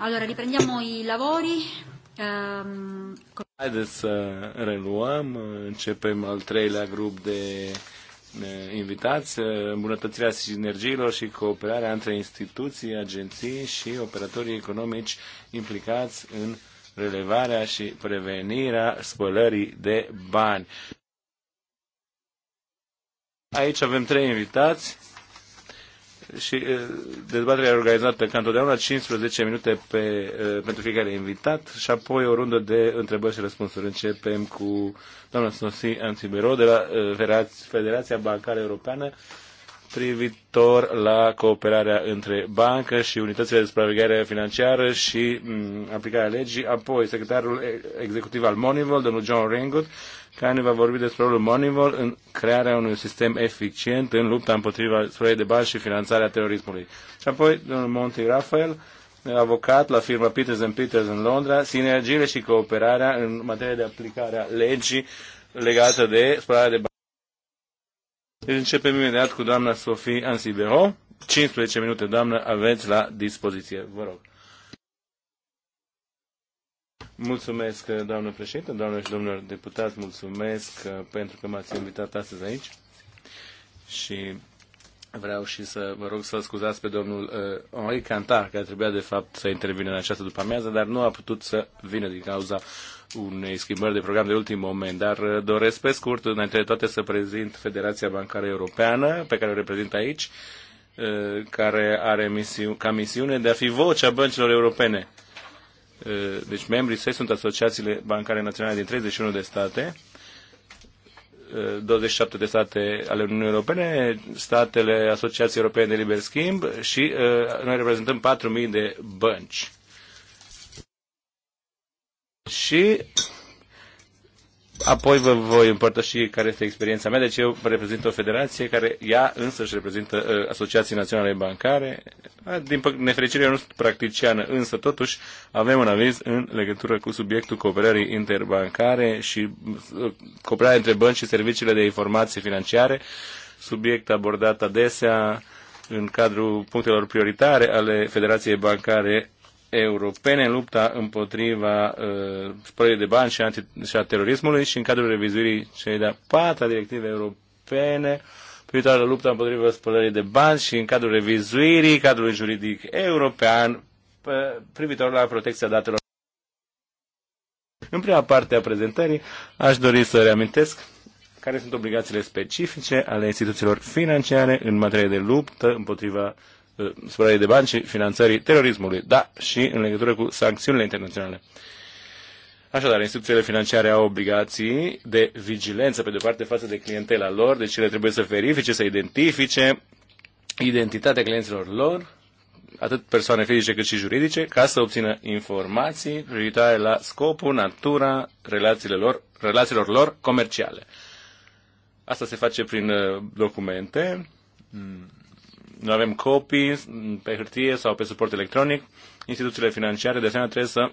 Allora, riprendiamo i lavori. Ehm, Haideți să reluăm. Începem al treilea grup de invitați, îmbunătățirea sinergiilor și cooperarea între instituții, agenții și operatorii economici implicați în relevarea și prevenirea spălării de bani. Aici avem trei invitați și dezbaterea e organizată ca întotdeauna 15 minute pe, pentru fiecare invitat și apoi o rundă de întrebări și răspunsuri. Începem cu doamna Sosi Antibero de la Federația Bancară Europeană privitor la cooperarea între bancă și unitățile de supraveghere financiară și m, aplicarea legii, apoi secretarul executiv al Monival, domnul John Ringwood, care ne va vorbi despre rolul Moneyball în crearea unui sistem eficient în lupta împotriva spălării de bani și finanțarea terorismului. Și apoi domnul Monty Rafael, avocat la firma Peters Peters în Londra, sinergiile și cooperarea în materie de aplicare a legii legată de spălarea de bani. Deci începem imediat cu doamna Sofie Ansibero. 15 minute, doamnă, aveți la dispoziție. Vă rog. Mulțumesc, doamnă președinte, doamnă și domnilor deputați, mulțumesc uh, pentru că m-ați invitat astăzi aici și vreau și să vă rog să scuzați pe domnul uh, Henri Cantar, care trebuia de fapt să intervină în această după amiază, dar nu a putut să vină din cauza unei schimbări de program de ultim moment, dar uh, doresc pe scurt, înainte de toate, să prezint Federația Bancară Europeană, pe care o reprezint aici, uh, care are misiu- ca misiune de a fi vocea băncilor europene. Uh, Eh, deci membrii săi sunt asociațiile bancare naționale din 31 de state, 27 eh, de state ale Uniunii Europene, statele Asociației Europene de Liber Schimb și eh, noi reprezentăm 4.000 de bănci. Și Apoi vă voi împărtăși care este experiența mea. Deci eu reprezint o federație care ea însă își reprezintă uh, ă, Asociații Naționale Bancare. Din nefericire eu nu sunt practiciană, însă totuși avem un aviz în legătură cu subiectul cooperării interbancare și uh, cooperarea între bănci și serviciile de informații financiare, subiect abordat adesea în cadrul punctelor prioritare ale Federației Bancare europene în lupta împotriva uh, spălării de bani și, anti- și a terorismului și în cadrul revizuirii celei de-a patra directive europene privitoare la lupta împotriva spălării de bani și în cadrul revizuirii cadrului juridic european privitor la protecția datelor. În prima parte a prezentării aș dori să reamintesc care sunt obligațiile specifice ale instituțiilor financiare în materie de luptă împotriva Uh, spălării de bani și finanțării terorismului, da, și în legătură cu sancțiunile internaționale. Așadar, instituțiile financiare au obligații de vigilență, pe de parte, față de clientela lor, deci ele trebuie să verifice, să identifice identitatea clienților lor, atât persoane fizice cât și juridice, ca să obțină informații privitoare la scopul, natura relațiilor lor, relațiilor lor comerciale. Asta se face prin uh, documente, hmm nu avem copii pe hârtie sau pe suport electronic. Instituțiile financiare de asemenea trebuie să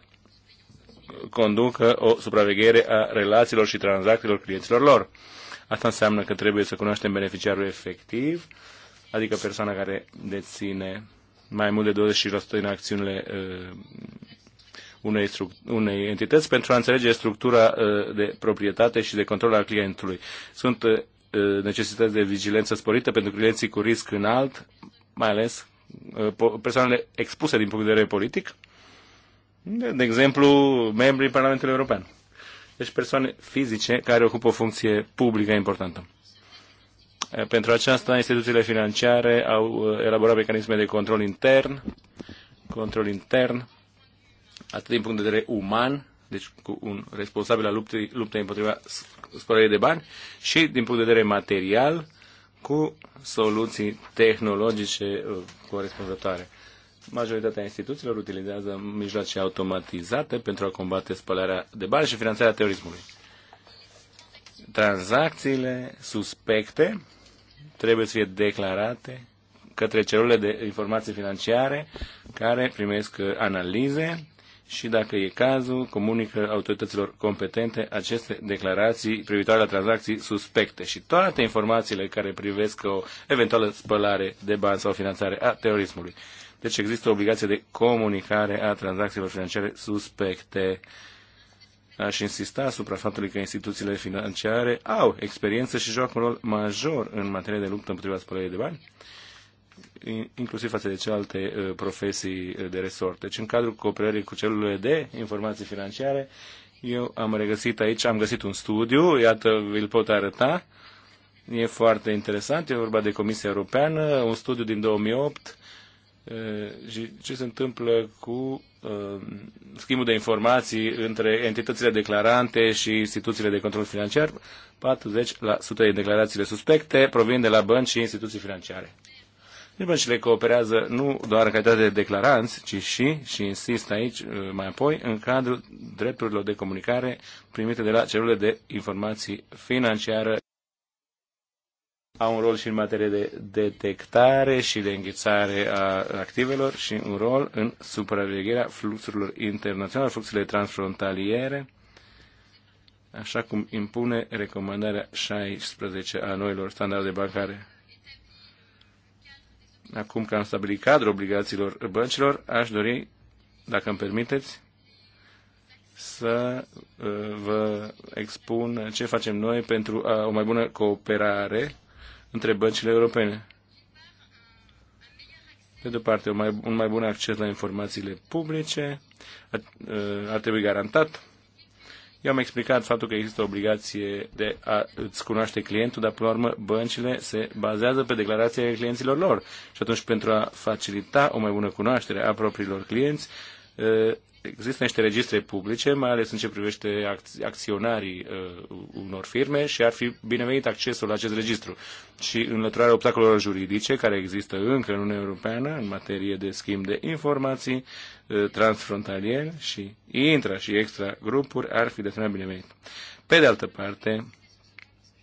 conducă o supraveghere a relațiilor și tranzacțiilor clienților lor. Asta înseamnă că trebuie să cunoaștem beneficiarul efectiv, adică persoana care deține mai mult de 20% din acțiunile uh, unei, unei entități pentru a înțelege structura uh, de proprietate și de control al clientului. Sunt uh, necesități de vigilență sporită pentru clienții cu risc înalt, mai ales persoanele expuse din punct de vedere politic, de exemplu, membrii Parlamentului European. Deci persoane fizice care ocupă o funcție publică importantă. Pentru aceasta, instituțiile financiare au elaborat mecanisme de control intern, control intern, atât din punct de vedere uman, deci cu un responsabil al luptei, luptei împotriva spălării de bani și din punct de vedere material cu soluții tehnologice uh, corespunzătoare. Majoritatea instituțiilor utilizează mijloace automatizate pentru a combate spălarea de bani și finanțarea terorismului. Tranzacțiile suspecte trebuie să fie declarate către celulele de informații financiare care primesc uh, analize și, dacă e cazul, comunică autorităților competente aceste declarații privitoare la tranzacții suspecte și toate informațiile care privesc o eventuală spălare de bani sau finanțare a terorismului. Deci există obligație de comunicare a tranzacțiilor financiare suspecte. Aș insista asupra faptului că instituțiile financiare au experiență și joacă un rol major în materie de luptă împotriva spălării de bani inclusiv față de celelalte uh, profesii uh, de resort. Deci în cadrul cooperării cu celulele de informații financiare, eu am regăsit aici, am găsit un studiu, iată, îl pot arăta, e foarte interesant, e vorba de Comisia Europeană, un studiu din 2008, uh, și ce se întâmplă cu schimbul de informații între entitățile declarante și instituțiile de control financiar. 40% din declarațiile suspecte provin de la bănci și instituții financiare bine, le cooperează nu doar în calitate de declaranți, ci și, și insist aici uh, mai apoi, în cadrul drepturilor de comunicare primite de la celule de informații financiară. Au un rol și în materie de detectare și de înghițare a activelor și un rol în supravegherea fluxurilor internaționale, fluxurile transfrontaliere, așa cum impune recomandarea 16 a noilor standarde bancare. Acum că am stabilit cadrul obligațiilor băncilor, aș dori, dacă îmi permiteți, să uh, vă expun ce facem noi pentru o mai bună cooperare între băncile europene. Pe de o parte, un mai, bun acces la informațiile publice uh, ar trebui garantat eu am explicat faptul că există obligație de a îți cunoaște clientul, dar până la urmă băncile se bazează pe declarația clienților lor. Și atunci pentru a facilita o mai bună cunoaștere a propriilor clienți, Există niște registre publice, mai ales în ce privește acționarii uh, unor firme și ar fi binevenit accesul la acest registru. Și înlăturarea obstacolelor juridice care există încă în Uniunea Europeană în materie de schimb de informații uh, transfrontalier și intra și extra grupuri ar fi de binevenit. Pe de altă parte,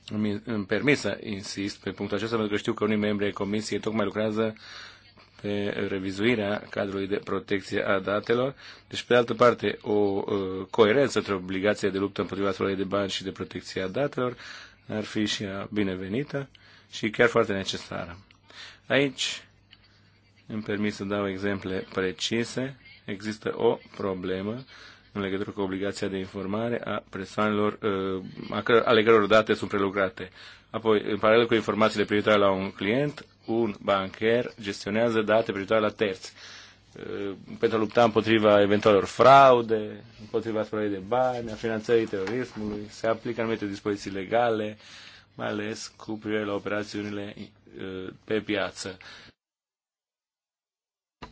îmi, îmi permis să insist pe punctul acesta pentru că știu că unii membri ai Comisiei tocmai lucrează uh, pe revizuirea cadrului de protecție a datelor. Deci, pe de altă parte, o uh, coerență între obligația de luptă împotriva spălării de bani și de protecție a datelor ar fi și binevenită și chiar foarte necesară. Aici îmi permit să dau exemple precise. Există o problemă în legătură cu obligația de informare a persoanelor uh, ale căror date sunt prelucrate. Apoi, în paralel cu informațiile privitoare la un client, un bancher gestionează date privitoare la terți uh, pentru a lupta împotriva eventualelor fraude, împotriva spălării de bani, a finanțării terorismului, se aplică anumite dispoziții legale, mai ales cu privire la operațiunile uh, pe piață.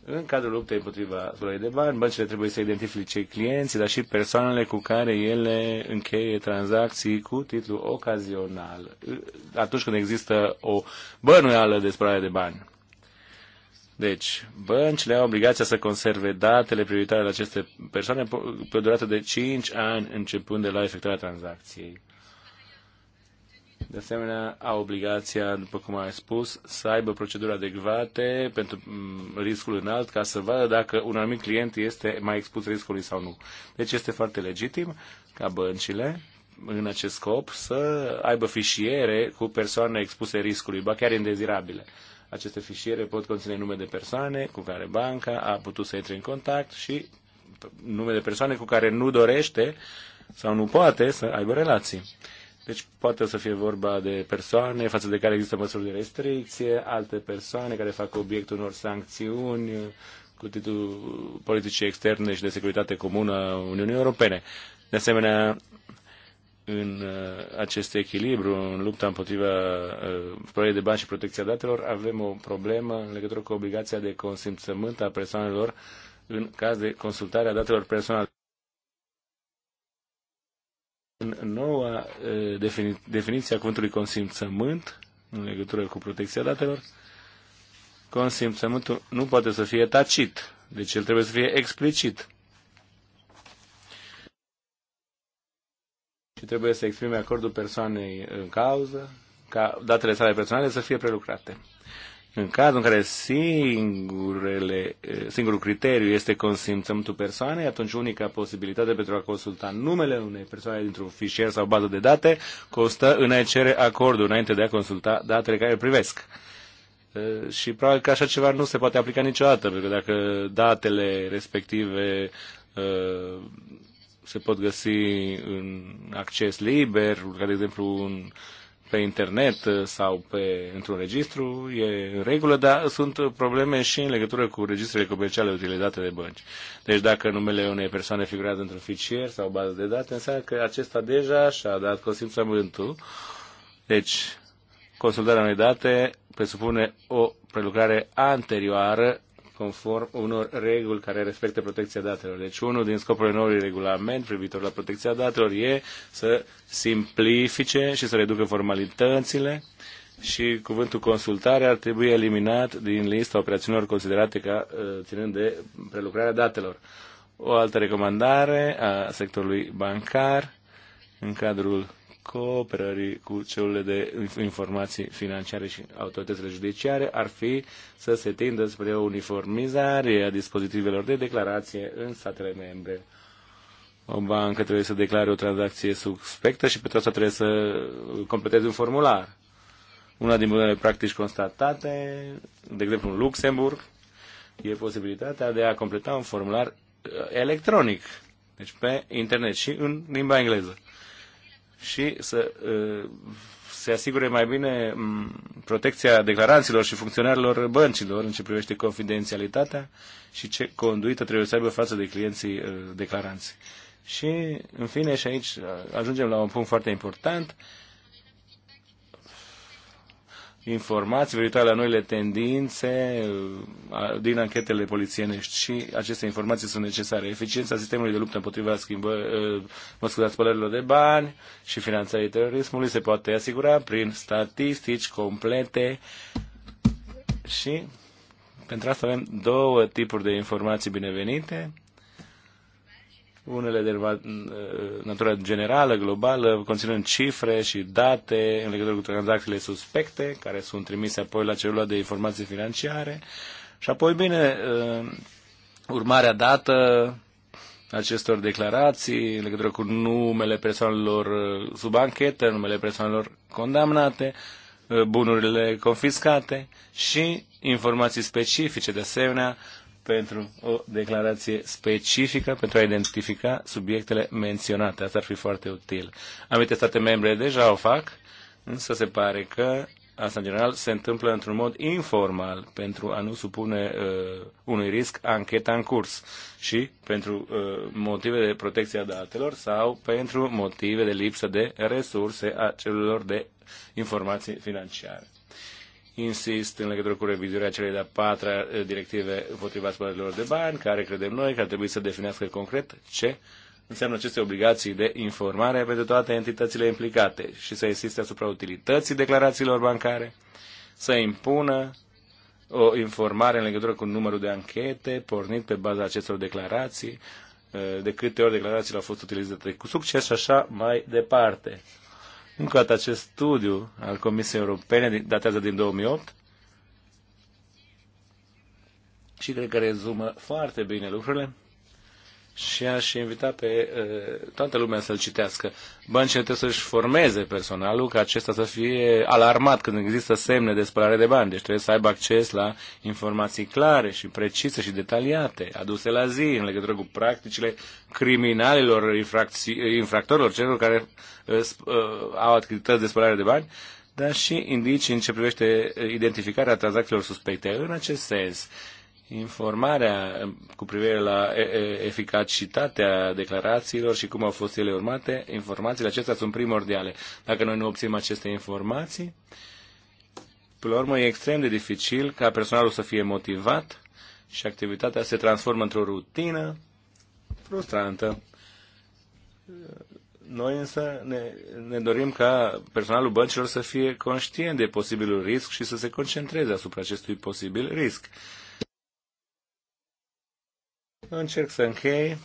În cadrul luptei împotriva spălării de bani, băncile trebuie să identifice clienții, dar și persoanele cu care ele încheie tranzacții cu titlu ocazional, atunci când există o bănuială de spălare de bani. Deci, băncile au obligația să conserve datele prioritare la aceste persoane pe o durată de 5 ani, începând de la efectuarea tranzacției. De asemenea, au obligația, după cum am spus, să aibă proceduri adecvate pentru mm, riscul înalt ca să vadă dacă un anumit client este mai expus riscului sau nu. Deci este foarte legitim ca băncile în acest scop să aibă fișiere cu persoane expuse riscului, ba chiar indezirabile. Aceste fișiere pot conține nume de persoane cu care banca a putut să intre în contact și nume de persoane cu care nu dorește sau nu poate să aibă relații. Deci poate să fie vorba de persoane față de care există măsuri de restricție, alte persoane care fac obiectul unor sancțiuni cu titlul politicii externe și de securitate comună a Uniunii Europene. De asemenea, în uh, acest echilibru, în lupta împotriva uh, proiectului de bani și protecția datelor, avem o problemă în legătură cu obligația de consimțământ a persoanelor în caz de consultare a datelor personale. În noua defini definiție a cuvântului consimțământ, în legătură cu protecția datelor, consimțământul nu poate să fie tacit, deci el trebuie să fie explicit. Și trebuie să exprime acordul persoanei în cauză ca datele sale personale să fie prelucrate. În cazul în care singurele, singurul criteriu este consimțământul persoanei, atunci unica posibilitate pentru a consulta numele unei persoane dintr-un fișier sau bază de date costă în a cere acordul înainte de a consulta datele care îl privesc. Eh, și probabil că așa ceva nu se poate aplica niciodată, pentru că dacă datele respective eh, se pot găsi în acces liber, ca de exemplu un pe internet uh, sau pe, într-un registru, e în regulă, dar sunt probleme și în legătură cu registrele comerciale utilizate de bănci. Deci dacă numele unei persoane figurează într-un fișier sau bază de date, înseamnă că acesta deja și-a dat consimțământul. Deci, consultarea unei date presupune o prelucrare anterioară conform unor reguli care respectă protecția datelor. Deci unul din scopurile noului regulament privitor la protecția datelor e să simplifice și să reducă formalitățile și cuvântul consultare ar trebui eliminat din lista operațiunilor considerate ca uh, ținând de prelucrarea datelor. O altă recomandare a sectorului bancar în cadrul cooperării cu celulele de informații financiare și autoritățile judiciare ar fi să se tindă spre o uniformizare a dispozitivelor de declarație în statele membre. O bancă trebuie să declare o tranzacție suspectă și pentru asta trebuie să completeze un formular. Una din bunele practici constatate, de exemplu în Luxemburg, e posibilitatea de a completa un formular uh, electronic, deci pe internet și în limba engleză și să uh, se asigure mai bine mm, protecția declaranților și funcționarilor băncilor în ce privește confidențialitatea și ce conduită trebuie să aibă față de clienții uh, declaranți. Și, în fine, și aici uh, ajungem la un punct foarte important, informații viitoare la noile tendințe din anchetele polițienești și aceste informații sunt necesare. Eficiența sistemului de luptă împotriva schimbă, ă, mă spălărilor de bani și finanțării terorismului se poate asigura prin statistici complete și pentru asta avem două tipuri de informații binevenite unele de uh, natură generală, globală, conținând cifre și date în legătură cu tranzacțiile suspecte, care sunt trimise apoi la celula de informații financiare. Și apoi, bine, uh, urmarea dată acestor declarații în legătură cu numele persoanelor uh, sub anchetă, numele persoanelor condamnate, bunurile confiscate și informații specifice, de asemenea, pentru o declarație specifică pentru a identifica subiectele menționate. Asta ar fi foarte util. Anumite state membre deja o fac, însă se pare că asta în general se întâmplă într-un mod informal pentru a nu supune uh, unui risc ancheta în curs și pentru uh, motive de protecție a datelor sau pentru motive de lipsă de resurse a celor de informații financiare insist în legătură cu revizuirea celei de-a patra eh, directive împotriva spălărilor de bani, care credem noi că ar trebui să definească concret ce înseamnă aceste obligații de informare pentru toate entitățile implicate și să insiste asupra utilității declarațiilor bancare, să impună o informare în legătură cu numărul de anchete pornit pe baza acestor declarații, eh, de câte ori declarațiile au fost utilizate cu succes și așa mai departe. Încă o dată, acest studiu al Comisiei Europene datează din 2008 și cred că rezumă foarte bine lucrurile și aș invita pe uh, toată lumea să-l citească. Băncile trebuie să-și formeze personalul ca acesta să fie alarmat când există semne de spălare de bani. Deci trebuie să aibă acces la informații clare și precise și detaliate, aduse la zi în legătură cu practicile criminalilor, infractorilor, celor care uh, uh, au activități de spălare de bani, dar și indicii în ce privește identificarea tranzacțiilor suspecte. În acest sens, uh, informarea cu privire la eficacitatea declarațiilor și cum au fost ele urmate, informațiile acestea sunt primordiale. Dacă noi nu obținem aceste informații, până la urmă e extrem de dificil ca personalul să fie motivat și activitatea se transformă într-o rutină frustrantă. Noi însă ne, ne dorim ca personalul băncilor să fie conștient de posibilul risc și să se concentreze asupra acestui posibil risc încerc să închei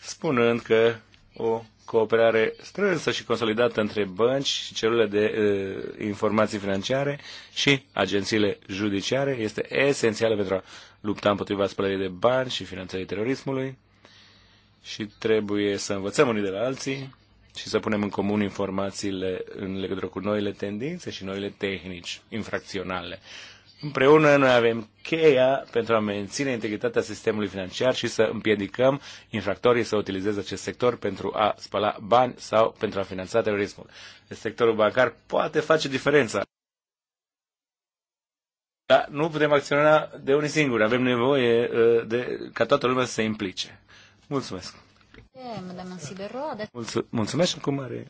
spunând că o cooperare strânsă și consolidată între bănci și celulele de uh, informații financiare și agențiile judiciare este esențială pentru a lupta împotriva spălării de bani și finanțării terorismului și trebuie să învățăm unii de la alții și să punem în comun informațiile în legătură cu noile tendințe și noile tehnici infracționale. Împreună noi avem cheia pentru a menține integritatea sistemului financiar și să împiedicăm infractorii să utilizeze acest sector pentru a spăla bani sau pentru a finanța terorismul. Deci sectorul bancar poate face diferența. Dar nu putem acționa de unii singuri. Avem nevoie uh, de, ca toată lumea să se implice. Mulțumesc. Mulțumesc Cum are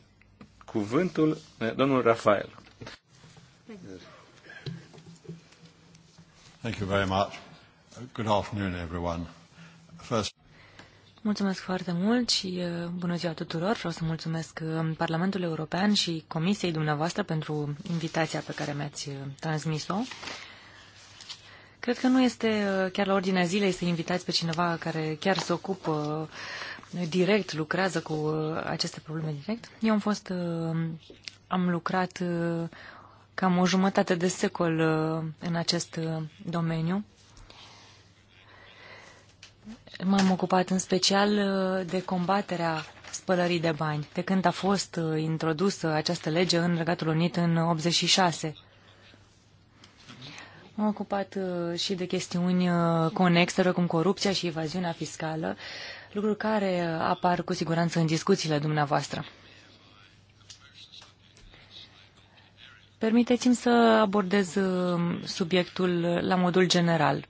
cuvântul uh, domnul Rafael. Thank you very much. Good afternoon, everyone. First... Mulțumesc foarte mult și uh, bună ziua tuturor. Vreau să mulțumesc uh, Parlamentul European și Comisiei dumneavoastră pentru invitația pe care mi-ați uh, transmis-o. Cred că nu este chiar la ordinea zilei să invitați pe cineva care chiar se ocupă direct, lucrează cu aceste probleme direct. Eu am fost, am lucrat cam o jumătate de secol uh, în acest uh, domeniu. M-am ocupat în special uh, de combaterea spălării de bani, de când a fost introdusă această lege în Regatul Unit în 86. M-am ocupat și de chestiuni conexe, cum corupția și evaziunea fiscală, lucruri care apar cu siguranță în discuțiile dumneavoastră. Permiteți-mi să abordez uh, subiectul la modul general.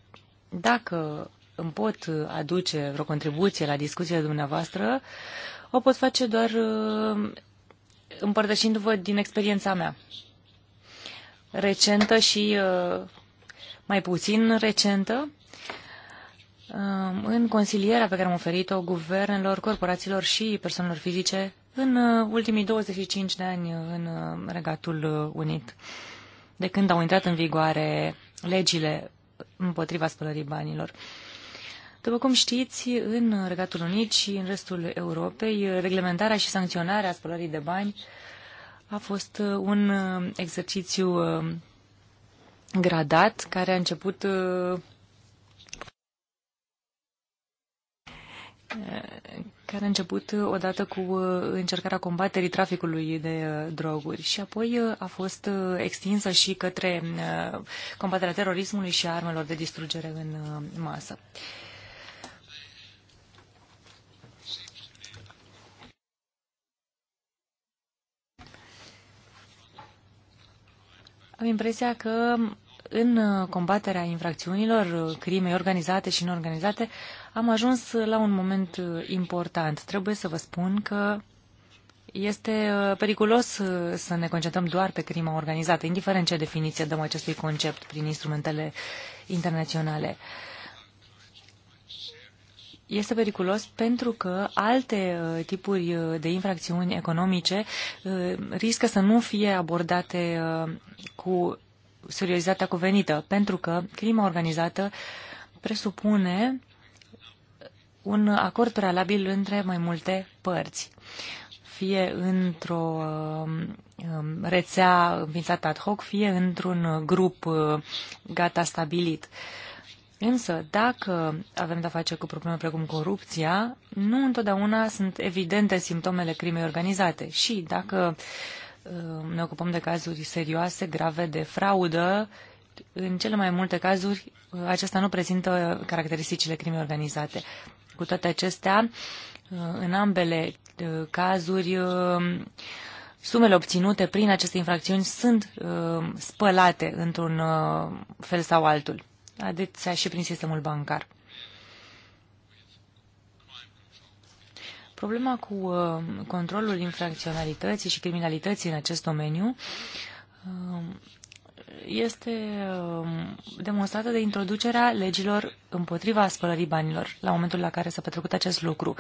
Dacă îmi pot uh, aduce vreo contribuție la discuția dumneavoastră, o pot face doar uh, împărtășindu-vă din experiența mea recentă și mai puțin recentă în consilierea pe care am oferit-o guvernelor, corporațiilor și persoanelor fizice în uh, ultimii 25 de ani uh, în uh, Regatul Unit, de când au intrat în vigoare legile împotriva spălării banilor. După cum știți, în Regatul Unit și în restul Europei, reglementarea și sancționarea spălării de bani a fost un exercițiu gradat care a început care a început odată cu uh, încercarea combaterii traficului de uh, droguri și apoi uh, a fost extinsă și către combaterea terorismului și a armelor de distrugere în masă. Am impresia că în combaterea infracțiunilor, crimei organizate și neorganizate, am ajuns la un moment important. Trebuie să vă spun că este uh, periculos uh, să ne concentrăm doar pe crima organizată, indiferent ce definiție dăm acestui concept prin instrumentele internaționale. Este periculos pentru că alte uh, tipuri de infracțiuni economice riscă să nu fie abordate cu seriozitatea cuvenită, pentru că crima organizată presupune un acord prealabil între mai multe părți, fie într-o um, um, rețea înființată ad hoc, fie într-un grup uh, gata stabilit. Însă, dacă avem de-a face cu probleme precum corupția, nu întotdeauna sunt evidente simptomele crimei organizate și dacă uh, ne ocupăm de cazuri serioase, grave de fraudă. În cele mai multe cazuri, acesta nu prezintă caracteristicile crimei organizate. Cu toate acestea, în ambele uh, cazuri, uh, sumele obținute prin aceste infracțiuni sunt uh, spălate într-un fel sau altul, adesea și prin sistemul bancar. Problema cu uh, controlul infracționalității și criminalității în acest domeniu uh, este uh, demonstrată de introducerea legilor împotriva spălării banilor la momentul la care s-a petrecut acest lucru.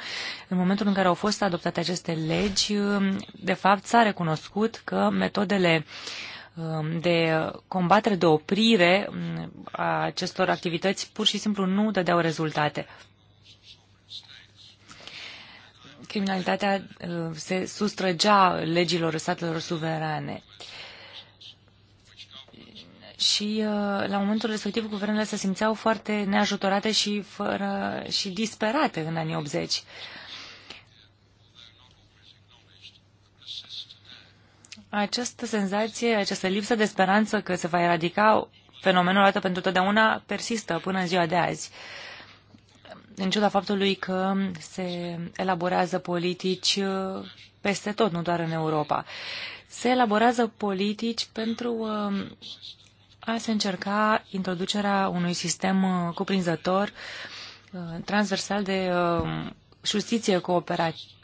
În momentul în care au fost adoptate aceste legi, de fapt s-a recunoscut că metodele de combatere, de oprire a acestor activități pur și simplu nu dădeau rezultate criminalitatea uh, se sustrăgea legilor statelor suverane. Și uh, la momentul respectiv guvernele se simțeau foarte neajutorate și, fără, și disperate în anii 80. Această senzație, această lipsă de speranță că se va eradica fenomenul odată pentru totdeauna persistă până în ziua de azi. Uh, în ciuda faptului că se elaborează politici uh, peste tot, nu doar în Europa. Se elaborează politici pentru uh, a se încerca introducerea unui sistem uh, cuprinzător, transversal de justiție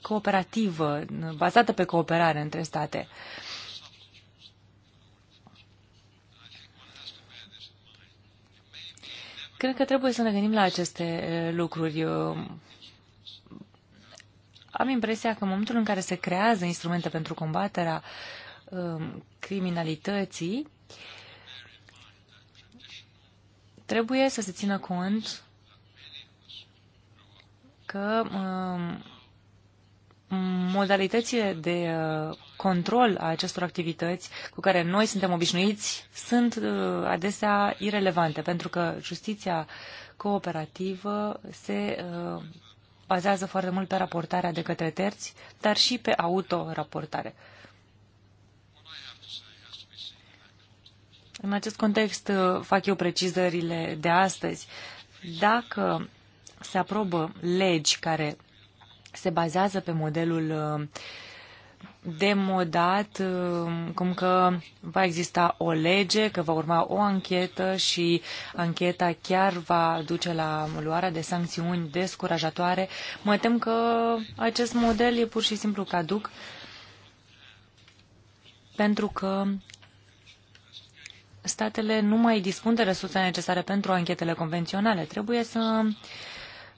cooperativă, bazată pe cooperare între state. Cred că trebuie să ne gândim la aceste lucruri. Am impresia că în momentul în care se creează instrumente pentru combaterea criminalității, trebuie să se țină cont că modalitățile de control a acestor activități cu care noi suntem obișnuiți sunt uh, adesea irelevante, pentru că justiția cooperativă se uh, bazează foarte mult pe raportarea de către terți, dar și pe autoraportare. În acest context uh, fac eu precizările de astăzi. Dacă se aprobă legi care se bazează pe modelul uh, demodat, um, cum că va exista o lege, că va urma o anchetă și ancheta chiar va duce la luarea de sancțiuni descurajatoare. Mă tem că acest model e pur și simplu caduc, pentru că statele nu mai dispun de resurse necesare pentru anchetele convenționale. Trebuie să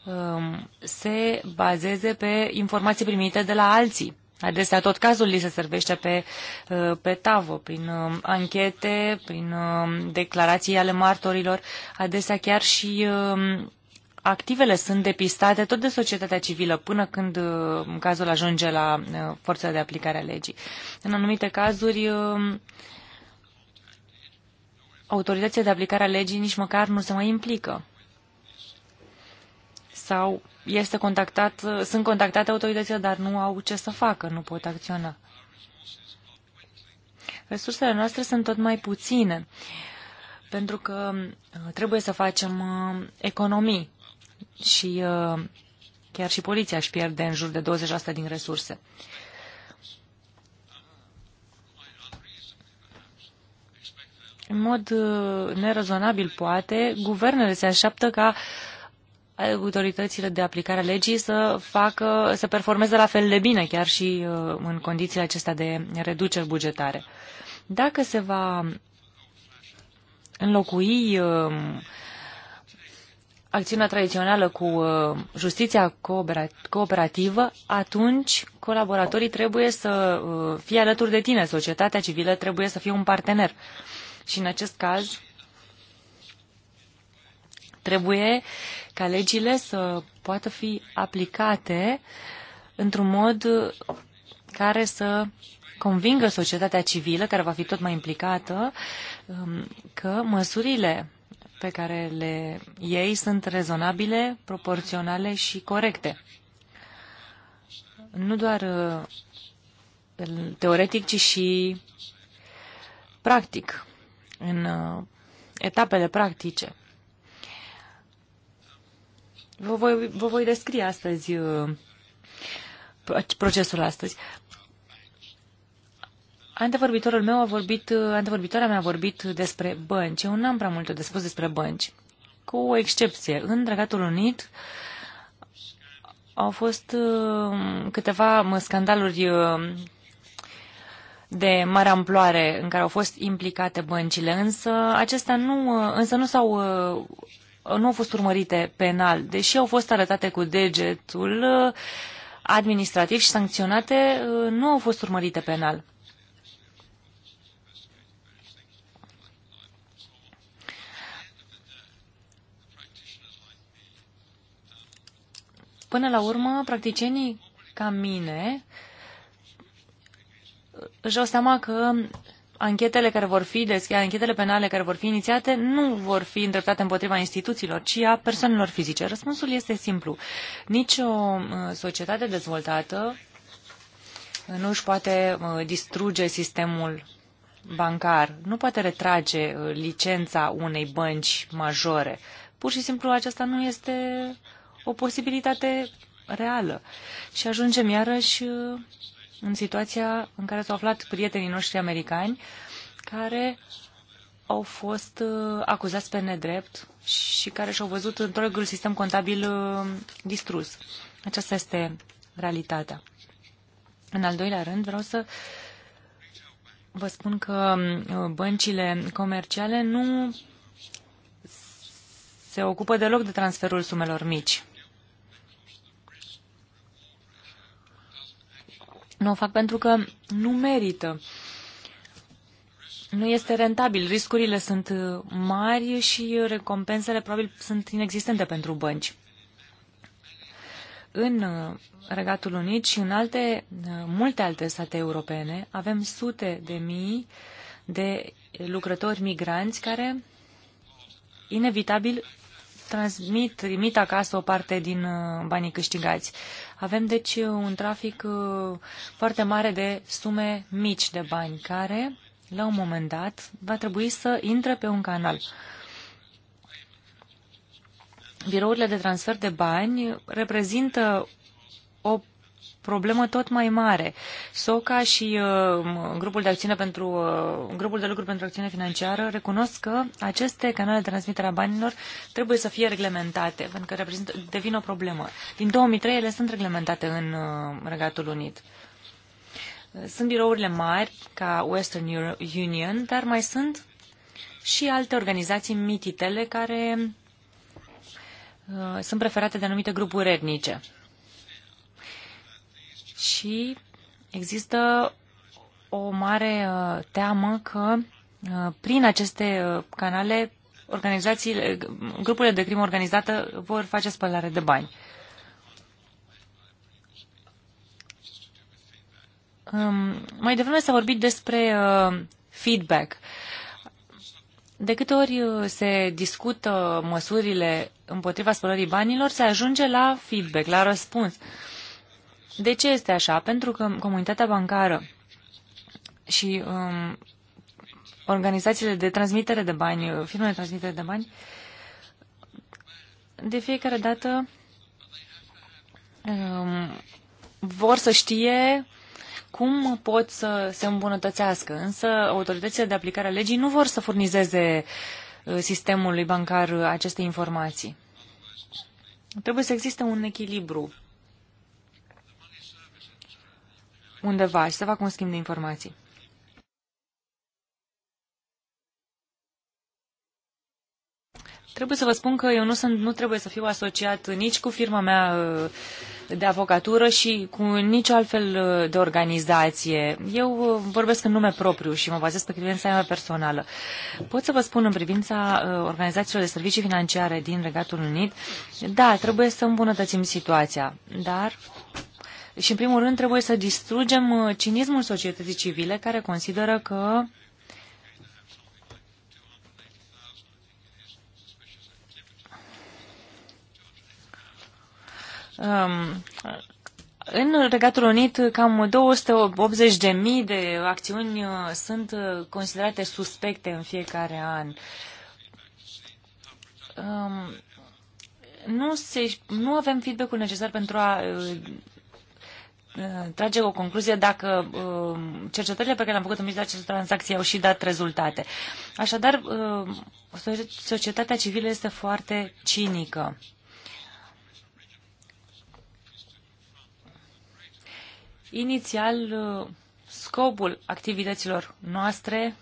um, se bazeze pe informații primite de la alții Adesea tot cazul li se servește pe, uh, pe tavă, prin um, anchete, prin um, declarații ale martorilor. Adesea chiar și um, activele sunt depistate tot de societatea civilă până când uh, cazul ajunge la uh, forța de aplicare a legii. În anumite cazuri, autoritățile de aplicare a legii nici măcar nu se mai implică sau este contactat, sunt contactate autoritățile, dar nu au ce să facă, nu pot acționa. Resursele noastre sunt tot mai puține, pentru că uh, trebuie să facem uh, economii și uh, chiar și poliția își pierde în jur de 20% din resurse. În mod nerezonabil, poate, guvernele se așteaptă ca uh, autoritățile de aplicare a legii să facă, să performeze la fel de bine, chiar și uh, în condițiile acestea de reduceri bugetare. Dacă se va înlocui um, acțiunea tradițională cu uh, justiția cooperativă, atunci colaboratorii trebuie să uh, fie alături de tine, societatea civilă trebuie să fie un partener. Și în acest caz, Trebuie ca legile să poată fi aplicate într-un mod care să convingă societatea civilă, care va fi tot mai implicată, um, că măsurile pe care le ei sunt rezonabile, proporționale și corecte. Nu doar uh, teoretic, ci și practic, în uh, etapele practice. Vă voi, vă voi descrie astăzi uh, procesul astăzi. Antevorbitorul meu a vorbit, uh, antevorbitoarea mea a vorbit despre bănci. Eu n-am prea multe de spus despre bănci. Cu o excepție. În Dragatul Unit au fost uh, câteva scandaluri de mare amploare în care au fost implicate băncile, însă acestea nu, însă nu s-au Uh, nu au fost urmărite penal, deși au fost arătate cu degetul uh, administrativ și sancționate, uh, nu au fost urmărite penal. Până la urmă, practicienii ca mine își dau seama că anchetele care vor fi deschise, anchetele penale care vor fi inițiate nu vor fi îndreptate împotriva instituțiilor, ci a persoanelor fizice. Răspunsul este simplu. Nici o uh, societate dezvoltată nu își poate uh, distruge sistemul bancar, nu poate retrage uh, licența unei bănci majore. Pur și simplu aceasta nu este o posibilitate reală. Și ajungem iarăși în situația în care s-au aflat prietenii noștri americani care au fost uh, acuzați pe nedrept și care și-au văzut întregul sistem contabil uh, distrus. Aceasta este realitatea. În al doilea rând, vreau să vă spun că uh, băncile comerciale nu se ocupă deloc de transferul sumelor mici. Nu o fac pentru că nu merită. Nu este rentabil. Riscurile sunt uh, mari și recompensele probabil sunt inexistente pentru bănci. În uh, Regatul Unit și în alte, uh, multe alte state europene avem sute de mii de lucrători migranți care inevitabil transmit, trimit acasă o parte din uh, banii câștigați. Avem deci un trafic uh, foarte mare de sume mici de bani, care, la un moment dat, va trebui să intre pe un canal. Birourile de transfer de bani reprezintă o problemă tot mai mare. SOCA și uh, grupul de acțiune pentru uh, grupul de lucru pentru acțiune financiară recunosc că aceste canale de transmitere a banilor trebuie să fie reglementate, pentru că reprezintă, devin o problemă. Din 2003 ele sunt reglementate în uh, Regatul Unit. Sunt birourile mari ca Western Union, dar mai sunt și alte organizații mititele care uh, sunt preferate de anumite grupuri etnice și există o mare uh, teamă că uh, prin aceste uh, canale organizațiile, grupurile de crimă organizată vor face spălare de bani. Um, mai devreme s-a vorbit despre feedback. De câte ori se discută măsurile împotriva spălării banilor, se ajunge la feedback, la răspuns. Uh, de ce este așa? Pentru că comunitatea bancară și um, organizațiile de transmitere de bani, firmele de transmitere de bani, de fiecare dată um, vor să știe cum pot să se îmbunătățească. Însă autoritățile de aplicare a legii nu vor să furnizeze uh, sistemului bancar aceste informații. Trebuie să existe un echilibru undeva și să facă un schimb de informații. Trebuie să vă spun că eu nu, sunt, nu trebuie să fiu asociat nici cu firma mea uh, de avocatură și cu nicio altfel uh, de organizație. Eu uh, vorbesc în nume propriu și mă bazez pe credința mea personală. Pot să vă spun în privința organizațiilor de servicii financiare din Regatul Unit, da, trebuie să îmbunătățim situația, dar și, în primul rând, trebuie să distrugem uh, cinismul societății civile, care consideră că um, în Regatul Unit, cam 280.000 de acțiuni uh, sunt uh, considerate suspecte în fiecare an. Um, nu, se, nu avem feedback-ul necesar pentru a Uh, trage o concluzie dacă uh, cercetările pe care le-am făcut în mijlocul acestor tranzacții au și dat rezultate. Așadar, uh, societatea civilă este foarte cinică. Inițial, scopul activităților noastre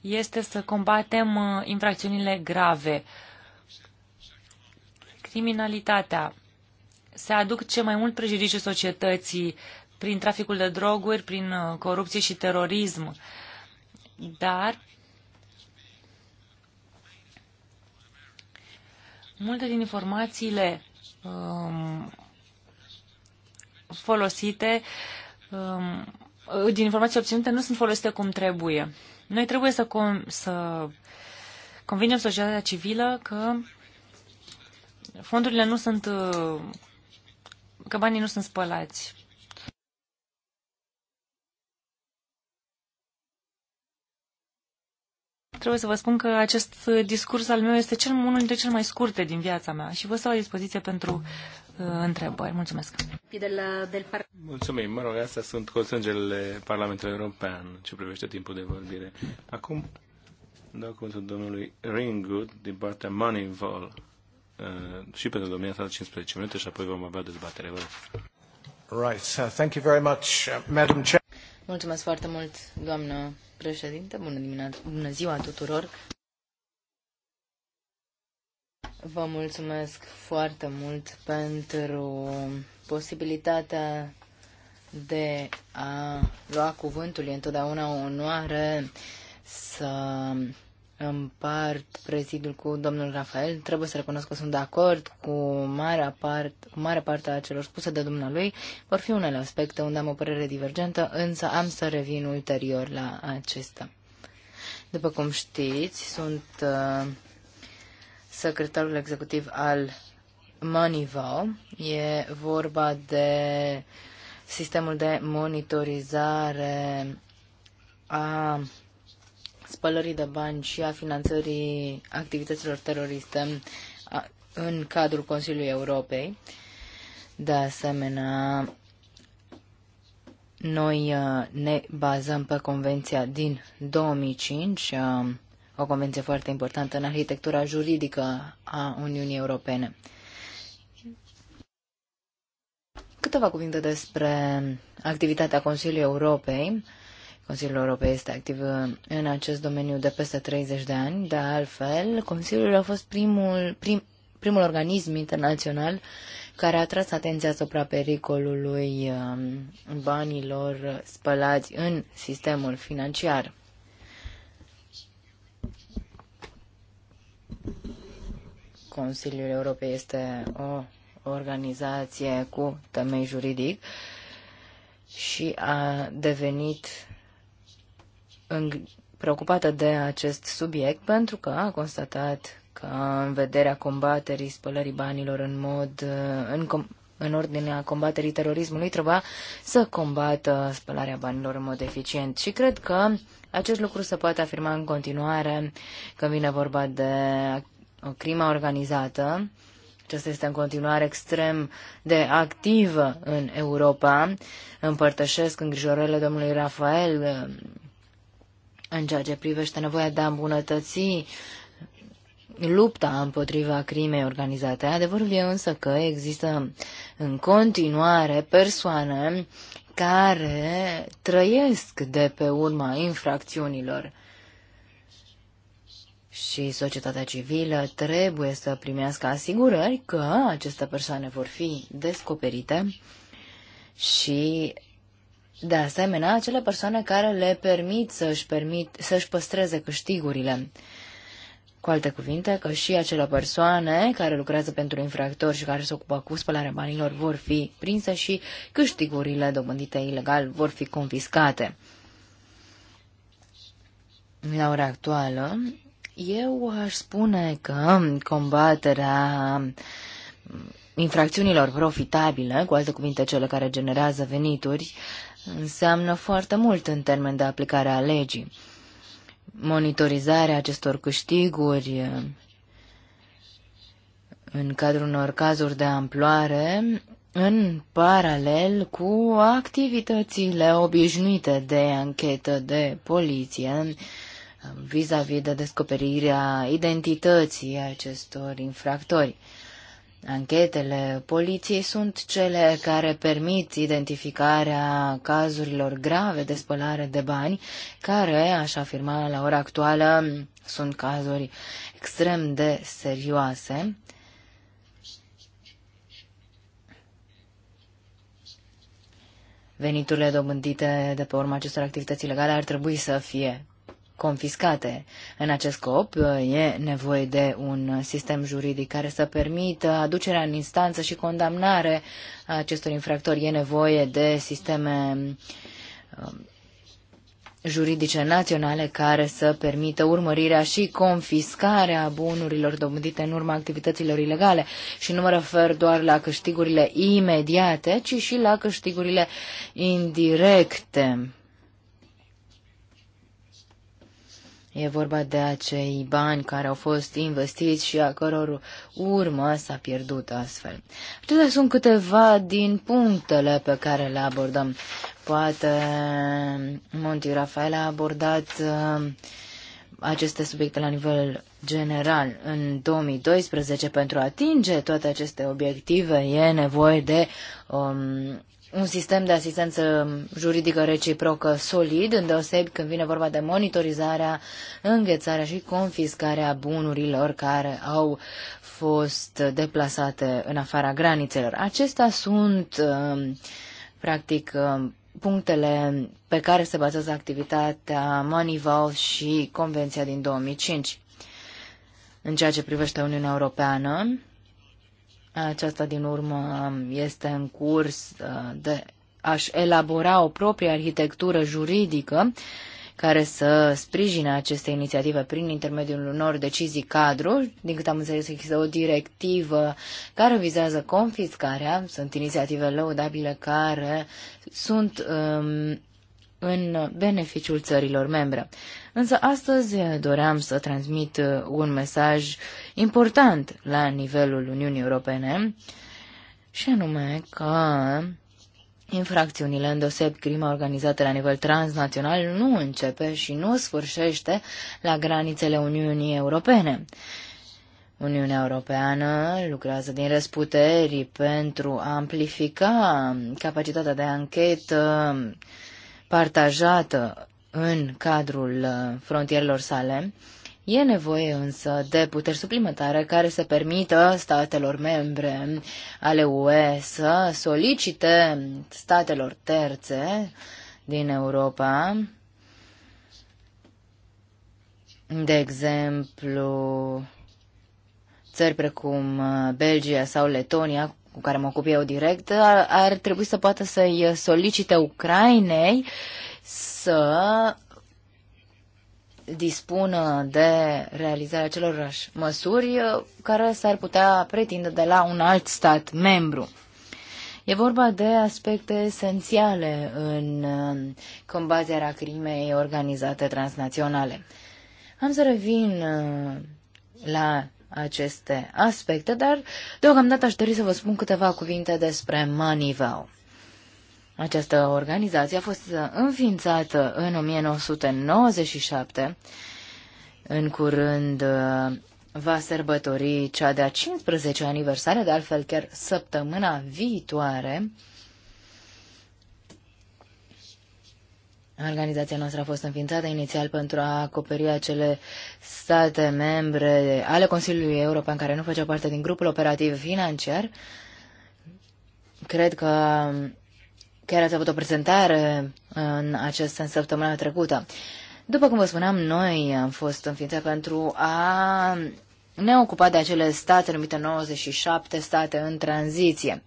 este să combatem infracțiunile grave, criminalitatea, se aduc ce mai mult prejudiciu societății prin traficul de droguri, prin uh, corupție și terorism. Dar multe din informațiile um, folosite, um, uh, din informații obținute, nu sunt folosite cum trebuie. Noi trebuie să, con- să convingem societatea civilă că fondurile nu sunt uh, că banii nu sunt spălați. Trebuie să vă spun că acest discurs al meu este cel, unul dintre cele mai scurte din viața mea și vă stau la dispoziție pentru uh, întrebări. Mulțumesc! Mulțumim! Mă rog, astea sunt consângerele Parlamentului European ce privește timpul de vorbire. Acum dau cuvântul domnului Ringwood din partea Moneyval. Uh, și pentru domnia sa 15 minute și apoi vom avea dezbatere. Vă Right. Uh, thank you very much, uh, Madam Chair. Mulțumesc foarte mult, doamnă președinte. Bună dimineața, bună ziua tuturor. Vă mulțumesc foarte mult pentru posibilitatea de a lua cuvântul. E întotdeauna o onoare să împart prezidul cu domnul Rafael. Trebuie să recunosc că sunt de acord cu marea, part, cu marea parte a celor spuse de dumnealui. Vor fi unele aspecte unde am o părere divergentă, însă am să revin ulterior la acesta. După cum știți, sunt uh, secretarul executiv al Manival. E vorba de sistemul de monitorizare a spălării de bani și a finanțării activităților teroriste în cadrul Consiliului Europei. De asemenea, noi uh, ne bazăm pe convenția din 2005, uh, o convenție foarte importantă în arhitectura juridică a Uniunii Europene. Câteva cuvinte despre activitatea Consiliului Europei. Consiliul Europei este activ în acest domeniu de peste 30 de ani. De altfel, Consiliul a fost primul, prim, primul organism internațional care a tras atenția asupra pericolului um, banilor spălați în sistemul financiar. Consiliul Europei este o organizație cu temei juridic și a devenit preocupată de acest subiect pentru că a constatat că în vederea combaterii spălării banilor în mod în, com- în ordinea combaterii terorismului trebuia să combată spălarea banilor în mod eficient și cred că acest lucru se poate afirma în continuare când vine vorba de o crimă organizată. Aceasta este în continuare extrem de activă în Europa. Împărtășesc îngrijorările domnului Rafael în ceea ce privește nevoia de a îmbunătăți lupta împotriva crimei organizate. Adevărul e însă că există în continuare persoane care trăiesc de pe urma infracțiunilor. Și societatea civilă trebuie să primească asigurări că aceste persoane vor fi descoperite și de asemenea, acele persoane care le permit să-și, permit, să-și păstreze câștigurile. Cu alte cuvinte, că și acele persoane care lucrează pentru infractori și care se ocupă cu spălarea banilor vor fi prinse și câștigurile dobândite ilegal vor fi confiscate. La ora actuală, eu aș spune că combaterea infracțiunilor profitabile, cu alte cuvinte cele care generează venituri, înseamnă foarte mult în termen de aplicare a legii. Monitorizarea acestor câștiguri eh, în cadrul unor cazuri de amploare, în paralel cu activitățile obișnuite de anchetă de poliție vis-a-vis -vis de descoperirea identității acestor infractori. Anchetele poliției sunt cele care permit identificarea cazurilor grave de spălare de bani, care, aș afirma la ora actuală, sunt cazuri extrem de serioase. Veniturile dobândite de pe urma acestor activități legale ar trebui să fie confiscate. În acest scop, e nevoie de un sistem juridic care să permită aducerea în instanță și condamnare a acestor infractori. E nevoie de sisteme um, juridice naționale care să permită urmărirea și confiscarea bunurilor dobândite în urma activităților ilegale. Și nu mă refer doar la câștigurile imediate, ci și la câștigurile indirecte. E vorba de acei bani care au fost investiți și a căror urmă s-a pierdut astfel. Acestea sunt câteva din punctele pe care le abordăm. Poate Monti Rafael a abordat uh, aceste subiecte la nivel general în 2012 pentru a atinge toate aceste obiective e nevoie de um, un sistem de asistență juridică reciprocă solid, îndeosebi când vine vorba de monitorizarea, înghețarea și confiscarea bunurilor care au fost deplasate în afara granițelor. Acestea sunt, um, practic, um, punctele pe care se bazează activitatea Manival și Convenția din 2005. În ceea ce privește Uniunea Europeană, aceasta, din urmă, este în curs uh, de a-și elabora o proprie arhitectură juridică care să sprijine aceste inițiative prin intermediul unor decizii cadru. Din câte am înțeles, există o directivă care vizează confiscarea. Sunt inițiative lăudabile care sunt um, în beneficiul țărilor membre. Însă astăzi doream să transmit uh, un mesaj important la nivelul Uniunii Europene, și anume că infracțiunile, îndoseb crima organizată la nivel transnațional, nu începe și nu sfârșește la granițele Uniunii Europene. Uniunea Europeană lucrează din răsputeri pentru a amplifica capacitatea de anchetă partajată în cadrul uh, frontierelor sale. E nevoie însă de puteri suplimentare care să permită statelor membre ale UE să solicite statelor terțe din Europa, de exemplu, țări precum uh, Belgia sau Letonia, cu care mă ocup eu direct, ar, ar trebui să poată să-i solicite Ucrainei să dispună de realizarea celor măsuri uh, care s-ar putea pretinde de la un alt stat membru. E vorba de aspecte esențiale în uh, combaterea crimei organizate transnaționale. Am să revin uh, la aceste aspecte, dar deocamdată aș dori să vă spun câteva cuvinte despre Manival. Această organizație a fost înființată în 1997. În curând uh, va sărbători cea de-a 15 aniversare, de altfel chiar săptămâna viitoare. Organizația noastră a fost înființată inițial pentru a acoperi acele state membre ale Consiliului European care nu făceau parte din grupul operativ financiar. Cred că chiar ați avut o prezentare în acest sens săptămâna trecută. După cum vă spuneam, noi am fost înființați pentru a ne ocupa de acele state numite 97 state în tranziție.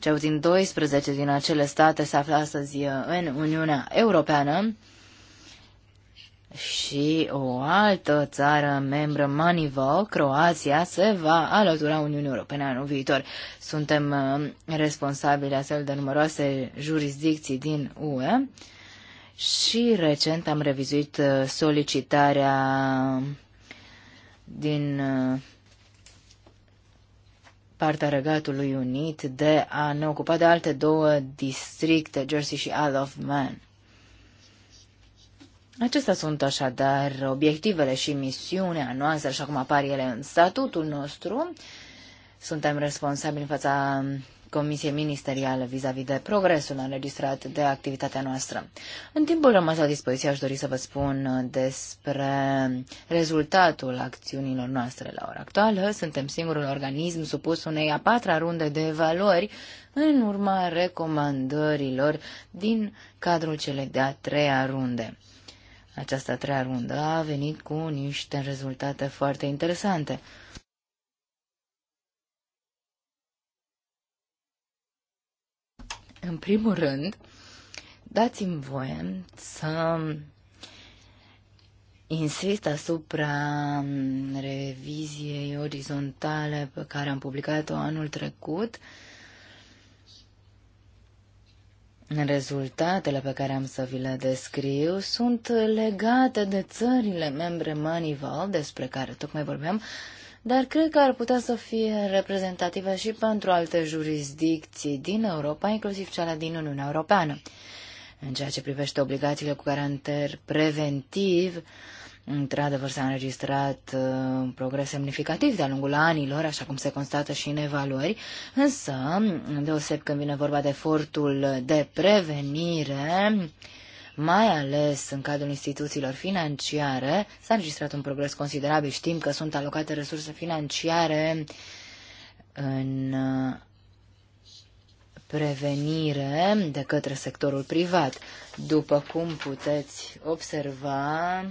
Cel puțin 12 din acele state se află astăzi uh, în Uniunea Europeană și o altă țară membră Manivo, Croația, se va alătura Uniunii Europene anul viitor. Suntem uh, responsabili astfel de numeroase jurisdicții din UE și recent am revizuit uh, solicitarea din partea Regatului Unit de a ne ocupa de alte două districte, Jersey și Isle of Man. Acestea sunt așadar obiectivele și misiunea noastră, așa cum apar ele în statutul nostru. Suntem responsabili în fața Comisiei Ministeriale vis-a-vis -vis de progresul înregistrat de activitatea noastră. În timpul rămas la dispoziție aș dori să vă spun despre rezultatul acțiunilor noastre la ora actuală. Suntem singurul organism supus unei a patra runde de evaluări în urma recomandărilor din cadrul celei de-a treia runde. Această a treia rundă a venit cu niște rezultate foarte interesante. În primul rând, dați-mi voie să insist asupra reviziei orizontale pe care am publicat-o anul trecut, Rezultatele pe care am să vi le descriu sunt legate de țările membre Manival, despre care tocmai vorbeam, dar cred că ar putea să fie reprezentativă și pentru alte jurisdicții din Europa, inclusiv cele din Uniunea Europeană. În ceea ce privește obligațiile cu caracter preventiv, Într-adevăr, s-a înregistrat uh, progres semnificativ de-a lungul anilor, așa cum se constată și în evaluări, însă, deoseb când vine vorba de efortul de prevenire, mai ales în cadrul instituțiilor financiare, s-a înregistrat un progres considerabil. Știm că sunt alocate resurse financiare în uh, prevenire de către sectorul privat. După cum puteți observa,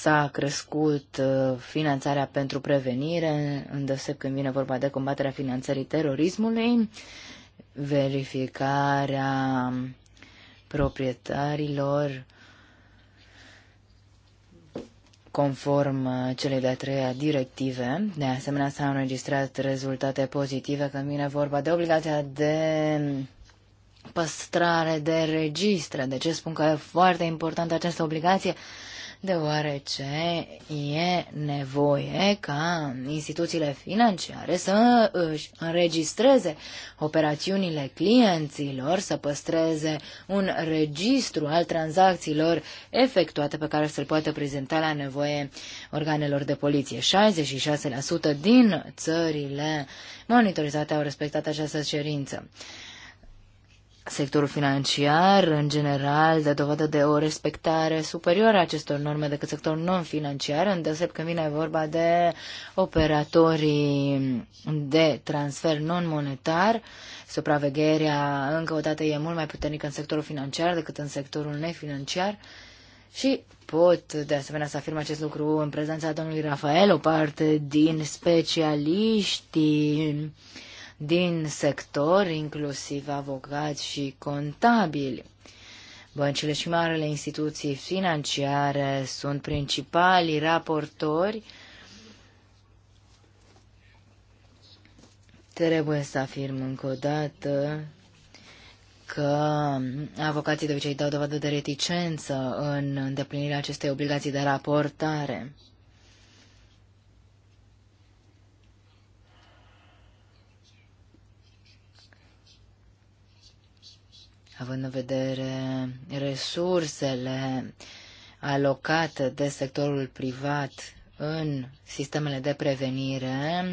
s-a crescut uh, finanțarea pentru prevenire, îndoseb când vine vorba de combaterea finanțării terorismului, verificarea proprietarilor conform celei de-a treia directive. De asemenea, s-au înregistrat rezultate pozitive când vine vorba de obligația de păstrare de registre. De ce spun că e foarte importantă această obligație? deoarece e nevoie ca instituțiile financiare să își înregistreze operațiunile clienților, să păstreze un registru al tranzacțiilor efectuate pe care să-l poată prezenta la nevoie organelor de poliție. 66% din țările monitorizate au respectat această cerință sectorul financiar, în general, dă dovadă de o respectare superioară a acestor norme decât sectorul non-financiar, îndeoseb când vine vorba de operatorii de transfer non-monetar. Supravegherea, încă o dată, e mult mai puternică în sectorul financiar decât în sectorul nefinanciar. Și pot, de asemenea, să afirm acest lucru în prezența domnului Rafael, o parte din specialiștii din sector, inclusiv avocați și contabili. Băncile și marele instituții financiare sunt principalii raportori. Trebuie să afirm încă o dată că avocații de obicei dau dovadă de reticență în îndeplinirea acestei obligații de raportare. având în vedere resursele alocate de sectorul privat în sistemele de prevenire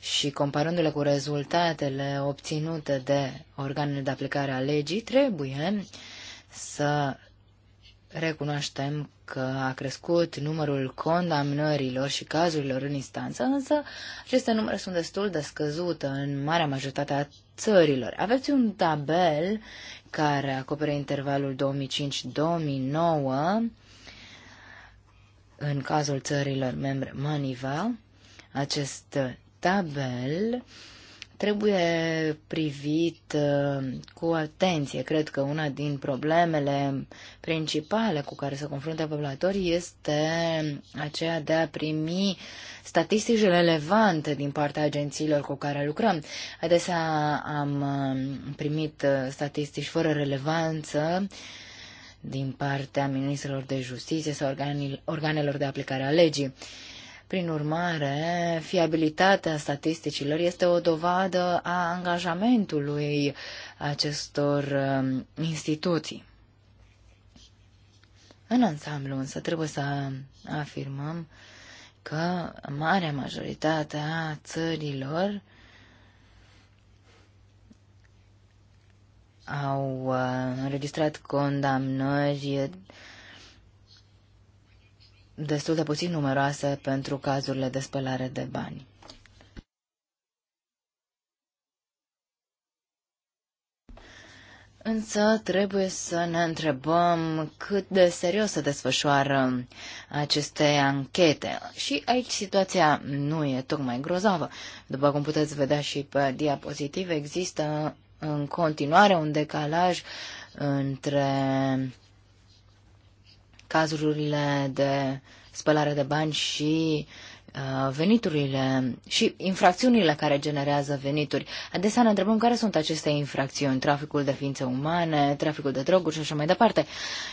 și comparându-le cu rezultatele obținute de organele de aplicare a legii, trebuie să recunoaștem că a crescut numărul condamnărilor și cazurilor în instanță, însă aceste numere sunt destul de scăzute în marea majoritate a țărilor. Aveți un tabel care acoperă intervalul 2005-2009 în cazul țărilor membre Maniva. Acest tabel trebuie privit uh, cu atenție. Cred că una din problemele principale cu care se confruntă poblatorii este aceea de a primi statistici relevante din partea agențiilor cu care lucrăm. Adesea am uh, primit uh, statistici fără relevanță din partea ministrilor de justiție sau organelor de aplicare a legii. Prin urmare, fiabilitatea statisticilor este o dovadă a angajamentului acestor um, instituții. În ansamblu, însă, trebuie să afirmăm că marea majoritate a țărilor au uh, înregistrat condamnări destul de puțin numeroase pentru cazurile de spălare de bani. Însă trebuie să ne întrebăm cât de serios se desfășoară aceste anchete. Și aici situația nu e tocmai grozavă. După cum puteți vedea și pe diapozitiv, există în continuare un decalaj între cazurile de spălare de bani și uh, veniturile și infracțiunile care generează venituri. Adesea ne întrebăm care sunt aceste infracțiuni, traficul de ființe umane, traficul de droguri și așa mai departe.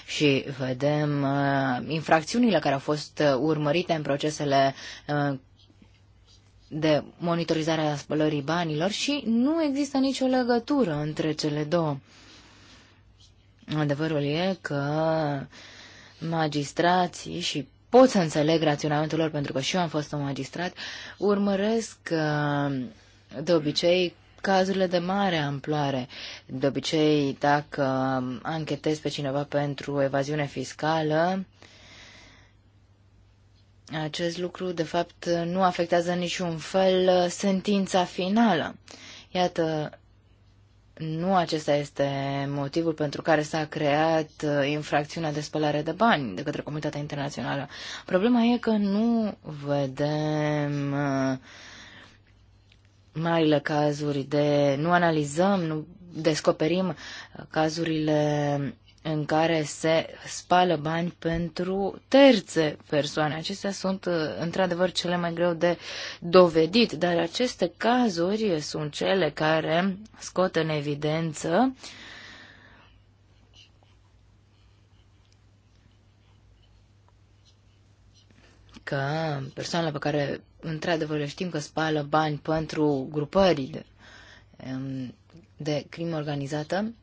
Și vedem uh, infracțiunile care au fost uh, urmărite în procesele de monitorizare a spălării banilor și nu există nicio legătură între cele două. Adevărul e că uh, magistrații și pot să înțeleg raționamentul lor pentru că și eu am fost un magistrat, urmăresc uh, de obicei cazurile de mare amploare. De obicei, dacă anchetez pe cineva pentru evaziune fiscală, acest lucru, de fapt, nu afectează niciun fel uh, sentința finală. Iată nu acesta este motivul pentru care s-a creat uh, infracțiunea de spălare de bani de către comunitatea internațională. Problema e că nu vedem uh, marile cazuri de... nu analizăm, nu descoperim cazurile în care se spală bani pentru terțe persoane. Acestea sunt, uh, într-adevăr, cele mai greu de dovedit, dar aceste cazuri sunt cele care scot în evidență că persoanele pe care, într-adevăr, le știm că spală bani pentru grupări de, um, de crimă organizată,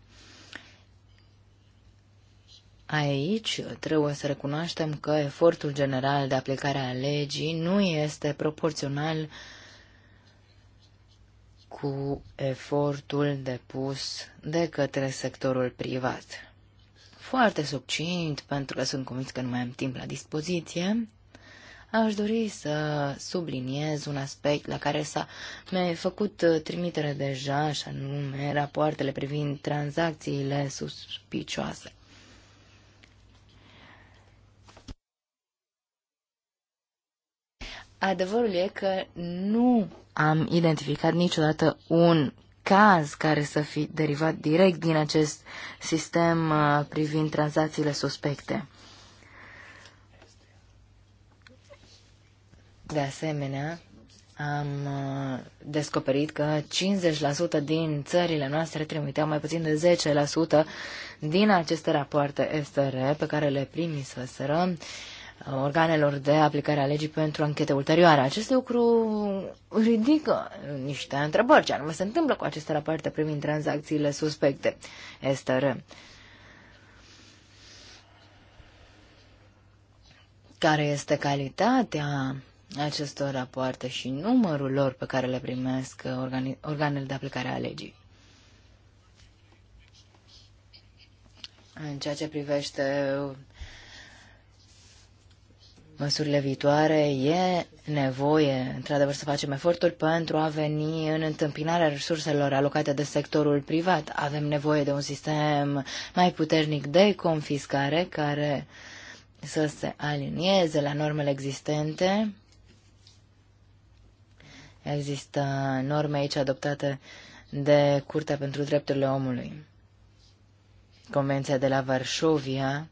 Aici trebuie să recunoaștem că efortul general de aplicare a legii nu este proporțional cu efortul depus de către sectorul privat. Foarte subțint, pentru că sunt convins că nu mai am timp la dispoziție, aș dori să subliniez un aspect la care s-a mi făcut trimitere deja, și anume rapoartele privind tranzacțiile suspicioase. Adevărul e că nu am identificat niciodată un caz care să fi derivat direct din acest sistem uh, privind tranzacțiile suspecte. De asemenea, am uh, descoperit că 50% din țările noastre trimiteau mai puțin de 10% din aceste rapoarte SR pe care le primiseseră organelor de aplicare a legii pentru anchete ulterioare. Acest lucru ridică niște întrebări, ce anume se întâmplă cu aceste rapoarte privind tranzacțiile suspecte ră, Care este calitatea acestor rapoarte și numărul lor pe care le primesc organele de aplicare a legii? În ceea ce privește măsurile viitoare, e nevoie, într-adevăr, să facem eforturi pentru a veni în întâmpinarea resurselor alocate de sectorul privat. Avem nevoie de un sistem mai puternic de confiscare care să se alinieze la normele existente. Există norme aici adoptate de Curtea pentru Drepturile Omului. Convenția de la Varșovia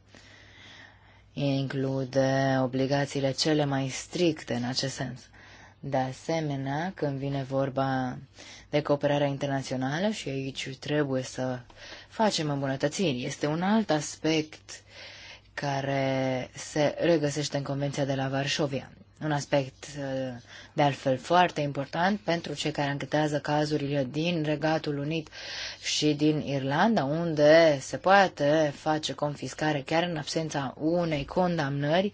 include obligațiile cele mai stricte în acest sens. De asemenea, când vine vorba de cooperarea internațională și aici trebuie să facem îmbunătățiri, este un alt aspect care se regăsește în Convenția de la Varșovia. Un aspect uh, de altfel foarte important pentru cei care anchetează cazurile din Regatul Unit și din Irlanda, unde se poate face confiscare chiar în absența unei condamnări,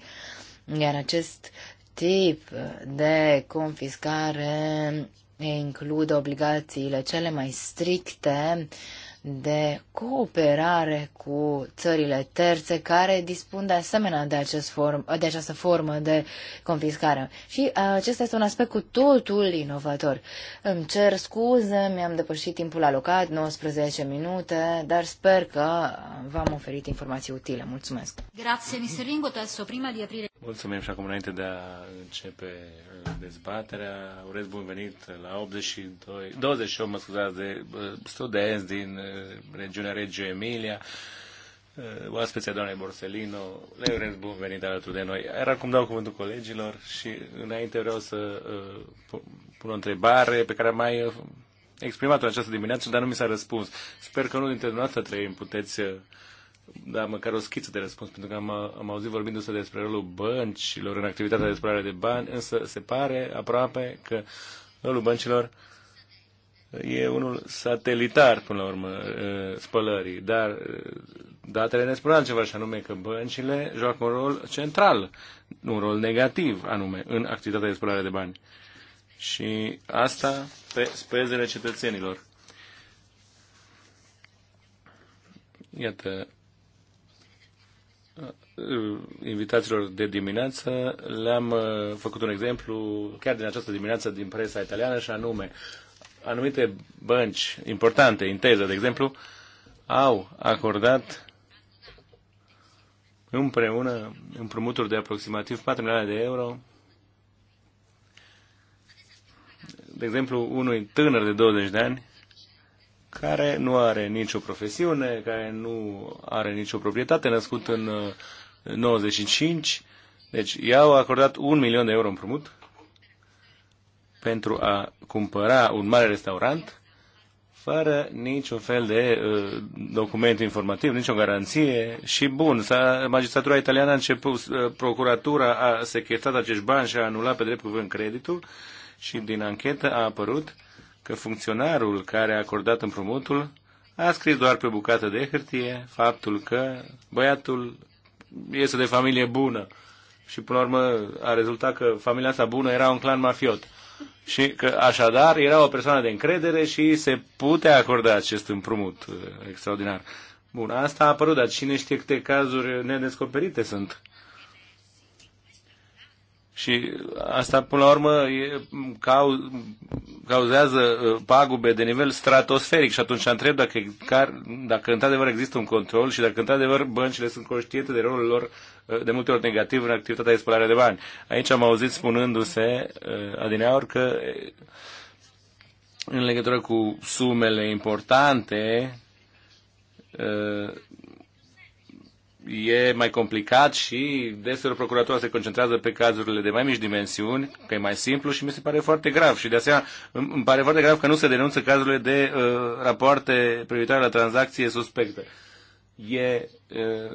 iar acest tip de confiscare include obligațiile cele mai stricte uh, de cooperare cu țările terțe care dispun de asemenea de, acest form, de această formă de confiscare. Și uh, acesta este un aspect cu totul inovator. Îmi cer scuze, mi-am depășit timpul alocat, 19 minute, dar sper că v-am oferit informații utile. Mulțumesc! Grazie, Mr. Ringo, prima Mulțumim și acum înainte de a începe dezbaterea, urez bun venit la 82, 28 mă scuzați, de uh, studenți din uh, regiunea Reggio Emilia, eh, oaspeția doamnei Borsellino, le urez bun venit alături de noi. Era cum dau cuvântul colegilor și înainte vreau să eh, pun o întrebare pe care am mai eh, exprimat-o această dimineață, dar nu mi s-a răspuns. Sper că unul dintre dumneavoastră trei îmi puteți da măcar o schiță de răspuns, pentru că am, am auzit vorbindu-se despre rolul băncilor în activitatea de spălare de bani, însă se pare aproape că rolul băncilor uh, e unul satelitar, până la urmă, spălării, dar datele ne spun altceva, și anume că băncile joacă un rol central, un rol negativ, anume, în activitatea de spălare de bani. Și asta pe spezele cetățenilor. Iată, invitaților de dimineață le-am uh, făcut un exemplu chiar din această dimineață din presa italiană și anume anumite bănci importante, Inteza, de exemplu, au acordat împreună împrumuturi de aproximativ 4 milioane de euro de exemplu, unui tânăr de 20 de ani care nu are nicio profesiune, care nu are nicio proprietate, născut în 95, uh, deci i-au acordat un milion de euro împrumut pentru a cumpăra un mare restaurant fără niciun fel de uh, document informativ, nicio garanție și bun, s-a, magistratura italiană a început, uh, procuratura a sechetat acești bani și a anulat pe drept cuvânt creditul și din anchetă a apărut că funcționarul care a acordat împrumutul a scris doar pe bucată de hârtie faptul că băiatul este de familie bună și până la urmă a rezultat că familia asta bună era un clan mafiot și că așadar era o persoană de încredere și se putea acorda acest împrumut uh, extraordinar. Bun, asta a apărut, dar cine știe câte cazuri nedescoperite sunt. Și asta, până la urmă, e, cau, cauzează uh, pagube de nivel stratosferic. Și atunci întreb dacă, dacă într-adevăr există un control și dacă într-adevăr băncile sunt conștiente de rolul lor de multe ori negativ în activitatea de spălare de bani. Aici am auzit spunându-se uh, adineaori că uh, în legătură cu sumele importante uh, e mai complicat și deseori procuratura se concentrează pe cazurile de mai mici dimensiuni, că e mai simplu și mi se pare foarte grav. Și de asemenea, îmi pare foarte grav că nu se denunță cazurile de uh, rapoarte privitoare la tranzacție suspecte. E, e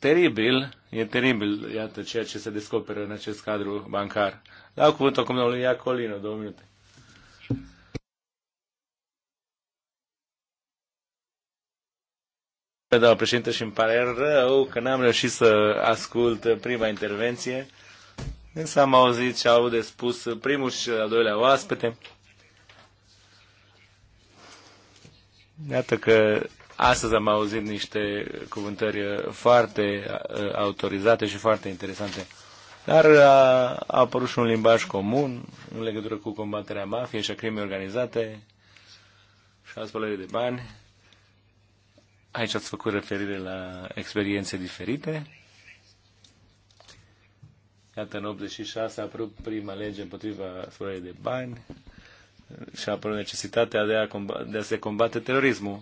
teribil, e teribil, iată, ceea ce se descoperă în acest cadru bancar. Dau cuvântul acum domnului Iacolino, două minute. Da, președinte, și îmi pare rău că n-am reușit să ascult prima intervenție, însă am auzit ce au de spus primul și al doilea oaspete. Iată că Astăzi am auzit niște cuvântări foarte uh, autorizate și foarte interesante. Dar a, uh, a apărut și un limbaj comun în legătură cu combaterea mafiei și a crimei organizate și a spălării de bani. Aici ați făcut referire la experiențe diferite. Iată, în 86 a apărut prima lege împotriva spălării de bani și a apărut necesitatea de a, de a se combate terorismul.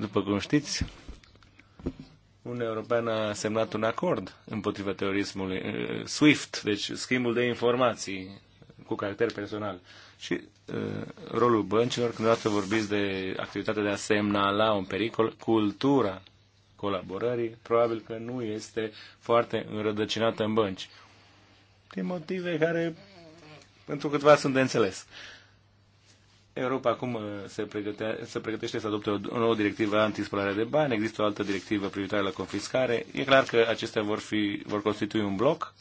După cum știți, Uniunea Europeană a semnat un acord împotriva terorismului, uh, SWIFT, deci schimbul de informații cu caracter personal. Și uh, rolul băncilor, când dată vorbiți de activitatea de a semnala un pericol, cultura colaborării probabil că nu este foarte înrădăcinată în bănci. Din motive care pentru câteva sunt de înțeles. Uh, Europa acum uh, se, pregătea, se pregătește să adopte o, o nouă directivă antispălare de bani, există o altă directivă privitoare la confiscare. E clar că acestea vor, fi, vor constitui un bloc.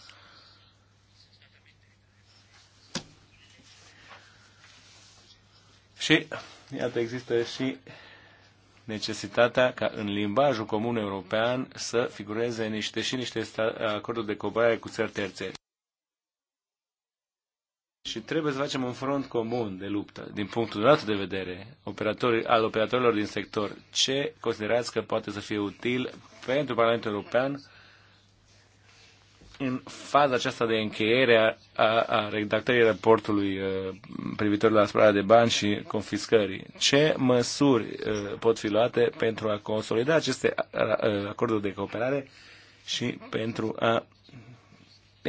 Și, iată, există și necesitatea ca în limbajul comun european să figureze niște și niște acorduri de cobaie cu țări terțe și trebuie să facem un front comun de luptă, din punctul dat de vedere operatorii, al operatorilor din sector. Ce considerați că poate să fie util pentru Parlamentul European în faza aceasta de încheiere a, a, a redactării raportului uh, privitor la spălarea de bani și confiscării? Ce măsuri uh, pot fi luate pentru a consolida aceste uh, acorduri de cooperare și pentru a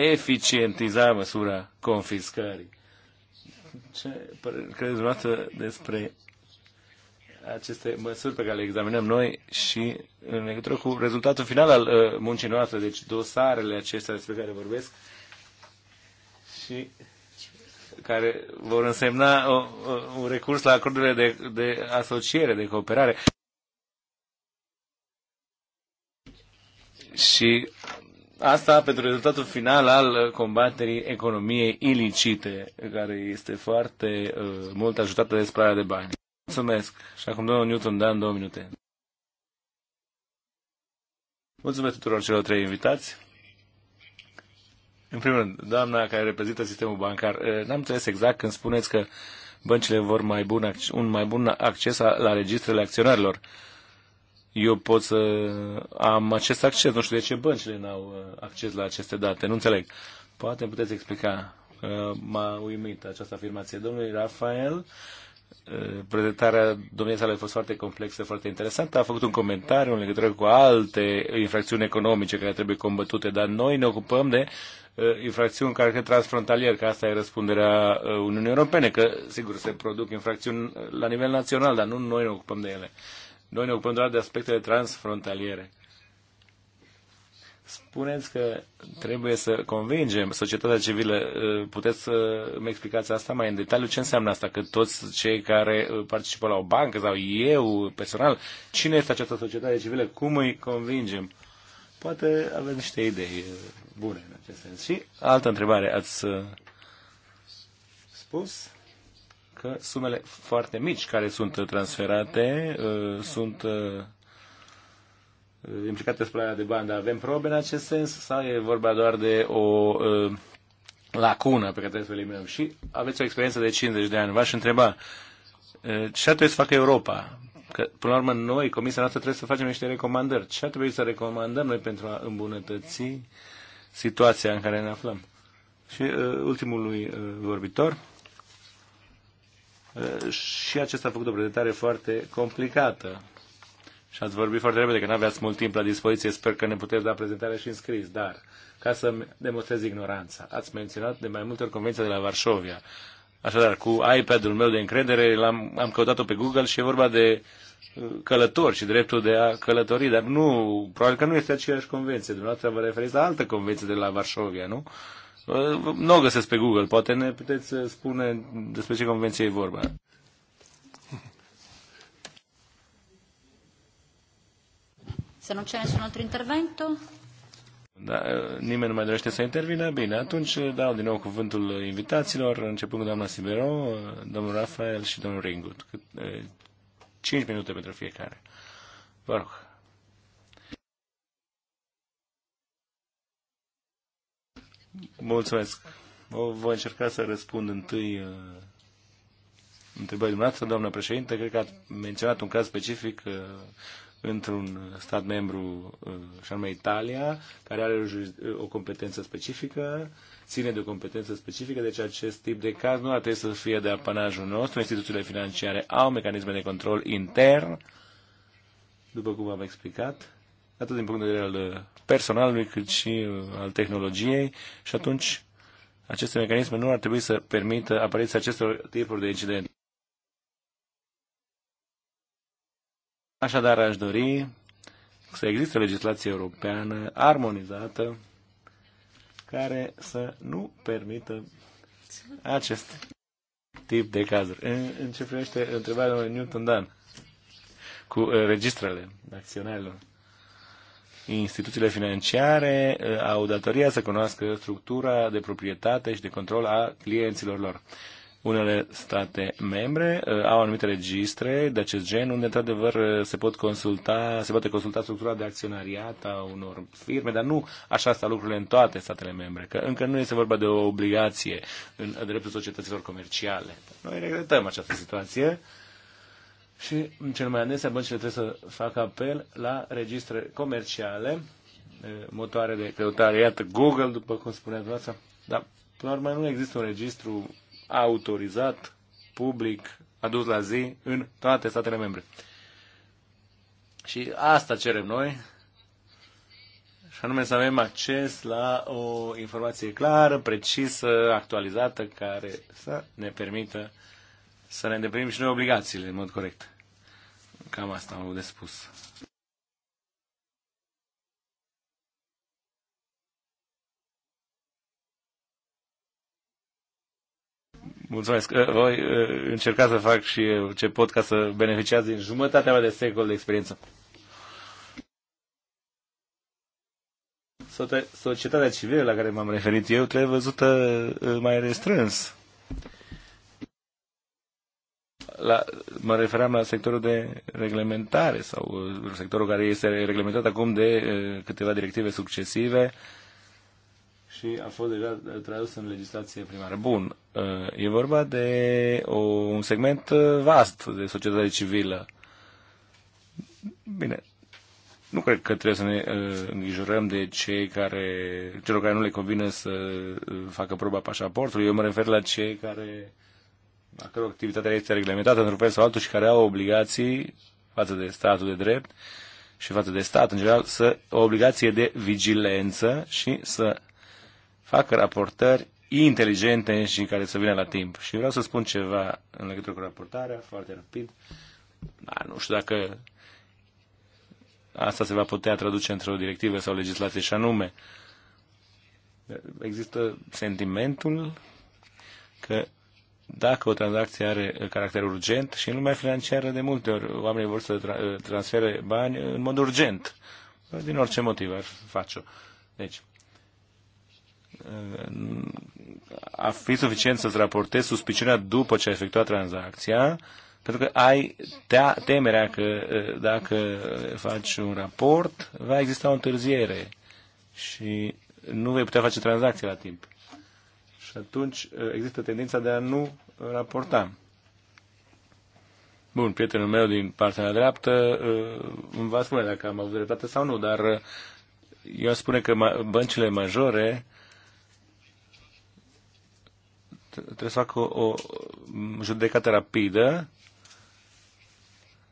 eficientiza măsura confiscării. Ce credeți dumneavoastră despre aceste măsuri pe care le examinăm noi și în legătură cu rezultatul final al uh, muncii noastre, deci dosarele acestea despre care vorbesc și care vor însemna o, o, un recurs la acordurile de, de asociere, de cooperare. Și Asta pentru rezultatul final al uh, combaterii economiei ilicite, care este foarte uh, mult ajutată de spălarea de bani. Mulțumesc. Și acum domnul Newton Dan, două minute. Mulțumesc tuturor celor trei invitați. În primul rând, doamna care reprezintă sistemul bancar, uh, n-am înțeles exact când spuneți că băncile vor mai bun, un mai bun acces la registrele acționarilor. Uh, eu pot să am acest acces. Nu știu de ce băncile n-au uh, acces la aceste date. Nu înțeleg. Poate îmi puteți explica. Uh, m-a uimit această afirmație. Domnului Rafael, uh, prezentarea domniei sale a fost foarte complexă, foarte interesantă. A făcut un comentariu în legătură cu alte infracțiuni economice care trebuie combătute, dar noi ne ocupăm de infracțiuni care cred transfrontalier, că asta e răspunderea Uniunii Europene, că sigur se produc infracțiuni la nivel național, dar nu noi ne ocupăm de ele. Noi ne ocupăm doar de aspectele transfrontaliere. Spuneți că trebuie să convingem societatea civilă. Uh, puteți să mi explicați asta mai în detaliu? Ce înseamnă asta? Că toți cei care uh, participă la o bancă sau eu personal, cine este această societate civilă? Cum îi convingem? Poate aveți niște idei uh, bune în acest sens. Și altă întrebare. Ați spus că sumele foarte mici care sunt transferate uh, sunt uh, implicate spălarea de bani, dar avem probe în acest sens sau e vorba doar de o uh, lacună pe care trebuie să o eliminăm? Și aveți o experiență de 50 de ani. V-aș întreba ce trebuie să facă Europa? Că, până la urmă, noi, Comisia noastră, trebuie să facem niște recomandări. Ce ar trebui să recomandăm noi pentru a îmbunătăți situația în care ne aflăm? Și uh, ultimului uh, vorbitor. Uh, și acesta a făcut o prezentare foarte complicată. Și ați vorbit foarte repede, că nu aveați mult timp la dispoziție, sper că ne puteți da prezentarea și în scris, dar ca să demonstrez ignoranța, ați menționat de mai multe ori convenția de la Varșovia. Așadar, cu iPad-ul meu de încredere l-am, am căutat-o pe Google și e vorba de uh, călători și dreptul de a călători, dar nu, probabil că nu este aceeași convenție. Dumneavoastră vă referiți la altă convenție de la Varșovia, nu? Uh, Uh, nu o găsesc pe Google, poate ne puteți uh, spune despre ce convenție e vorba. Să nu c'è niciun altro intervento? Da, uh, nimeni nu mai dorește să intervină? Bine, atunci dau din nou cuvântul invitaților, începând cu doamna Sibero, domnul Rafael și domnul Ringut. 5 minute pentru fiecare. Vă rog. Mulțumesc. O voi încerca să răspund întâi uh, întrebării dumneavoastră, doamnă președinte. Cred că ați menționat un caz specific uh, într-un stat membru, uh, și anume Italia, care are o, o competență specifică, ține de o competență specifică, deci acest tip de caz nu ar trebui să fie de apanajul nostru. Instituțiile financiare au mecanisme de control intern, după cum am explicat, atât din punct de vedere al personalului cât și uh, al tehnologiei și atunci aceste mecanisme nu ar trebui să permită apariția acestor tipuri de incidente. Așadar, aș dori să existe o legislație europeană armonizată care să nu permită acest tip de cazuri. În, în ce privește întrebarea lui Newton Dan cu uh, registrele acționarilor instituțiile financiare uh, au datoria să cunoască structura de proprietate și de control a clienților lor. Unele state membre uh, au anumite registre de acest gen unde într-adevăr uh, se, pot consulta, se poate consulta structura de acționariat a unor firme, dar nu așa sta lucrurile în toate statele membre, că încă nu este vorba de o obligație în dreptul societăților comerciale. Noi regretăm această situație și cel mai adesea băncile trebuie să facă apel la registre comerciale, motoare de căutare, iată Google, după cum spunea dumneavoastră, dar până la urmă nu există un registru autorizat, public, adus la zi în toate statele membre. Și asta cerem noi, și anume să avem acces la o informație clară, precisă, actualizată, care să ne permită să ne îndeplinim și noi obligațiile în mod corect. Cam asta am avut de spus. Mulțumesc. Eh, voi eh, încerca să fac și eu ce pot ca să beneficiați din jumătatea mea de secol de experiență. Societatea civilă la care m-am referit eu trebuie văzută eh, mai restrâns la, mă refeream la sectorul de reglementare sau uh, sectorul care este reglementat acum de uh, câteva directive succesive și a fost deja tradus în legislație primară. Bun, uh, e vorba de o, un segment vast de societate civilă. Bine, nu cred că trebuie să ne uh, îngrijorăm de cei care, celor care nu le convine să uh, facă proba pașaportului. Eu mă refer la cei care a căror activitatea este reglementată într-un fel sau altul și care au obligații față de statul de drept și față de stat în general, să, o obligație de vigilență și să facă raportări inteligente și care să vină la timp. Și vreau să spun ceva în legătură cu raportarea, foarte rapid. Da, nu știu dacă asta se va putea traduce într-o directivă sau legislație și anume. Există sentimentul că dacă o tranzacție are caracter urgent și în lumea financiară de multe ori oamenii vor să tra- transfere bani în mod urgent, din orice motiv ar face-o. Deci, a fi suficient să-ți raportezi suspiciunea după ce ai efectuat tranzacția, pentru că ai te- temerea că dacă faci un raport, va exista o întârziere și nu vei putea face tranzacția la timp. Și atunci uh, există tendința de a nu raporta. Bun, prietenul meu din partea mea dreaptă uh, îmi va spune dacă am avut dreptate sau nu, dar uh, eu spune că băncile majore trebuie să facă o, o judecată rapidă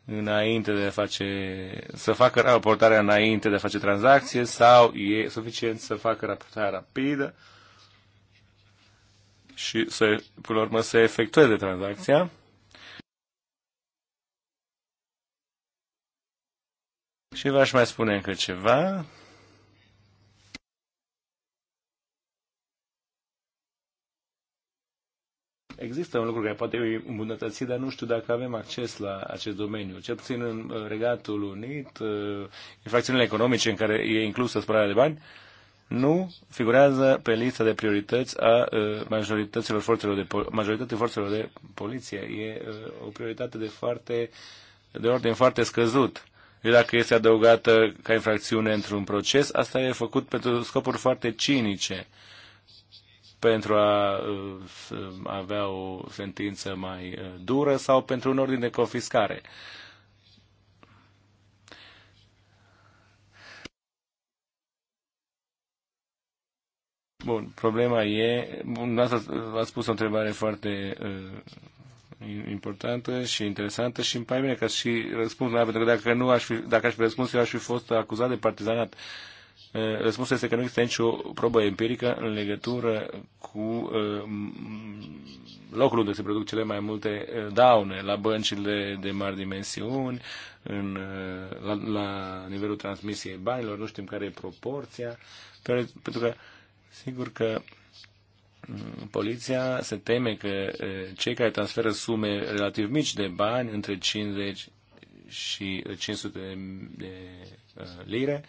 înainte de a face, să facă raportarea înainte de a face tranzacție sau e suficient să facă raportarea rapidă și să, până la urmă, să efectueze tranzacția. Și v-aș mai spune încă ceva. Există un lucru care poate fi îmbunătățit, dar nu știu dacă avem acces la acest domeniu. Cel puțin în uh, Regatul Unit, uh, infracțiunile economice în care e inclusă spălarea de bani, nu figurează pe lista de priorități a uh, majorităților forțelor de, majorității forțelor de poliție. E uh, o prioritate de, foarte, de ordine foarte scăzut. Deci dacă este adăugată ca infracțiune într-un proces, asta e făcut pentru scopuri foarte cinice, pentru a uh, avea o sentință mai dură sau pentru un ordin de confiscare. Bun, problema e, bun, asta a spus o întrebare foarte uh, importantă și interesantă și îmi pare bine că și răspuns la pentru că dacă, nu aș fi, dacă aș fi răspuns, eu aș fi fost acuzat de partizanat. Uh, răspunsul este că nu există nicio probă empirică în legătură cu uh, locul unde se produc cele mai multe uh, daune la băncile de mari dimensiuni, în, uh, la, la nivelul transmisiei banilor, nu știm care e proporția, pentru că uh, Sigur că mm, poliția se teme că cei care transferă sume relativ mici de bani, între 50 și 500 de lire,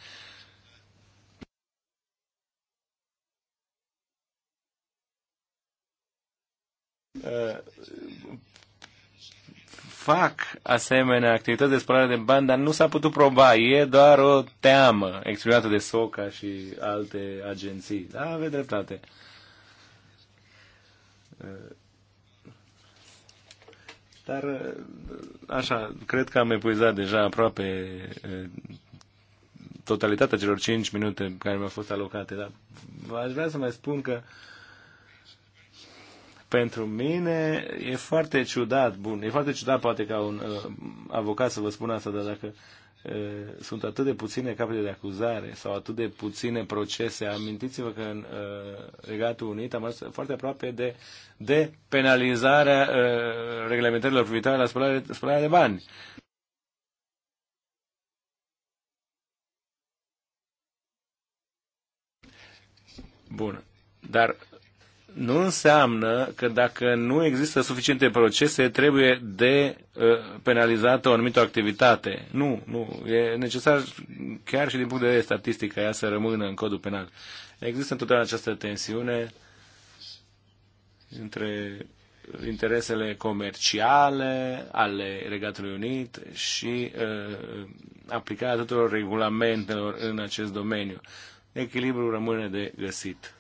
fac asemenea activități de spălare de bani, dar nu s-a putut proba. E doar o teamă exprimată de SOCA și alte agenții. Da, aveți dreptate. Dar, așa, cred că am epuizat deja aproape totalitatea celor 5 minute care mi-au fost alocate, dar aș vrea să mai spun că uh, pentru mine e foarte ciudat, bun, e foarte ciudat poate ca un uh, avocat să vă spun asta, dar dacă uh, sunt atât de puține capete de acuzare sau atât de puține procese, amintiți-vă că în uh, Regatul Unit am ajuns foarte aproape de, de penalizarea uh, reglementărilor privitoare la spălare, spălarea de bani. Bun. Dar nu înseamnă că dacă nu există suficiente procese, trebuie de uh, penalizată o anumită activitate. Nu, nu. E necesar chiar și din punct de vedere statistic ca ea să rămână în codul penal. Există întotdeauna această tensiune între interesele comerciale ale Regatului Unit și uh, aplicarea tuturor regulamentelor în acest domeniu. Echilibrul rămâne de găsit.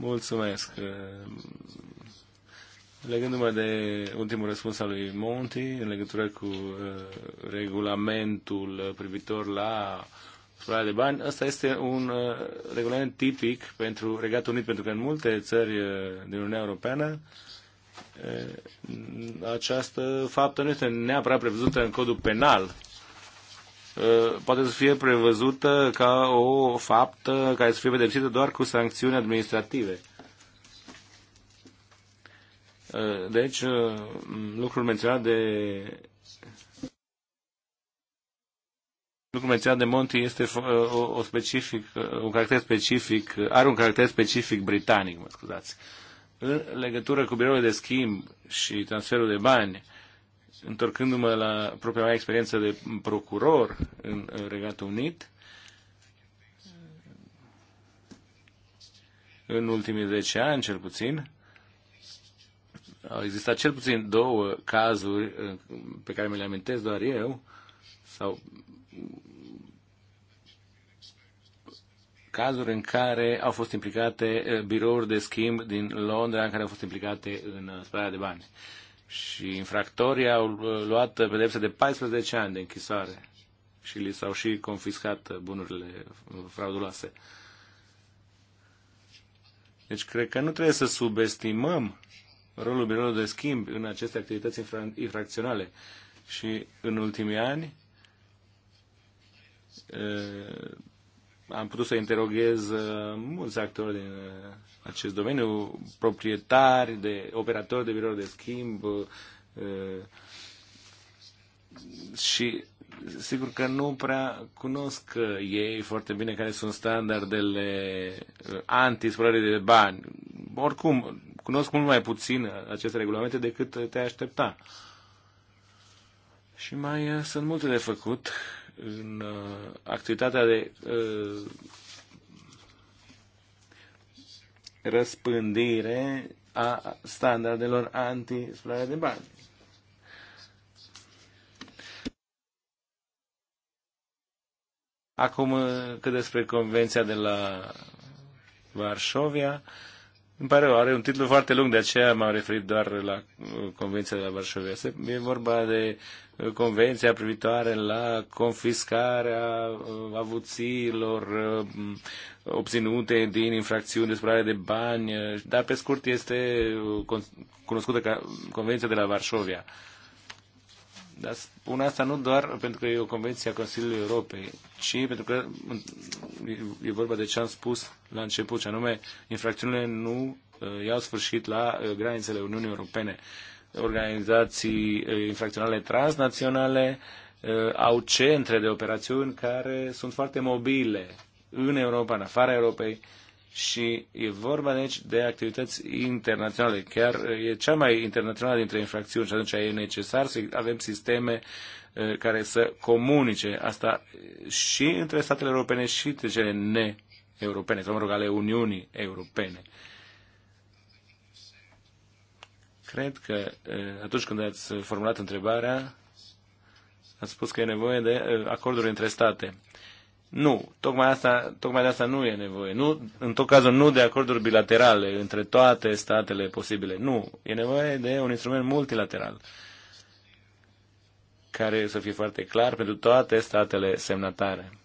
Mulțumesc. Legându-mă de ultimul răspuns al lui Monti, în legătură cu uh, regulamentul privitor la spălarea de bani, ăsta este un uh, regulament tipic pentru Regatul Unit, pentru că în multe țări uh, din Uniunea Europeană această faptă nu este neapărat prevăzută în codul penal, Uh, poate să fie prevăzută ca o faptă care să fie pedepsită doar cu sancțiuni administrative. Uh, deci, uh, lucrul menționat de lucrul menționat de Monti este o, o specific, un caracter specific, are un caracter specific britanic, mă scuzați. În legătură cu birourile de schimb și transferul de bani, uh, întorcându-mă la propria mea experiență de procuror în Regatul Unit, în ultimii 10 ani cel puțin, au existat cel puțin două cazuri uh, pe care mi le amintesc doar eu, sau cazuri în care au fost implicate uh, birouri de schimb din Londra, în care au fost implicate în uh, spălarea de bani și infractorii au luat pedepse de 14 ani de închisoare și li s-au și confiscat bunurile frauduloase. Deci cred că nu trebuie să subestimăm rolul biroului de schimb în aceste activități infracționale. Și în ultimii ani am putut să interoghez uh, mulți actori din uh, acest domeniu, proprietari, de operatori de birouri de schimb uh, și sigur că nu prea cunosc ei foarte bine care sunt standardele anti-spălării de bani. Oricum, cunosc mult mai puțin aceste regulamente decât te aștepta. Și mai sunt multe de făcut în uh, activitatea de uh, răspândire a standardelor anti de bani. Acum, cât despre Convenția de la Varșovia, uh, îmi pare, are un titlu foarte lung, de aceea m-am referit doar la uh, Convenția de la Varșovia. E vorba de uh, Convenția privitoare la confiscarea uh, avuțiilor obținute din infracțiuni de spălare de bani, dar pe scurt este cunoscută ca Convenția de la Varșovia. Dar spun asta nu doar pentru că e o convenție a Consiliului Europei, ci pentru că e vorba de ce am spus la început, ce anume, infracțiunile nu uh, iau sfârșit la uh, granițele Uniunii Europene. Organizații uh, infracționale transnaționale au centre de operațiuni care sunt foarte mobile în Europa, în afara Europei, și e vorba deci de activități internaționale. Chiar uh, e cea mai internațională dintre infracțiuni și atunci e necesar să avem sisteme uh, care să comunice asta uh, și între statele europene și între cele ne-europene, sau mă rog, ale Uniunii Europene. Cred că atunci când ați formulat întrebarea, ați spus că e nevoie de acorduri între state. Nu, tocmai, asta, tocmai de asta nu e nevoie. Nu, în tot cazul, nu de acorduri bilaterale între toate statele posibile. Nu, e nevoie de un instrument multilateral care să fie foarte clar pentru toate statele semnatare.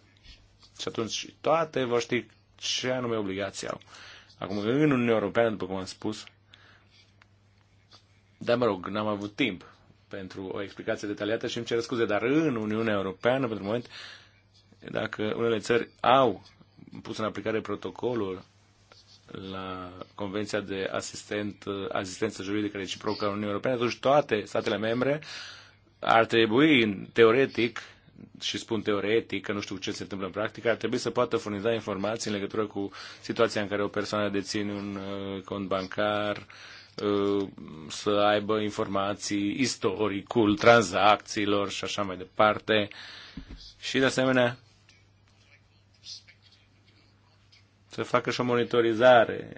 Și atunci toate vor ști ce anume obligații au. Acum, în Uniunea Europeană, după cum am spus, dar mă rog, n-am avut timp pentru o explicație detaliată și îmi cer scuze, dar în Uniunea Europeană, pentru moment, dacă unele țări au pus în aplicare protocolul la Convenția de asistent, Asistență Juridică Reciprocă a Uniunii Europene, atunci toate statele membre ar trebui, teoretic, și spun teoretic, că nu știu ce se întâmplă în practică, ar trebui să poată furniza informații în legătură cu situația în care o persoană deține un uh, cont bancar, uh, să aibă informații istoricul tranzacțiilor și așa mai departe. Și, de asemenea, să facă și o monitorizare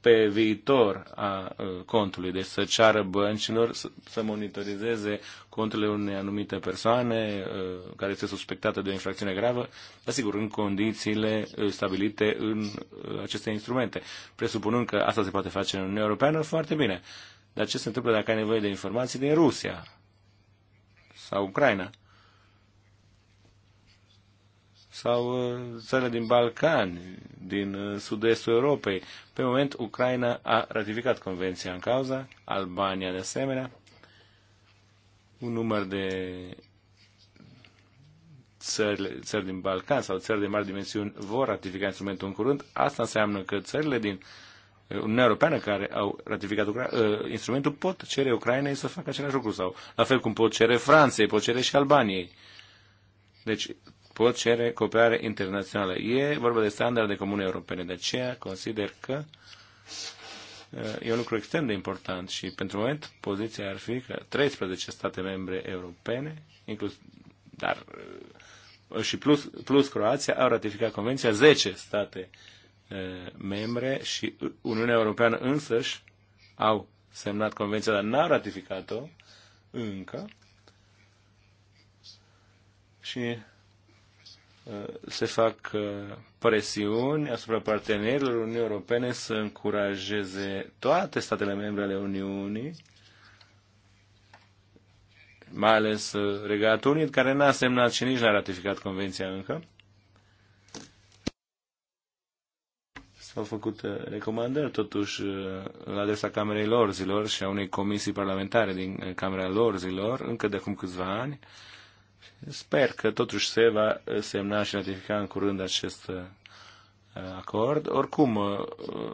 pe viitor a uh, contului, deci să ceară băncilor să monitorizeze conturile unei anumite persoane uh, care este suspectată de o infracțiune gravă, asigur, sigur, în condițiile uh, stabilite în aceste instrumente. Presupunând că asta se poate face în Uniunea Europeană, foarte bine. Dar ce se întâmplă dacă ai nevoie de informații din Rusia sau Ucraina? sau uh, țările din Balcani, din uh, sud-estul Europei. Pe moment, Ucraina a ratificat convenția în cauza, Albania de asemenea, un număr de țări, țări din Balcan sau țări de mari dimensiuni vor ratifica instrumentul în curând. Asta înseamnă că țările din uh, Uniunea Europeană care au ratificat Ucra- instrumentul pot cere Ucrainei să facă același lucru sau la fel cum pot cere Franței, pot cere și Albaniei. Deci pot cere cooperare internațională. E vorba de standarde comune europene, de aceea consider că uh, e un lucru extrem de important și pentru moment poziția ar fi că 13 state membre europene, inclus, dar uh, și plus, plus Croația, au ratificat convenția 10 state uh, membre și Uniunea Europeană însăși au semnat convenția, dar n-au ratificat-o încă. Și se fac uh, presiuni asupra partenerilor Uniunii Europene să încurajeze toate statele membre ale Uniunii, mai ales uh, Regatul Unit, care n-a semnat și nici n-a ratificat convenția încă. S-au făcut uh, recomandări, totuși, la adresa Camerei Lorzilor și a unei comisii parlamentare din Camera Lorzilor, încă de acum câțiva ani, Sper că totuși se va semna și ratifica în curând acest uh, acord. Oricum, uh,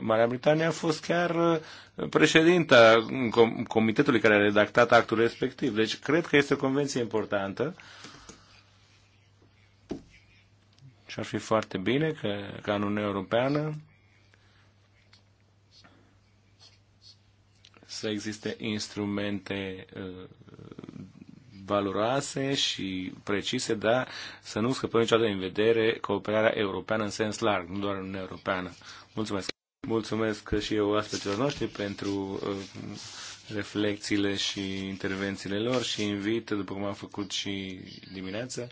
Marea Britanie a fost chiar uh, președinta comitetului care a redactat actul respectiv. Deci, cred că este o convenție importantă. Și ar fi foarte bine că, ca în Uniunea Europeană să existe instrumente valoroase și precise, dar să nu scăpăm niciodată în vedere cooperarea europeană în sens larg, nu doar în Uniunea Europeană. Mulțumesc! Mulțumesc și eu aspeților noștri pentru uh, reflexiile și intervențiile lor și invit, după cum am făcut și dimineața,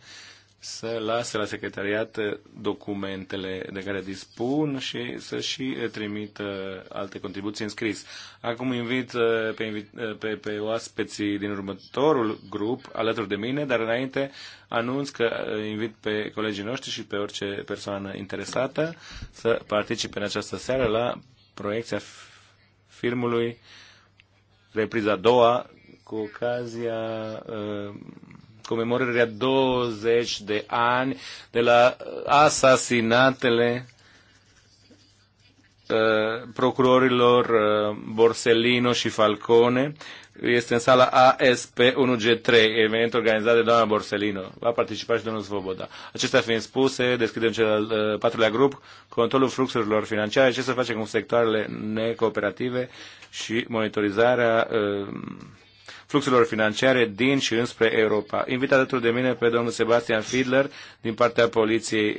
să lase la secretariat documentele de care dispun și să și trimită alte contribuții în scris. Acum invit uh, pe, uh, pe, pe oaspeții din următorul grup alături de mine, dar înainte anunț că uh, invit pe colegii noștri și pe orice persoană interesată să participe în această seară la proiecția filmului repriza a doua cu ocazia uh, Comemorarea 20 de ani de la asasinatele uh, procurorilor uh, Borsellino și Falcone. Este în sala ASP 1G3, eveniment organizat de doamna Borsellino. Va participa și domnul Svoboda. Acestea fiind spuse, deschidem cel al uh, patrulea grup, controlul fluxurilor financiare, ce se face cu sectoarele necooperative și monitorizarea uh, fluxurilor financiare din și înspre Europa. Invit alături de mine pe domnul Sebastian Fiedler din partea poliției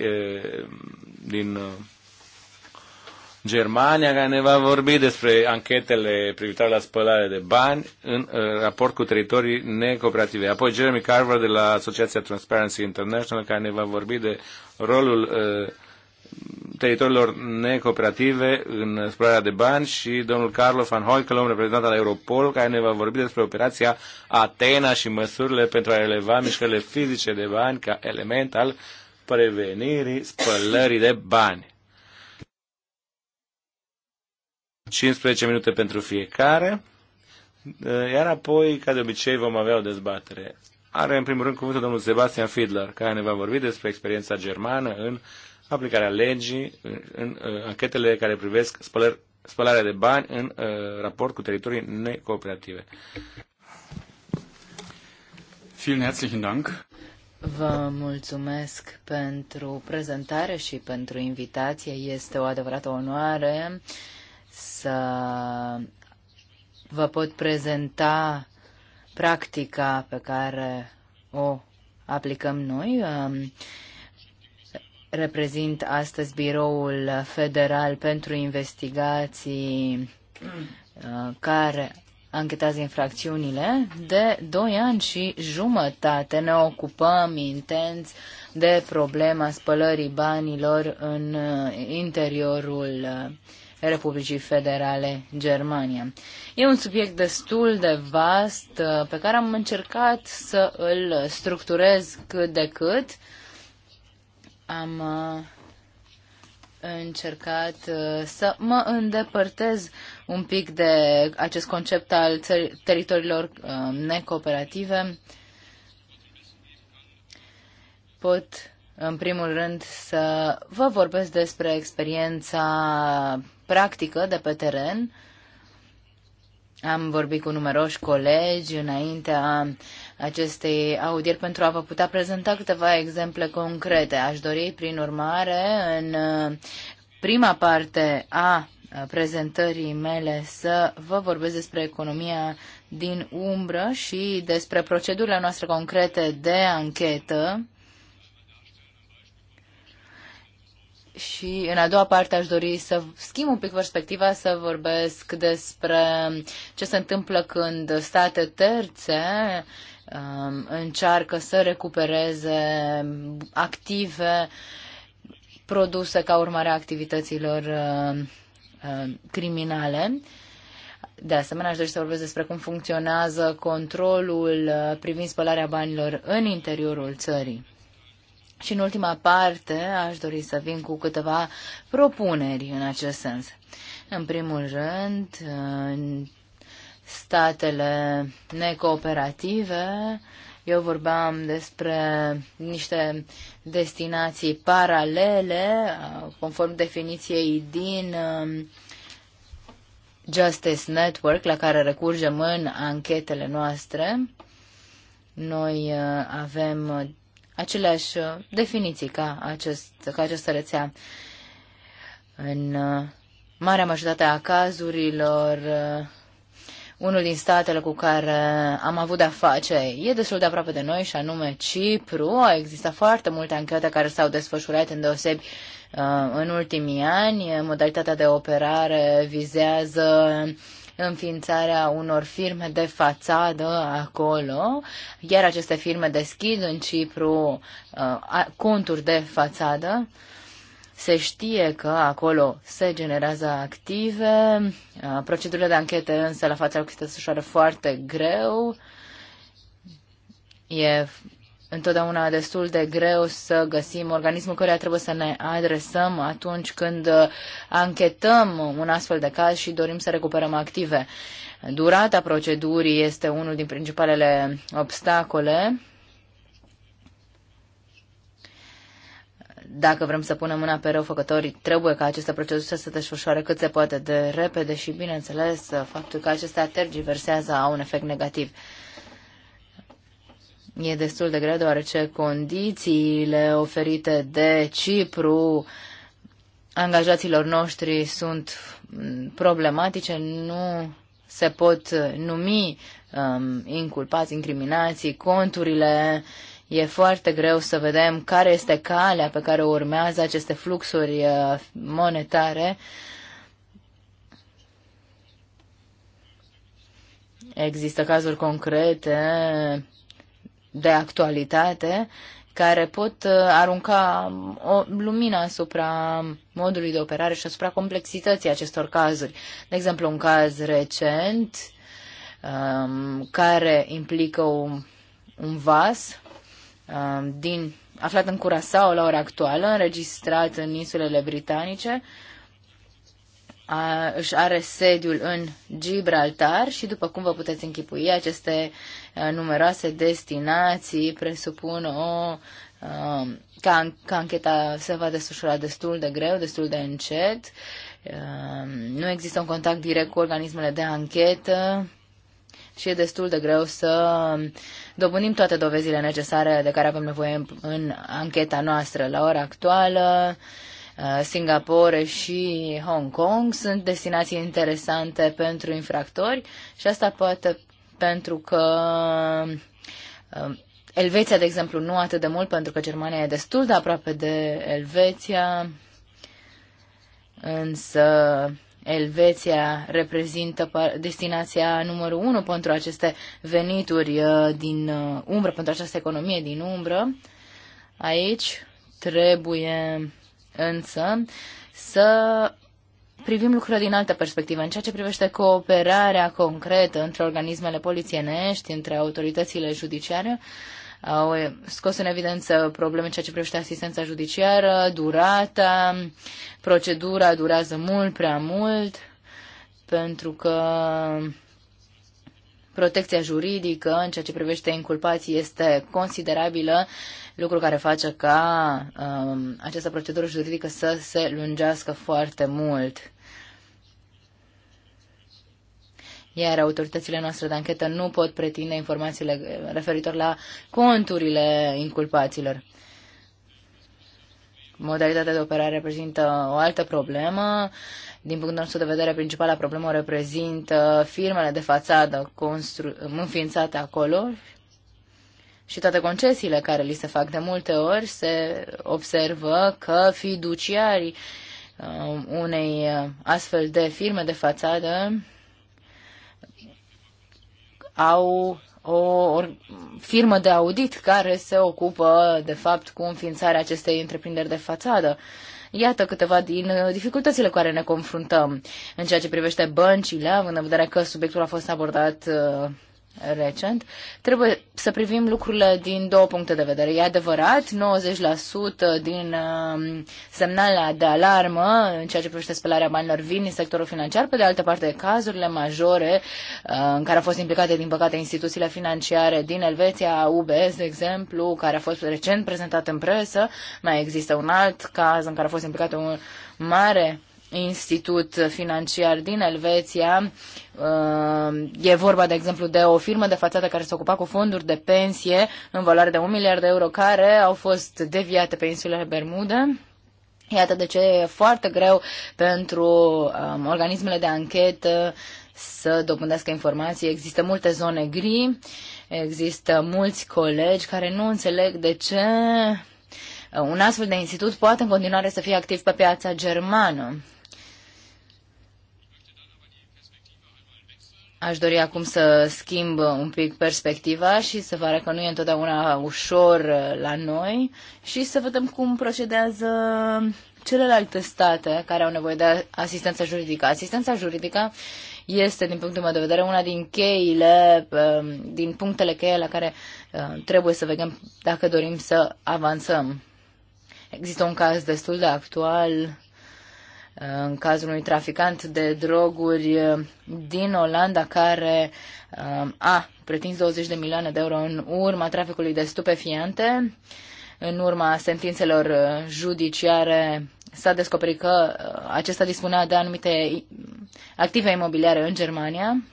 din Germania, care ne va vorbi despre anchetele privitoare la spălare de bani în raport cu teritorii necooperative. Apoi Jeremy Carver de la Asociația Transparency International, care ne va vorbi de rolul uh, teritoriilor necooperative în spălarea de bani și domnul Carlo Van Hoikelom, reprezentant al Europol, care ne va vorbi despre operația Atena și măsurile pentru a releva mișcările fizice de bani ca element al prevenirii spălării de bani. 15 minute pentru fiecare, iar apoi, ca de obicei, vom avea o dezbatere. Are în primul rând cuvântul domnul Sebastian Fiedler, care ne va vorbi despre experiența germană în aplicarea legii în anchetele care privesc spălări, spălarea de bani în uh, raport cu teritorii necooperative. Vielen herzlichen Dank. Vă mulțumesc pentru prezentare și pentru invitație. Este o adevărată onoare să vă pot prezenta practica pe care o aplicăm noi. Um, reprezint astăzi biroul federal pentru investigații uh, care anchetează infracțiunile. De 2 ani și jumătate ne ocupăm intens de problema spălării banilor în uh, interiorul uh, Republicii Federale Germania. E un subiect destul de vast pe care am încercat să îl structurez cât de cât am uh, încercat uh, să mă îndepărtez un pic de acest concept al teritoriilor uh, necooperative. Pot, în primul rând, să vă vorbesc despre experiența practică de pe teren. Am vorbit cu numeroși colegi înaintea acestei audieri pentru a vă putea prezenta câteva exemple concrete. Aș dori, prin urmare, în uh, prima parte a uh, prezentării mele să vă vorbesc despre economia din umbră și despre procedurile noastre concrete de anchetă. Și în a doua parte aș dori să schimb un pic perspectiva, să vorbesc despre ce se întâmplă când state terțe Um, încearcă să recupereze active produse ca urmare a activităților um, um, criminale. De asemenea, aș dori să vorbesc despre cum funcționează controlul uh, privind spălarea banilor în interiorul țării. Și în ultima parte aș dori să vin cu câteva propuneri în acest sens. În primul rând, statele necooperative. Eu vorbeam despre niște destinații paralele, conform definiției din um, Justice Network, la care recurgem în anchetele noastre. Noi uh, avem uh, aceleași uh, definiții ca, acest, ca această rețea. În marea majoritate a cazurilor, unul din statele cu care am avut de-a face e destul de aproape de noi și anume Cipru. Au existat foarte multe anchete care s-au desfășurat în deosebi uh, în ultimii ani. Modalitatea de operare vizează înființarea unor firme de fațadă acolo, iar aceste firme deschid în Cipru uh, conturi de fațadă se știe că acolo se generează active, uh, procedurile de anchete însă la fața locului se desfășoară foarte greu, e întotdeauna destul de greu să găsim organismul care trebuie să ne adresăm atunci când uh, anchetăm un astfel de caz și dorim să recuperăm active. Durata procedurii este unul din principalele obstacole Dacă vrem să punem mâna pe răufăcătorii, trebuie ca aceste proceduri să se desfășoare cât se poate de repede și, bineînțeles, faptul că acestea tergiversează au un efect negativ. E destul de greu deoarece condițiile oferite de Cipru angajaților noștri sunt problematice, nu se pot numi um, inculpați, incriminații, conturile E foarte greu să vedem care este calea pe care o urmează aceste fluxuri uh, monetare. Există cazuri concrete de actualitate care pot uh, arunca o lumină asupra modului de operare și asupra complexității acestor cazuri. De exemplu, un caz recent um, care implică un, un vas Um, din, aflat în Curaçao la ora actuală, înregistrat în insulele britanice, a, își are sediul în Gibraltar și, după cum vă puteți închipui, aceste a, uh, numeroase destinații presupun o. A, um, ca, ca ancheta se va desfășura destul de greu, destul de încet. Um, nu există un contact direct cu organismele de anchetă și e destul de greu să dobândim toate dovezile necesare de care avem nevoie în ancheta noastră. La ora actuală, uh, Singapore și Hong Kong sunt destinații interesante pentru infractori și asta poate pentru că uh, Elveția, de exemplu, nu atât de mult, pentru că Germania e destul de aproape de Elveția, însă Elveția reprezintă destinația numărul unu pentru aceste venituri uh, din uh, umbră, pentru această economie din umbră. Aici trebuie însă să privim lucrurile din altă perspectivă, în ceea ce privește cooperarea concretă între organismele polițienești, între autoritățile judiciare, uh, au scos în evidență probleme în ceea ce privește asistența judiciară, durata, procedura durează mult, prea mult, pentru că protecția juridică în ceea ce privește inculpații este considerabilă, lucru care face ca um, această procedură juridică să se lungească foarte mult. iar autoritățile noastre de anchetă nu pot pretinde informațiile referitor la conturile inculpaților. Modalitatea de operare reprezintă o altă problemă. Din punctul nostru de vedere, principala problemă reprezintă firmele de fațadă înființate acolo și toate concesiile care li se fac de multe ori se observă că fiduciarii uh, unei uh, astfel de firme de fațadă au o firmă de audit care se ocupă, de fapt, cu înființarea acestei întreprinderi de fațadă. Iată câteva din dificultățile cu care ne confruntăm în ceea ce privește băncile, având în vedere că subiectul a fost abordat uh, recent, trebuie să privim lucrurile din două puncte de vedere. E adevărat, 90% din um, semnalele de alarmă în ceea ce privește spălarea banilor vin din sectorul financiar, pe de altă parte cazurile majore uh, în care au fost implicate, din păcate, instituțiile financiare din Elveția, UBS, de exemplu, care a fost recent prezentat în presă, mai există un alt caz în care a fost implicat un mare institut financiar din Elveția, Uh, e vorba, de exemplu, de o firmă de fațadă care se ocupa cu fonduri de pensie în valoare de un miliard de euro care au fost deviate pe insulele Bermude. Iată de ce e foarte greu pentru um, organismele de anchetă să dobândească informații. Există multe zone gri, există mulți colegi care nu înțeleg de ce uh, un astfel de institut poate în continuare să fie activ pe piața germană. Aș dori acum să schimb un pic perspectiva și să vă arăt că nu e întotdeauna ușor uh, la noi și să vedem cum procedează celelalte state care au nevoie de asistență juridică. Asistența juridică este, din punctul meu de vedere, una din cheile, um, din punctele cheie la care uh, trebuie să vedem dacă dorim să avansăm. Există un caz destul de actual în cazul unui traficant de droguri uh, din Olanda care um, a pretins 20 de milioane de euro în urma traficului de stupefiante. În urma sentințelor uh, judiciare s-a descoperit că uh, acesta dispunea de anumite active imobiliare în Germania,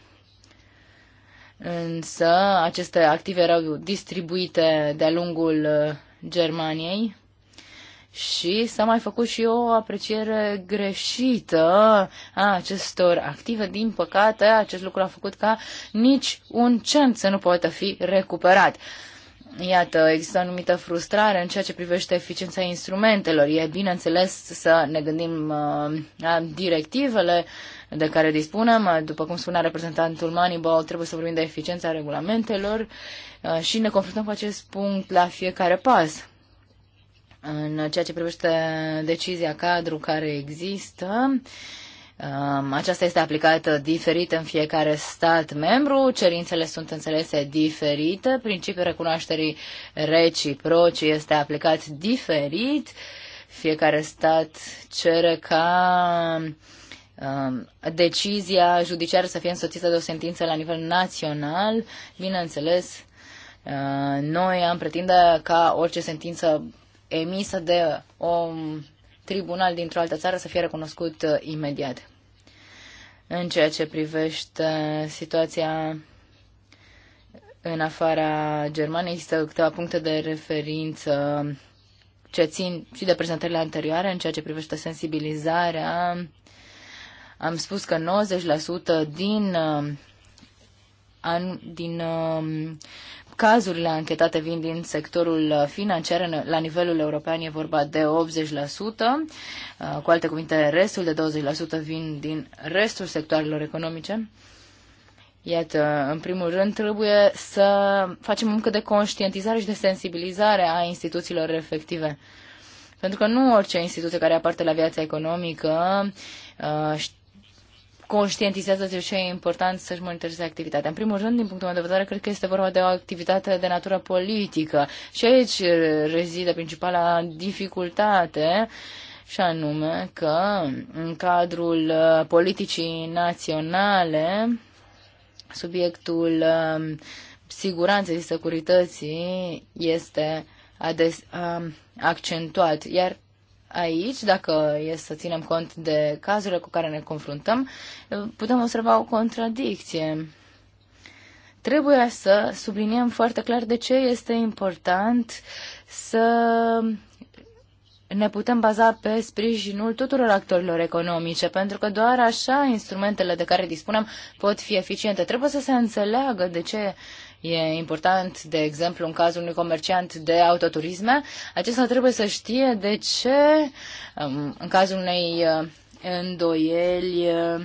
însă aceste active erau distribuite de-a lungul Germaniei și s-a mai făcut și o apreciere greșită a acestor active. Din păcate, acest lucru a făcut ca nici un cent să nu poată fi recuperat. Iată, există anumită frustrare în ceea ce privește eficiența instrumentelor. E bineînțeles să ne gândim uh, la directivele de care dispunem. După cum spunea reprezentantul Moneyball, trebuie să vorbim de eficiența regulamentelor uh, și ne confruntăm cu acest punct la fiecare pas. În ceea ce privește decizia cadru care există, um, aceasta este aplicată diferit în fiecare stat membru, cerințele sunt înțelese diferite, principiul recunoașterii reciproci este aplicat diferit, fiecare stat cere ca um, decizia judiciară să fie însoțită de o sentință la nivel național, bineînțeles, uh, noi am pretinde ca orice sentință emisă de un um, tribunal dintr-o altă țară să fie recunoscut uh, imediat. În ceea ce privește situația în afara Germaniei, există câteva puncte de referință ce țin și de prezentările anterioare în ceea ce privește sensibilizarea. Am spus că 90% din, uh, an, din um, Cazurile anchetate vin din sectorul financiar la nivelul european e vorba de 80%, cu alte cuvinte restul de 20% vin din restul sectoarelor economice. Iată, în primul rând trebuie să facem muncă de conștientizare și de sensibilizare a instituțiilor efective. Pentru că nu orice instituție care aparte la viața economică uh, conștientizează ce e important să-și monitorizeze activitatea. În primul rând, din punctul meu de vedere, cred că este vorba de o activitate de natură politică și aici uh, rezidă principala dificultate și anume că în cadrul uh, politicii naționale subiectul um, siguranței și securității este ades, um, accentuat, iar aici, dacă e să ținem cont de cazurile cu care ne confruntăm, putem observa o contradicție. Trebuie să subliniem foarte clar de ce este important să ne putem baza pe sprijinul tuturor actorilor economice, pentru că doar așa instrumentele de care dispunem pot fi eficiente. Trebuie să se înțeleagă de ce uh, E important, de exemplu, în cazul unui comerciant de autoturisme, acesta trebuie să știe de ce, um, în cazul unei uh, îndoieli, uh,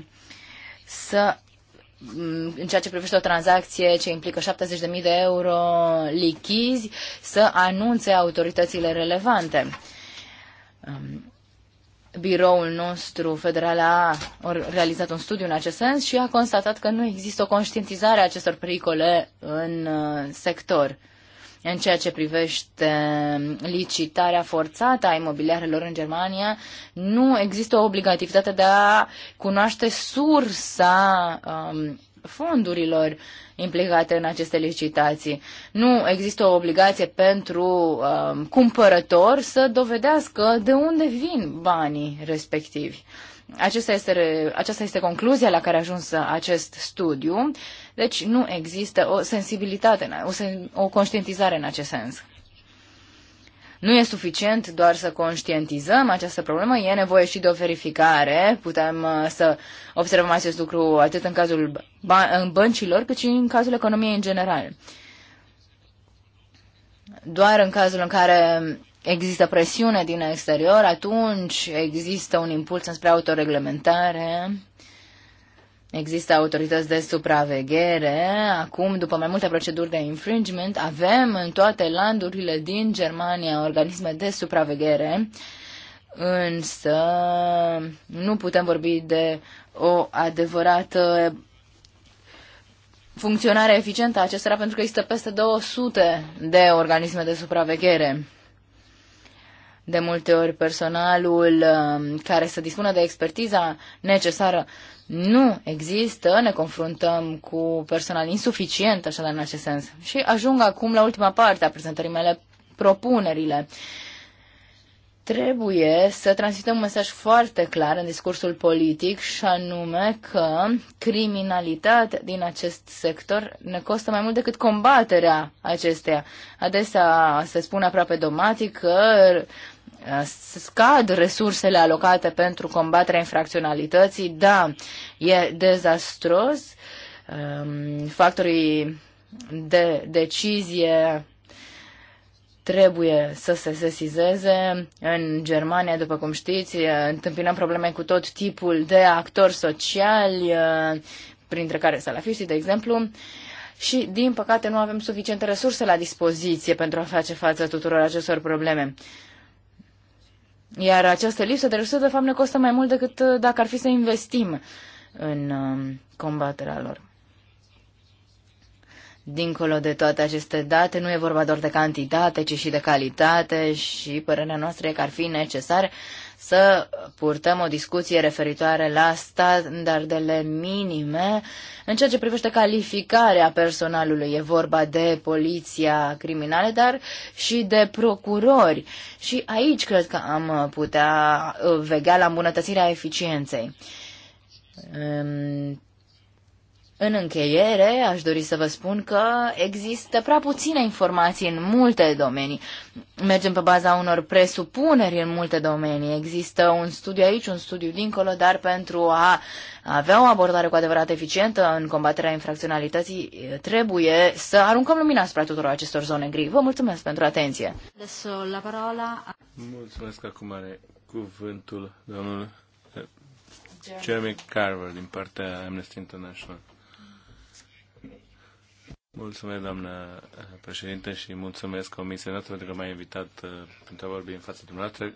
să um, în ceea ce privește o tranzacție ce implică 70.000 de euro lichizi, să anunțe autoritățile relevante. Um, biroul nostru federal a realizat un studiu în acest sens și a constatat că nu există o conștientizare a acestor pericole în uh, sector. În ceea ce privește licitarea forțată a imobiliarelor în Germania, nu există o obligativitate de a cunoaște sursa um, fondurilor implicate în aceste licitații. Nu există o obligație pentru um, cumpărător să dovedească de unde vin banii respectivi. Acesta este, aceasta este concluzia la care a ajuns acest studiu, deci nu există o sensibilitate, o, o conștientizare în acest sens. Nu e suficient doar să conștientizăm această problemă, e nevoie și de o verificare. Putem uh, să observăm acest lucru atât în cazul în băncilor, cât și în cazul economiei în general. Doar în cazul în care există presiune din exterior, atunci există un impuls spre autoreglementare Există autorități de supraveghere. Acum, după mai multe proceduri de infringement, avem în toate landurile din Germania organisme de supraveghere, însă nu putem vorbi de o adevărată funcționare eficientă a acestora pentru că există peste 200 de organisme de supraveghere. De multe ori personalul um, care să dispună de expertiza necesară nu există, ne confruntăm cu personal insuficient, așa în acest sens. Și ajung acum la ultima parte a prezentării mele, propunerile. Trebuie să transmitem un mesaj foarte clar în discursul politic și anume că criminalitatea din acest sector ne costă mai mult decât combaterea acesteia. Adesea se spune aproape domatic că scad resursele alocate pentru combaterea infracționalității, da, e dezastros. Um, factorii de decizie trebuie să se sesizeze. În Germania, după cum știți, întâmpinăm probleme cu tot tipul de actori sociali, printre care salafiștii, de exemplu, și, din păcate, nu avem suficiente resurse la dispoziție pentru a face față tuturor acestor probleme. Iar această lipsă de resurse, de fapt, ne costă mai mult decât uh, dacă ar fi să investim în um, combaterea lor. Dincolo de toate aceste date, nu e vorba doar de cantitate, ci și de calitate și părerea noastră e că ar fi necesar să purtăm o discuție referitoare la standardele minime în ceea ce privește calificarea personalului. E vorba de poliția criminală, dar și de procurori. Și aici cred că am putea vegea la îmbunătățirea eficienței. În încheiere, aș dori să vă spun că există prea puține informații în multe domenii. Mergem pe baza unor presupuneri în multe domenii. Există un studiu aici, un studiu dincolo, dar pentru a avea o abordare cu adevărat eficientă în combaterea infracționalității, trebuie să aruncăm lumina asupra tuturor acestor zone gri. Vă mulțumesc pentru atenție. la parola. Mulțumesc acum are cuvântul domnul eh, Jeremy Carver din partea Amnesty International. Mulțumesc, doamnă uh, președinte, și mulțumesc comisiei noastre pentru că m-a invitat uh, pentru a vorbi în fața dumneavoastră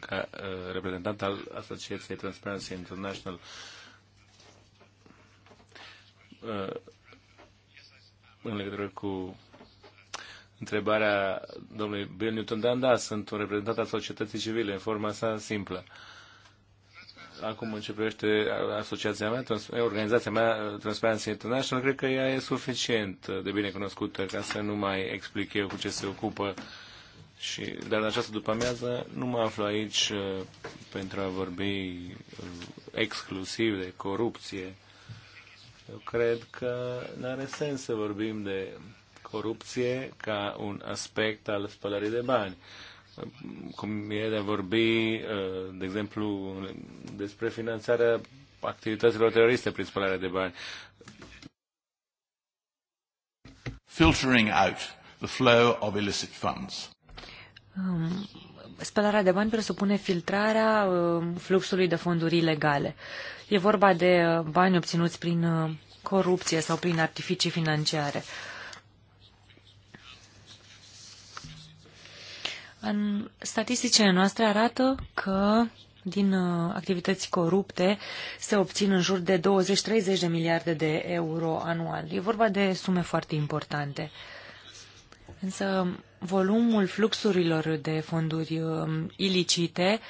ca uh, reprezentant al Asociației Transparency International. În legătură cu întrebarea domnului Bill Newton, Dan, da, sunt un reprezentant al societății civile, în forma sa simplă. Uh, acum începește asociația mea, eh, organizația mea eh, Transparency International, cred că ea e suficient eh, de bine cunoscută ca să nu mai explic eu cu ce se ocupă. Și, dar în această după-amiază nu mă aflu aici pentru a vorbi exclusiv de corupție. Eu cred că nu are sens să vorbim de corupție ca un aspect al spălării de bani. Uh, cum e de a vorbi, uh, de exemplu, despre finanțarea activităților teroriste prin spălare de bani. Filtering out the flow of illicit funds. Um, spălarea de bani presupune filtrarea um, fluxului de fonduri ilegale. E vorba de uh, bani obținuți prin uh, corupție sau prin artificii financiare. Uh, În statisticile noastre arată că din uh, activități corupte se obțin în jur de 20-30 de miliarde de euro anual. E vorba de sume foarte importante. Însă volumul fluxurilor de fonduri um, ilicite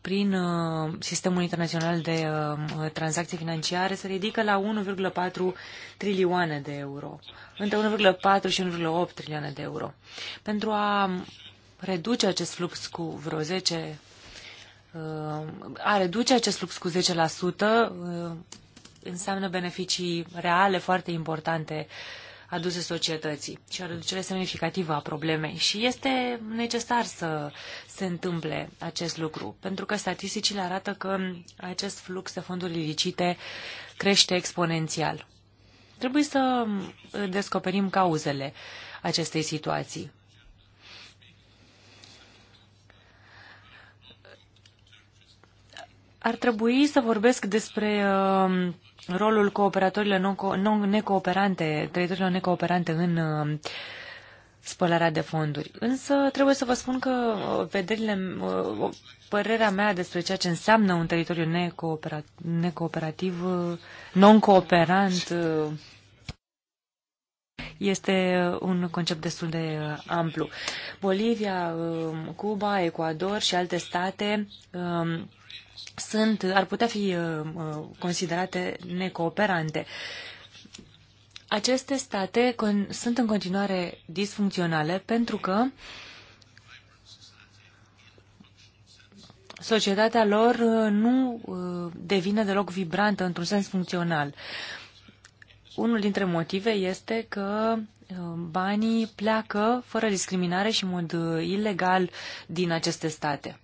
prin uh, sistemul internațional de um, tranzacții financiare se ridică la 1,4 trilioane de euro, între 1,4 și 1,8 trilioane de euro. Pentru a um, reduce acest flux cu vreo 10 uh, a reduce acest flux cu 10% uh, înseamnă beneficii reale foarte importante aduse societății și o reducere semnificativă a problemei. Și este necesar să se întâmple acest lucru, pentru că statisticile arată că acest flux de fonduri ilicite crește exponențial. Trebuie să descoperim cauzele acestei situații. ar trebui să vorbesc despre uh, rolul cooperatorilor necooperante, trăitorilor necooperante în uh, spălarea de fonduri. Însă trebuie să vă spun că uh, vederile, părerea mea despre ceea ce înseamnă un teritoriu necooperativ non-cooperant este un concept destul de amplu. Bolivia, Cuba, Ecuador și alte state sunt, ar putea fi uh, uh, considerate necooperante. Aceste state sunt în continuare disfuncționale pentru că societatea lor uh, nu devine deloc vibrantă într-un sens funcțional. Unul dintre motive este că banii pleacă fără discriminare și în mod ilegal din aceste state.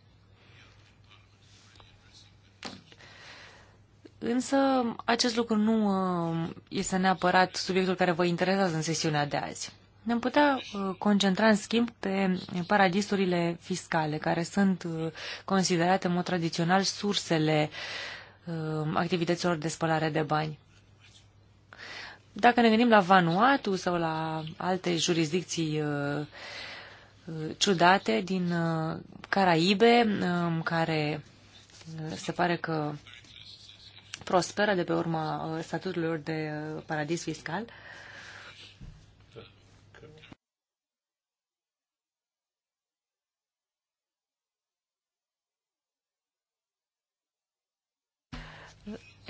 Însă acest lucru nu uh, este neapărat subiectul care vă interesează în sesiunea de azi. Ne-am putea uh, concentra, în schimb, pe paradisurile fiscale, care sunt uh, considerate, în mod tradițional, sursele activităților de spălare de bani. Dacă ne gândim la Vanuatu sau la alte jurisdicții ciudate din Caraibe, um, care se pare că prosperă de pe urma uh, statutelor de uh, paradis fiscal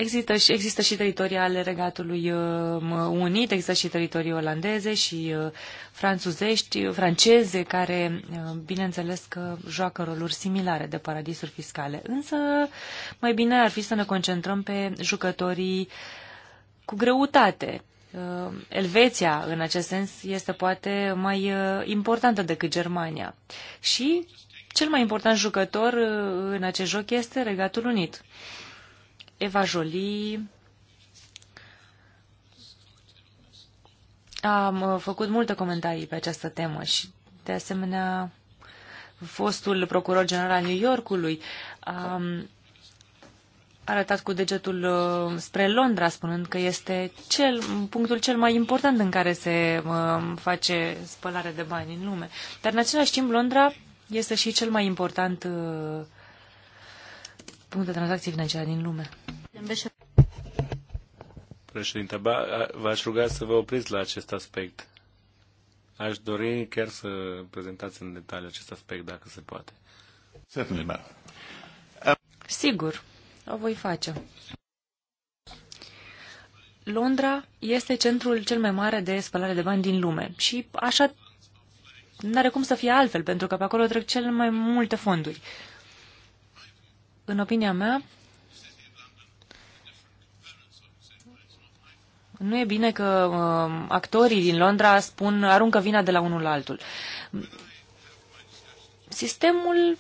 Există și, există și teritorii ale Regatului uh, Unit, există și teritorii olandeze și uh, franțuzești, uh, franceze, care, bineînțeles, că joacă roluri similare de paradisuri fiscale. Însă, mai bine ar fi să ne concentrăm pe jucătorii cu greutate. Elveția, în acest sens, este poate mai importantă decât Germania. Și cel mai important jucător în acest joc este Regatul Unit. Eva Jolie am uh, făcut multe comentarii pe această temă și, de asemenea, fostul procuror general al New Yorkului a arătat cu degetul uh, spre Londra, spunând că este cel, punctul cel mai important în care se uh, face spălare de bani în lume. Dar, în același timp, Londra este și cel mai important uh, punct de tranzacții financiare din lume. Președinte, v-aș ruga să vă opriți la acest aspect. Aș dori chiar să prezentați în detaliu acest aspect, dacă se poate. Sigur, o voi face. Londra este centrul cel mai mare de spălare de bani din lume și așa nu are cum să fie altfel, pentru că pe acolo trec cel mai multe fonduri. În opinia mea, nu e bine că uh, actorii din Londra spun, aruncă vina de la unul la altul. Sistemul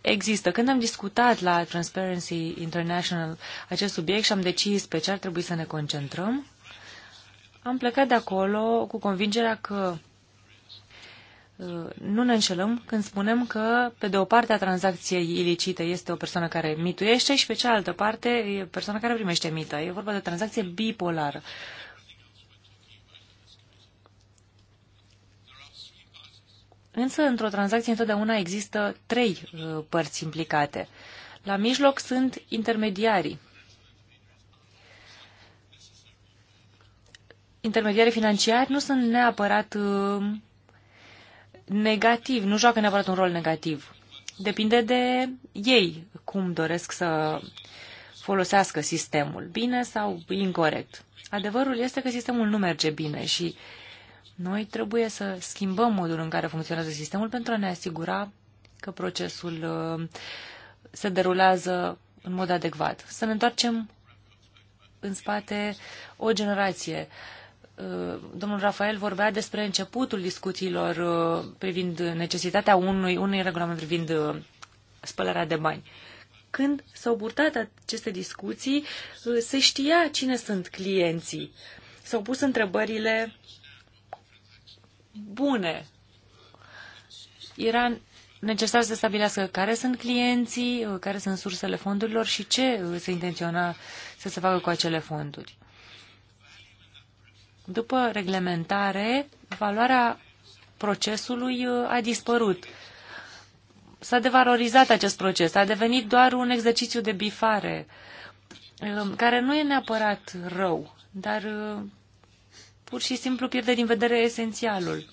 există. Când am discutat la Transparency International acest subiect și am decis pe ce ar trebui să ne concentrăm, am plecat de acolo cu convingerea că Uh, nu ne înșelăm când spunem că, pe de o parte, a tranzacției ilicite este o persoană care mituiește și, pe cealaltă parte, e persoana care primește mită. E vorba de tranzacție bipolară. Însă, într-o tranzacție, întotdeauna există trei uh, părți implicate. La mijloc sunt intermediarii. Intermediarii financiari nu sunt neapărat uh, negativ, nu joacă neapărat un rol negativ. Depinde de ei cum doresc să folosească sistemul, bine sau incorrect. Adevărul este că sistemul nu merge bine și noi trebuie să schimbăm modul în care funcționează sistemul pentru a ne asigura că procesul uh, se derulează în mod adecvat. Să ne întoarcem în spate o generație. Uh, Uh, domnul Rafael vorbea despre începutul discuțiilor uh, privind necesitatea unui, unui regulament privind uh, spălarea de bani. Când s-au purtat aceste discuții, se știa cine sunt clienții. S-au pus întrebările bune. Era necesar să stabilească care sunt clienții, care sunt sursele fondurilor și ce se intenționa să se facă cu acele fonduri. După reglementare, valoarea procesului uh, a dispărut. S-a devalorizat acest proces, a devenit doar un exercițiu de bifare, um, care nu e neapărat rău, dar uh, pur și simplu pierde din vedere esențialul.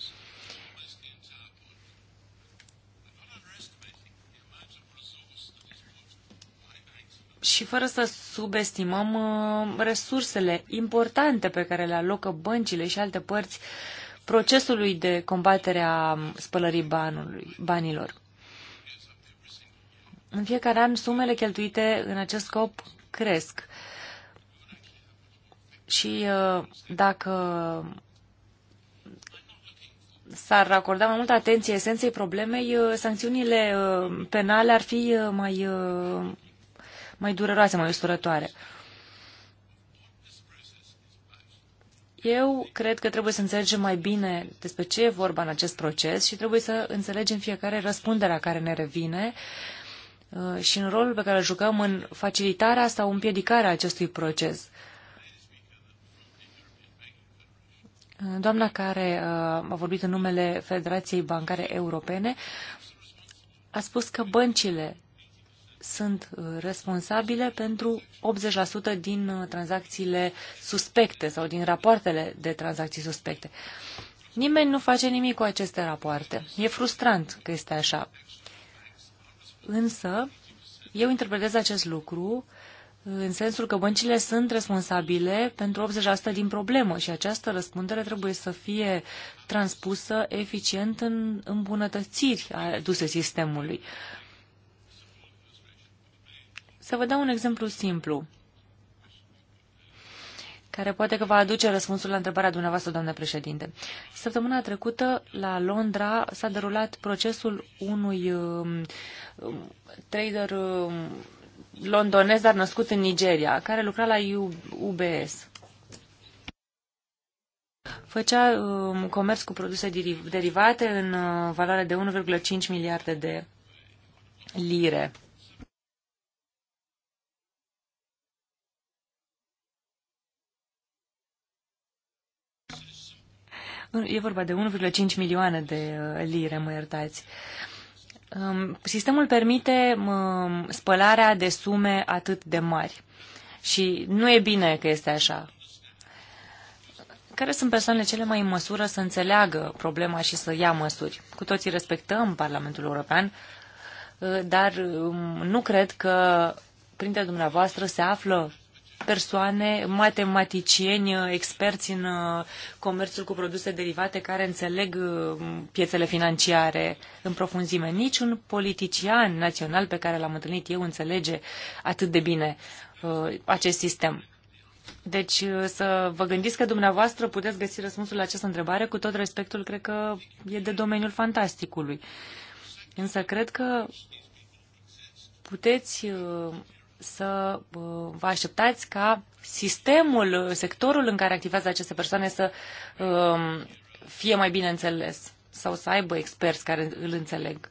și fără să subestimăm uh, resursele importante pe care le alocă băncile și alte părți procesului de combatere a spălării banului, banilor. În fiecare an, sumele cheltuite în acest scop cresc. Și uh, dacă s-ar acorda mai multă atenție esenței problemei, uh, sancțiunile penale ar fi mai mai dureroase, mai usturătoare. Eu cred că trebuie să înțelegem mai bine despre ce e vorba în acest proces și trebuie să înțelegem fiecare răspunderea care ne revine uh, și în rolul pe care îl jucăm în facilitarea sau împiedicarea acestui proces. Uh, doamna care uh, a vorbit în numele Federației Bancare Europene a spus că băncile sunt uh, responsabile pentru 80% din uh, tranzacțiile suspecte sau din rapoartele de tranzacții suspecte. Nimeni nu face nimic cu aceste rapoarte. E frustrant că este așa. Însă, eu interpretez acest lucru uh, în sensul că băncile sunt responsabile pentru 80% din problemă și această răspundere trebuie să fie transpusă eficient în îmbunătățiri aduse sistemului. Uh, să vă dau un exemplu simplu, care poate că va aduce răspunsul la întrebarea dumneavoastră, doamne președinte. Săptămâna trecută, la Londra, s-a derulat procesul unui um, um, trader um, londonez, dar născut în Nigeria, care lucra la UBS. Făcea um, comerț cu produse derivate în uh, valoare de 1,5 miliarde de lire. E vorba de 1,5 milioane de uh, lire, mă iertați. Um, sistemul permite um, spălarea de sume atât de mari. Și nu e bine că este așa. Care sunt persoanele cele mai în măsură să înțeleagă problema și să ia măsuri? Cu toții respectăm Parlamentul European, uh, dar um, nu cred că printre dumneavoastră se află persoane, matematicieni, uh, experți în uh, comerțul cu produse derivate care înțeleg uh, piețele financiare în profunzime. Niciun politician național pe care l-am întâlnit eu înțelege atât de bine acest sistem. Deci să vă gândiți că dumneavoastră puteți găsi răspunsul la această întrebare, cu tot respectul, cred că e de domeniul fantasticului. Însă cred că puteți să uh, vă așteptați ca sistemul, sectorul în care activează aceste persoane să um, fie mai bine înțeles sau să aibă experți care îl înțeleg.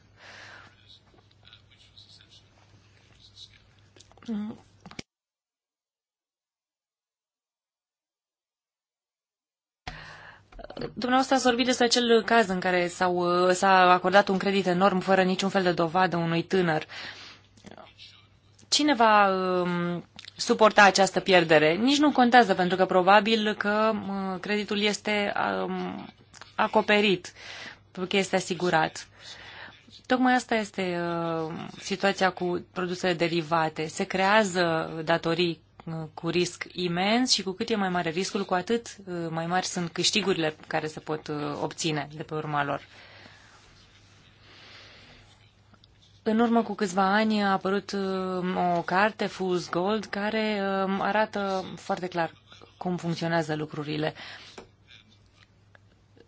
Dumneavoastră ați vorbit despre acel caz în care uh, s-a acordat un credit enorm fără niciun fel de dovadă unui tânăr. Uh, Cine va um, suporta această pierdere? Nici nu contează, pentru că probabil că uh, creditul este um, acoperit, pentru că este asigurat. Tocmai asta este uh, situația cu produsele derivate. Se creează datorii uh, cu risc imens și cu cât e mai mare riscul, cu atât uh, mai mari sunt câștigurile care se pot uh, obține de pe urma lor. În urmă cu câțiva ani a apărut um, o carte, Fools Gold, care um, arată foarte clar cum funcționează lucrurile.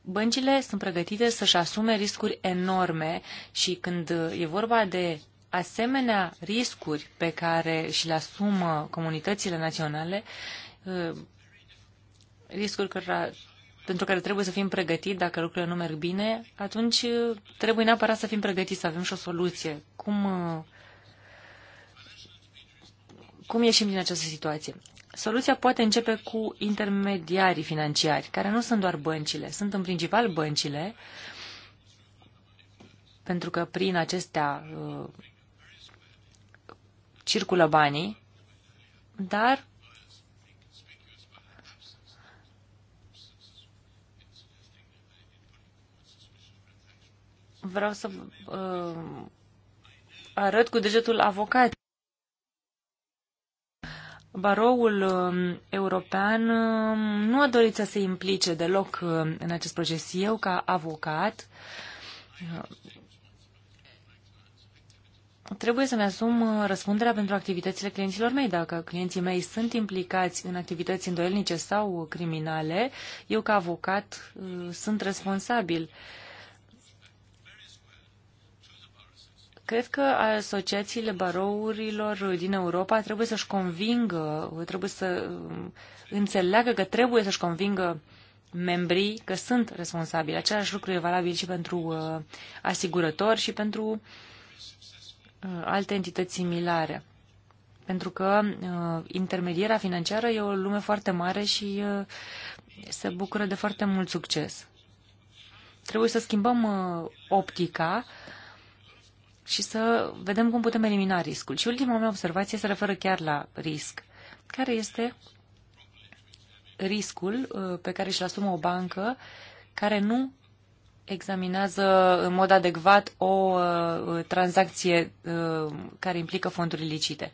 Băncile sunt pregătite să-și asume riscuri enorme și când e vorba de asemenea riscuri pe care și le asumă comunitățile naționale, uh, riscuri care pentru care trebuie să fim pregătiți dacă lucrurile nu merg bine, atunci uh, trebuie neapărat să fim pregătiți, să avem și o soluție. Cum, uh, cum ieșim din această situație? Soluția poate începe cu intermediarii financiari, care nu sunt doar băncile, sunt în principal băncile, pentru că prin acestea uh, circulă banii, dar vreau să uh, arăt cu degetul avocat. Baroul um, european um, nu a dorit să se implice deloc um, în acest proces. Eu, ca avocat, uh, trebuie să-mi asum uh, răspunderea pentru activitățile clienților mei. Dacă clienții mei sunt implicați în activități îndoielnice sau criminale, eu, ca avocat, uh, sunt responsabil. Uh, Cred că asociațiile barourilor din Europa trebuie să-și convingă, trebuie să um, înțeleagă că trebuie să-și convingă membrii că sunt responsabili. Același lucru e valabil și pentru uh, asigurători și pentru uh, alte entități similare. Pentru că uh, intermedierea financiară e o lume foarte mare și se bucură de foarte mult succes. Trebuie să schimbăm optica și să vedem cum putem elimina riscul. Și ultima mea observație se referă chiar la risc. Care este riscul uh, pe care își l asumă o bancă care nu examinează în mod adecvat o uh, tranzacție uh, care implică fonduri ilicite?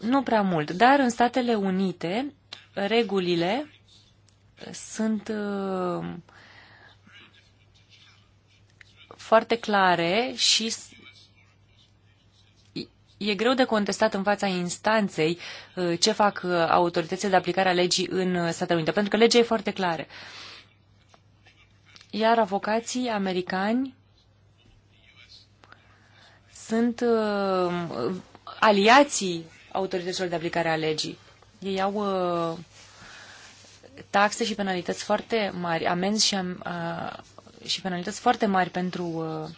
Nu prea mult, dar în Statele Unite regulile sunt uh, foarte clare și e greu de contestat în fața instanței uh, ce fac uh, autoritățile de aplicare a legii în uh, Statele Unite, pentru că legea e foarte clară. Iar avocații americani sunt uh, aliații autorităților de aplicare a legii. Ei au uh, taxe și penalități foarte mari, amenzi și am, uh, și penalități foarte mari pentru uh,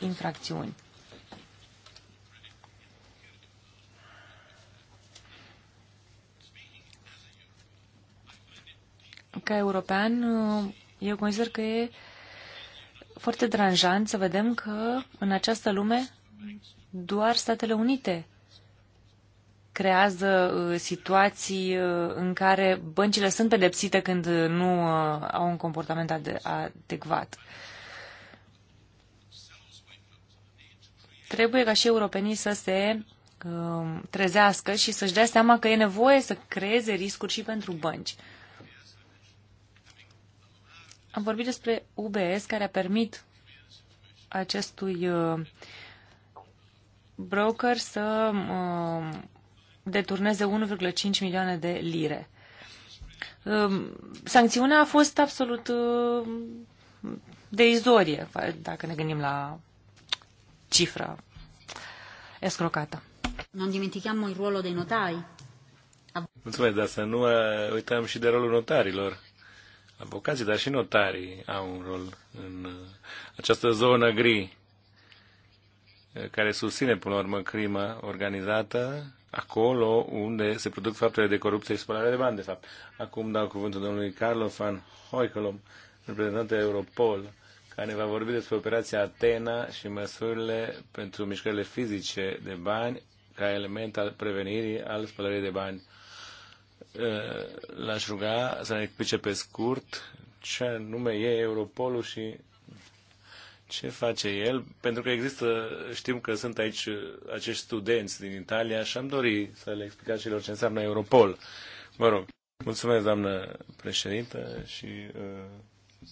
infracțiuni. Ca european, uh, eu consider că e foarte deranjant să vedem că în această lume doar Statele Unite creează uh, situații uh, în care băncile sunt pedepsite când uh, nu au un comportament adecvat. Trebuie ca și europenii să se um, trezească și să-și dea seama că e nevoie să creeze riscuri și pentru bănci. Am vorbit despre UBS care a permit acestui broker să um, deturneze 1,5 milioane de lire. Um, sancțiunea a fost absolut um, de izorie, dacă ne gândim la cifra escrocată. Non dimentichiamo il ruolo dei notai. Mulțumesc, dar să nu uh, uităm și de rolul notarilor. Avocații, dar și notarii au un rol în uh, această zonă gri care susține, până la urmă, crima organizată acolo unde se produc faptele de corupție și spălare de bani, de fapt. Acum dau cuvântul domnului Carlo Van Hoicolom, reprezentant Europol, care ne va vorbi despre operația Atena și măsurile pentru mișcările fizice de bani ca element al prevenirii al spălării de bani. Ă, l-aș ruga să ne explice pe scurt ce anume e Europolul și ce face el, pentru că există, știm că sunt aici uh, acești studenți din Italia și am dori să le explicați celor ce înseamnă Europol. Mă rog, mulțumesc, doamnă președintă, și uh,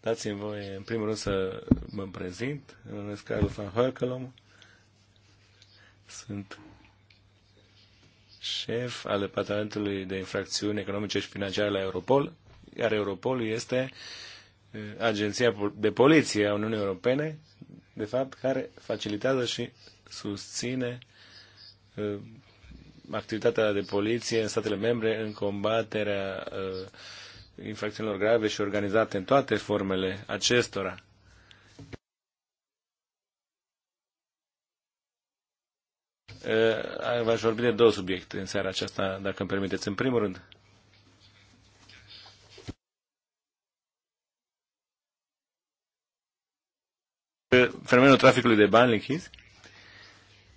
dați-mi voie, în primul rând, să mă prezint. Mă numesc Carl van Herkelom. Sunt șef al Departamentului de Infracțiuni Economice și Financiare la Europol, iar Europol este uh, Agenția de Poliție a Uniunii Europene, de fapt, care facilitează și susține uh, activitatea de poliție în statele membre în combaterea uh, infracțiunilor grave și organizate în toate formele acestora. V-aș uh, vorbi de două subiecte în seara aceasta, dacă îmi permiteți. În primul rând, fenomenul traficului de bani lichizi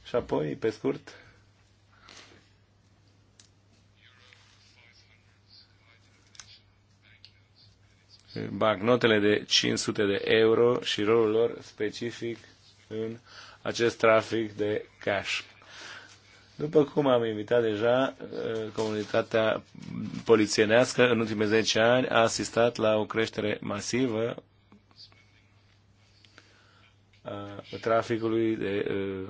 și apoi, pe scurt, bancnotele de 500 de euro și rolul lor specific în acest trafic de cash. După cum am invitat deja, uh, comunitatea polițienească în ultimele 10 ani a asistat la o creștere masivă a traficului de uh,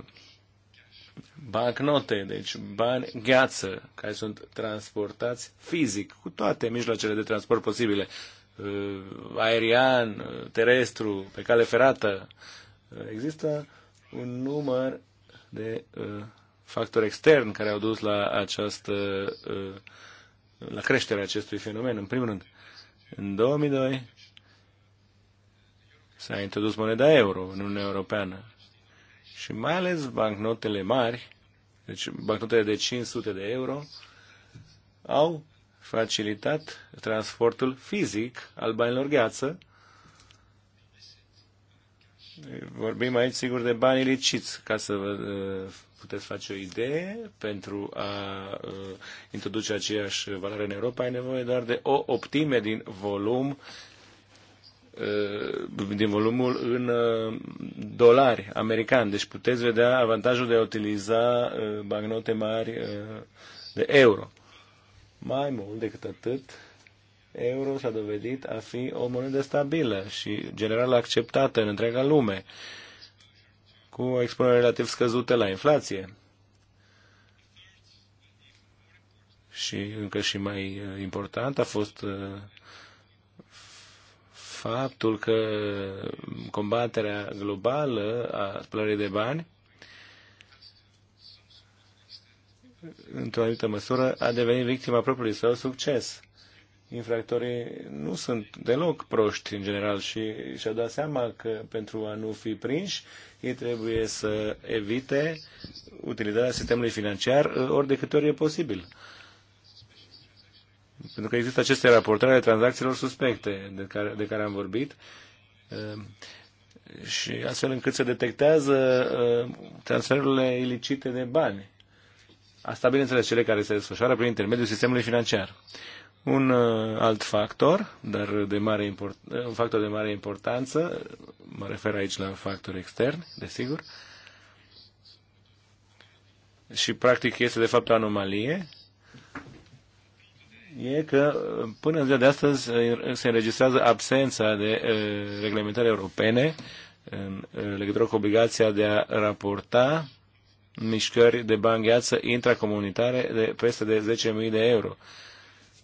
bancnote, deci bani gheață, care sunt transportați fizic, cu toate mijloacele de transport posibile, uh, aerian, terestru, pe cale ferată. Uh, există un număr de uh, factori externi care au dus la această uh, la creșterea acestui fenomen. În primul rând, în 2002 s-a introdus moneda euro în Uniunea Europeană. Și mai ales bancnotele mari, deci bancnotele de 500 de euro, au facilitat transportul fizic al banilor gheață. Vorbim aici, sigur, de bani liciți, ca să vă uh, puteți face o idee. Pentru a uh, introduce aceeași valoare în Europa, ai nevoie doar de o optime din volum Uh, din volumul în uh, dolari americani. Deci puteți vedea avantajul de a utiliza uh, bagnote mari de euro. Mai mult decât atât, euro s-a dovedit a fi o monedă stabilă și general acceptată în întreaga lume, cu o expunere relativ scăzută la inflație. Și încă și mai important a fost faptul că combaterea globală a spălării de bani într-o anumită măsură, a devenit victima propriului său succes. Infractorii nu sunt deloc proști în general și și-au dat seama că pentru a nu fi prinși, ei trebuie să evite utilizarea sistemului financiar ori de câte ori e posibil pentru că există aceste raportări ale tranzacțiilor suspecte de care, de care am vorbit um, și astfel încât se detectează um, transferurile ilicite de bani. Asta, bineînțeles, cele care se desfășoară prin intermediul sistemului financiar. Un uh, alt factor, dar de mare import, uh, un factor de mare importanță, mă refer aici la factori externi, desigur, și practic este de fapt o anomalie, e că până în ziua de astăzi se înregistrează absența de reglementare europene în legătură cu obligația de a raporta mișcări de bani gheață intracomunitare de peste de 10.000 de euro.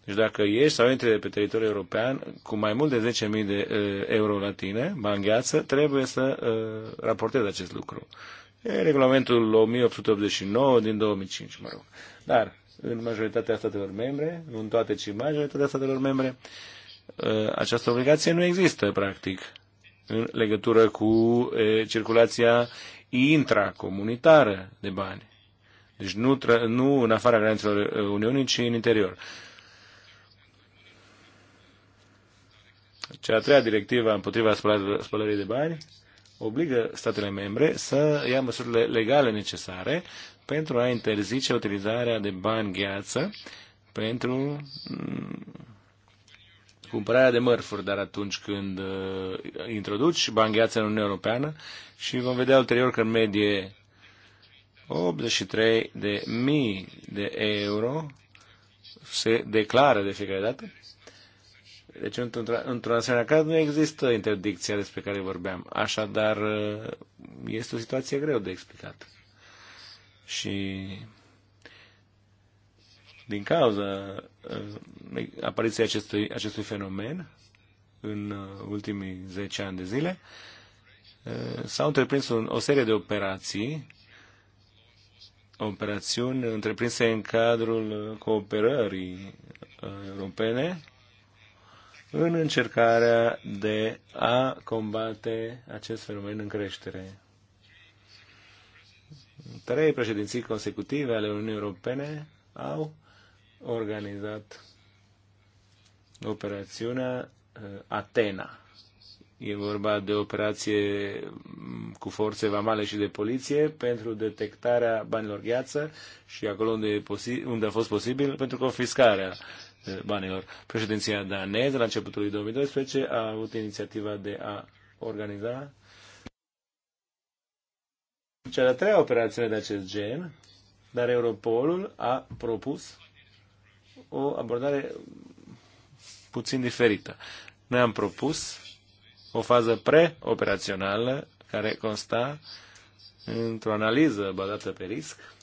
Deci dacă ești sau intri de pe teritoriul european cu mai mult de 10.000 de euro la tine, bani gheață, trebuie să raportezi acest lucru. E regulamentul 1889 din 2005, mă rog. Dar în majoritatea statelor membre, nu în toate, ci în majoritatea statelor membre, ă, această obligație nu există, practic, în legătură cu circulația intracomunitară de bani. Deci nu, nu în afara granițelor Uniunii, ci în interior. Cea a treia directivă împotriva spălării de bani obligă statele membre să ia măsurile legale necesare pentru a interzice utilizarea de bani gheață pentru mm, cumpărarea de mărfuri, dar atunci când uh, introduci bani gheață în Uniunea Europeană și vom vedea ulterior că în medie 83 de mii de euro se declară de fiecare dată. Deci, într-un asemenea caz, nu există interdicția despre care vorbeam. Așadar, uh, este o situație greu de explicat și din cauza uh, apariției acestui, acestui fenomen în uh, ultimii 10 ani de zile, uh, s-au întreprins o serie de operații, operațiuni întreprinse în cadrul cooperării europene în încercarea de a combate acest fenomen în creștere. Trei președinții consecutive ale Uniunii Europene au organizat operațiunea uh, Atena. E vorba de operație cu forțe vamale și de poliție pentru detectarea banilor gheață și acolo unde, e unde a fost posibil pentru confiscarea uh, banilor. Președinția daneză, la începutul lui 2012, a avut inițiativa de a organiza cea de-a treia operațiune de acest gen, dar Europolul a propus o abordare puțin diferită. Noi am propus o fază pre-operațională care consta într-o analiză bazată pe risc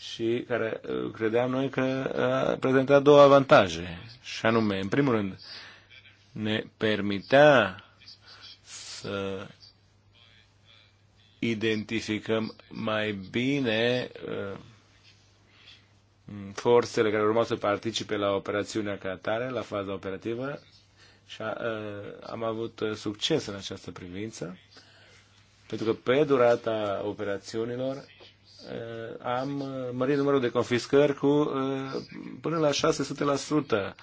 și care uh, credeam noi că a uh, prezentat două avantaje. Și anume, în primul rând, ne permitea să identificăm mai bine uh, forțele care urmau să participe la operațiunea ca atare, la faza operativă și a, uh, a, am avut uh, succes în această privință, pentru că pe durata operațiunilor a, am mărit numărul de confiscări cu a, până la 600%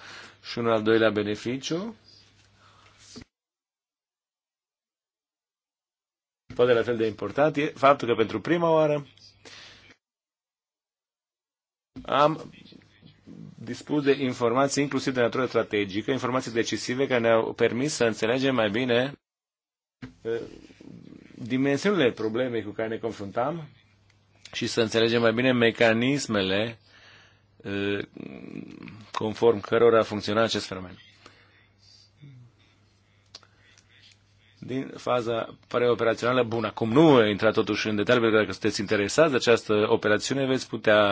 și un al doilea beneficiu Tot de la fel de important e faptul că pentru prima oară am dispus de informații inclusiv de natură strategică, informații decisive care ne-au permis să înțelegem mai bine dimensiunile problemei cu care ne confruntam și să înțelegem mai bine mecanismele conform cărora funcționa acest fenomen. din faza preoperațională. Bun, acum nu intra totuși în detalii, pentru că dacă sunteți interesați de această operațiune, veți putea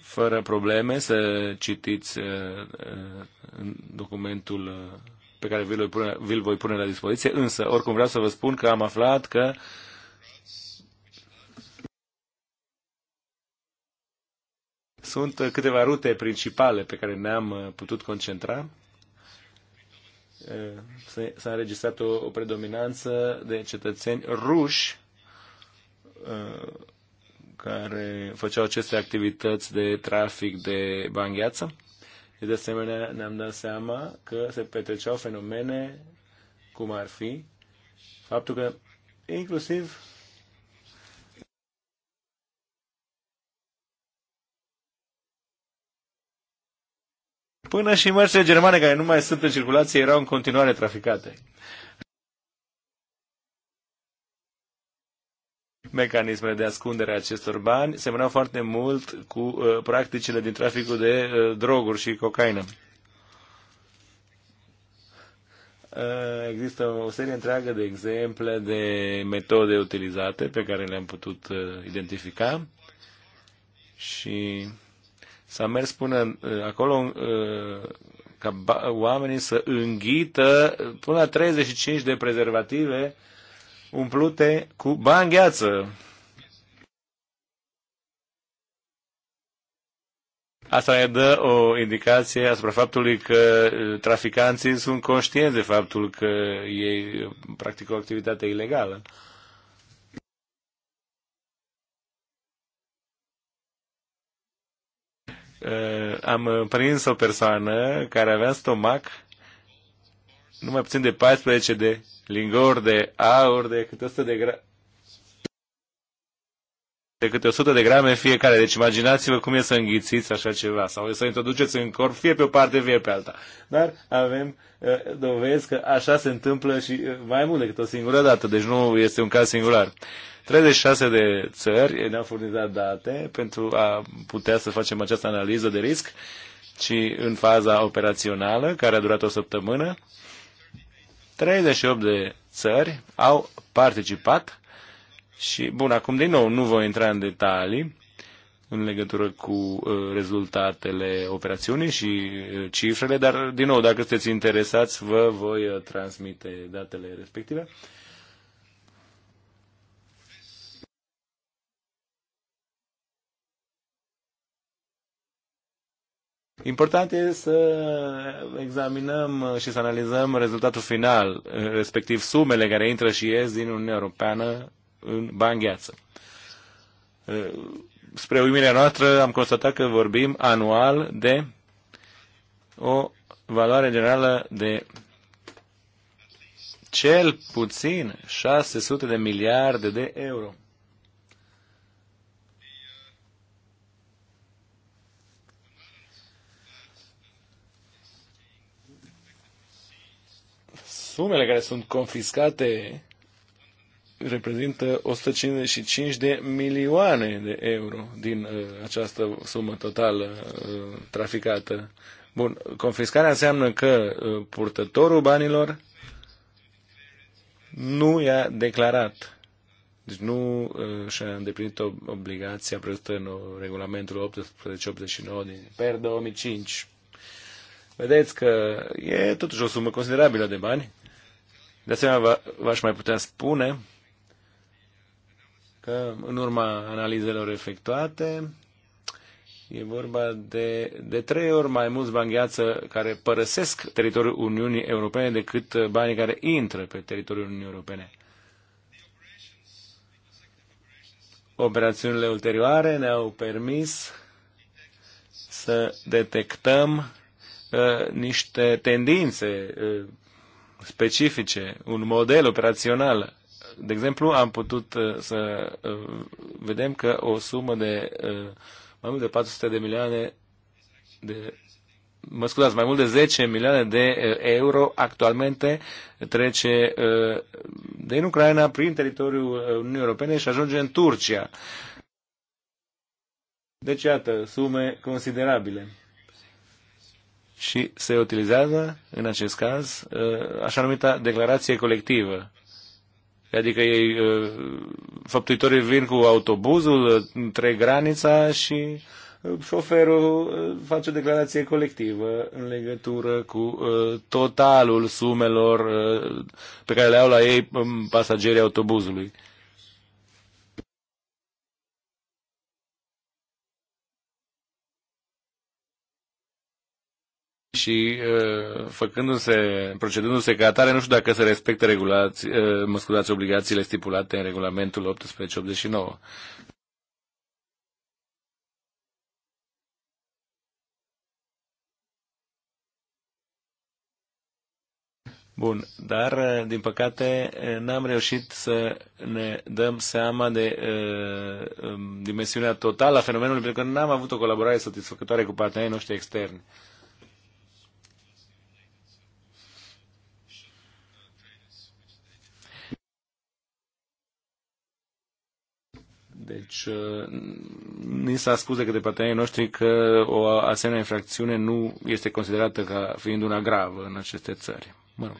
fără probleme să citiți uh, uh, documentul uh, pe care vi-l voi, pune, vi voi pune la dispoziție, însă oricum vreau să vă spun că am aflat că sunt câteva rute principale pe care ne-am putut concentra s-a înregistrat o, o predominanță de cetățeni ruși uh, care făceau aceste activități de trafic de bangheață. Și de asemenea ne-am dat seama că se petreceau fenomene cum ar fi faptul că inclusiv Până și mărțile germane care nu mai sunt pe circulație erau în continuare traficate. mecanismele de ascundere a acestor bani semănau foarte mult cu uh, practicile din traficul de uh, droguri și cocaină. Uh, există o serie întreagă de exemple de metode utilizate pe care le-am putut uh, identifica și S-a mers până uh, acolo uh, ca oamenii să înghită uh, până la 35 de prezervative umplute cu bani gheață. Asta ne dă o indicație asupra faptului că traficanții sunt conștienți de faptul că ei practică o activitate ilegală. Eh, am prins o persoană care avea stomac nu mai puțin de 14 de lingori de aur de câte 100 de grame de câte 100 de grame fiecare. Deci imaginați-vă cum e să înghițiți așa ceva sau să introduceți în corp fie pe o parte, fie pe alta. Dar avem eh, dovezi că așa se întâmplă și eh, mai mult decât o singură dată, deci nu este un caz singular. 36 de țări ne-au furnizat date pentru a putea să facem această analiză de risc și în faza operațională, care a durat o săptămână, 38 de țări au participat și, bun, acum din nou nu voi intra în detalii în legătură cu uh, rezultatele operațiunii și uh, cifrele, dar, din nou, dacă sunteți interesați, vă voi uh, transmite datele respective. Important e să examinăm și să analizăm rezultatul final, respectiv sumele care intră și ies din Uniunea Europeană în bani gheață. Spre uimirea noastră am constatat că vorbim anual de o valoare generală de cel puțin 600 de miliarde de euro. sumele care sunt confiscate reprezintă 155 de milioane de euro din uh, această sumă totală uh, traficată. Bun, confiscarea înseamnă că uh, purtătorul banilor nu i-a declarat. Deci nu uh, și-a îndeplinit obligația prevăzută în regulamentul 1889 din per 2005. Vedeți că e totuși o sumă considerabilă de bani de asemenea, v-aș mai putea spune că în urma analizelor efectuate e vorba de, de trei ori mai mulți bani gheață care părăsesc teritoriul Uniunii Europene decât banii care intră pe teritoriul Uniunii Europene. Operațiunile ulterioare ne-au permis să detectăm uh, niște tendințe uh, specifice, un model operațional. De exemplu, am putut uh, să uh, vedem că o sumă de uh, mai mult de 400 de milioane de mă scuzați, mai mult de 10 milioane de euro actualmente trece din Ucraina prin teritoriul Uniunii Europene și ajunge în Turcia. Deci, iată, sume considerabile și se utilizează, în acest caz, uh, așa numita declarație colectivă. Adică ei, uh, făptuitorii vin cu autobuzul, uh, trec granița și șoferul face o declarație colectivă în legătură cu totalul sumelor pe care le au la ei um, pasagerii autobuzului. și uh, făcându-se, procedându-se ca atare, nu știu dacă se respectă regulați, uh, mă scuzați, obligațiile stipulate în regulamentul 1889. Bun, dar uh, din păcate n-am reușit să ne dăm seama de uh, um, dimensiunea totală a fenomenului, pentru că n-am avut o colaborare satisfăcătoare cu partenerii noștri externi. Deci, uh, ni s-a spus de către partenerii noștri că o asemenea infracțiune nu este considerată ca fiind una gravă în aceste țări. Mă rog.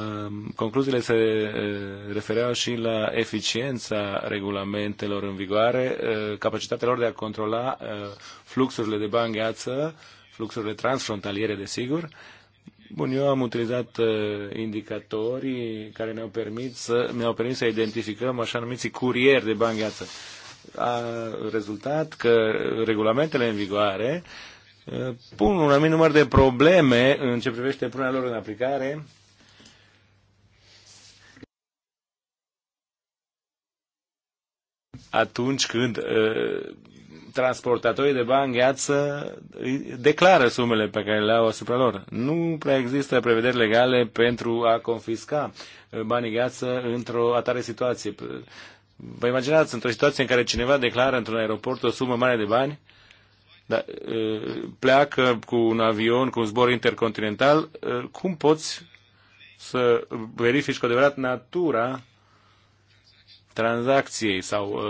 Um, concluziile se uh, refereau și la eficiența regulamentelor în vigoare, uh, capacitatea lor de a controla fluxurile de bani gheață, fluxurile transfrontaliere, desigur. Bun, eu am utilizat indicatorii care ne-au permis să, ne-au permis să identificăm așa numiții curieri de bani gheață a rezultat că regulamentele în vigoare uh, pun un anumit număr de probleme în ce privește punerea lor în aplicare atunci când uh, transportatorii de bani gheață declară sumele pe care le au asupra lor. Nu prea există prevederi legale pentru a confisca uh, banii gheață într-o atare situație. Vă imaginați într-o situație în care cineva declară într-un aeroport o sumă mare de bani, dar pleacă cu un avion, cu un zbor intercontinental, cum poți să verifici cu adevărat natura tranzacției sau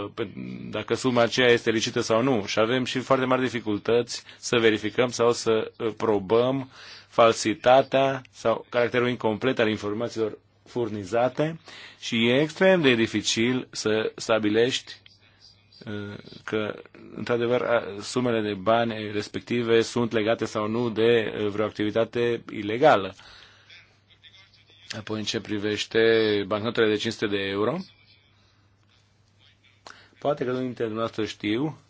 dacă suma aceea este licită sau nu. Și avem și foarte mari dificultăți să verificăm sau să probăm falsitatea sau caracterul incomplet al informațiilor furnizate și e extrem de dificil să stabilești uh, că, într-adevăr, sumele de bani respective sunt legate sau nu de uh, vreo activitate ilegală. Apoi, în ce privește bancnotele de 500 de euro, poate că unii dintre dumneavoastră știu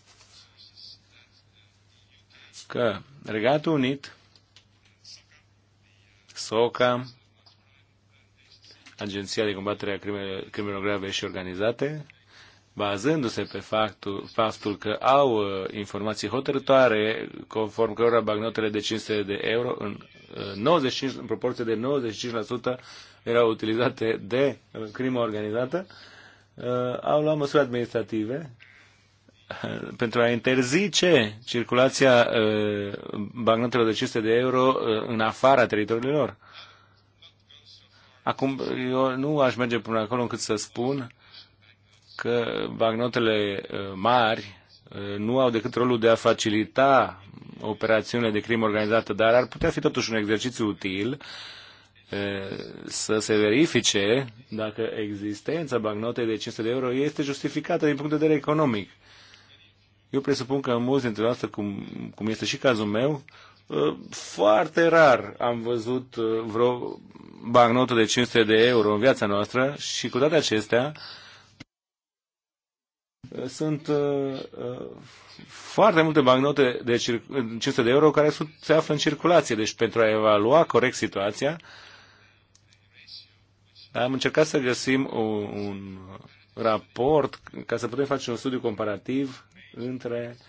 că Regatul Unit, SOCA Agenția de Combatere a Crimelor Grave și Organizate, bazându-se pe faptul, faptul că au uh, informații hotărătoare, conform cărora bagnotele de 500 de euro în, 95, uh, în proporție de 95% erau utilizate de crimă organizată, uh, au luat măsuri administrative pentru a interzice circulația bagnotelor de 500 de euro în afara teritoriului lor. Acum, eu nu aș merge până acolo încât să spun că bagnotele uh, mari uh, nu au decât rolul de a facilita operațiunile de crimă organizată, dar ar putea fi totuși un exercițiu util uh, să se verifice dacă existența bagnotei de 500 de euro este justificată din punct de vedere economic. Eu presupun că mulți dintre noastre, cum, cum este și cazul meu, Uh, foarte rar am văzut uh, vreo bagnotă de 500 de euro în viața noastră și cu toate acestea uh, sunt foarte multe bagnote de 500 de euro care sunt, se află în circulație. Deci pentru a evalua corect situația, am încercat să găsim un, un raport ca să putem face un studiu comparativ între uh,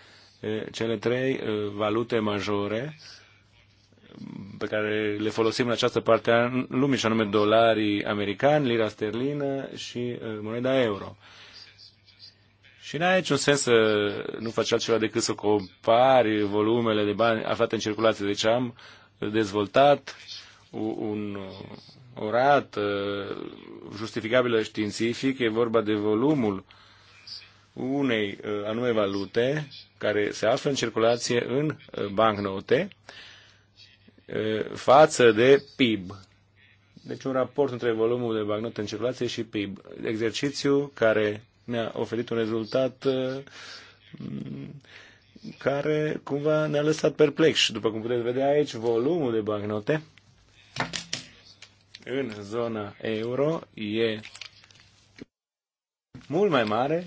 cele trei valute majore pe care le folosim în această parte a lumii, și anume dolarii americani, lira sterlină și moneda euro. Și n-ai niciun sens să nu faci altceva decât să compari volumele de bani aflate în circulație. Deci am dezvoltat un, o justificabil justificabilă științific, e vorba de volumul uh, unei uh, anume valute care se află în circulație în uh, bancnote uh, față de PIB. Deci un raport între volumul de bancnote în circulație și PIB. Exercițiu care ne-a oferit un rezultat care cumva ne-a lăsat perplex. După cum puteți vedea aici, volumul de bancnote în zona euro e mult mai mare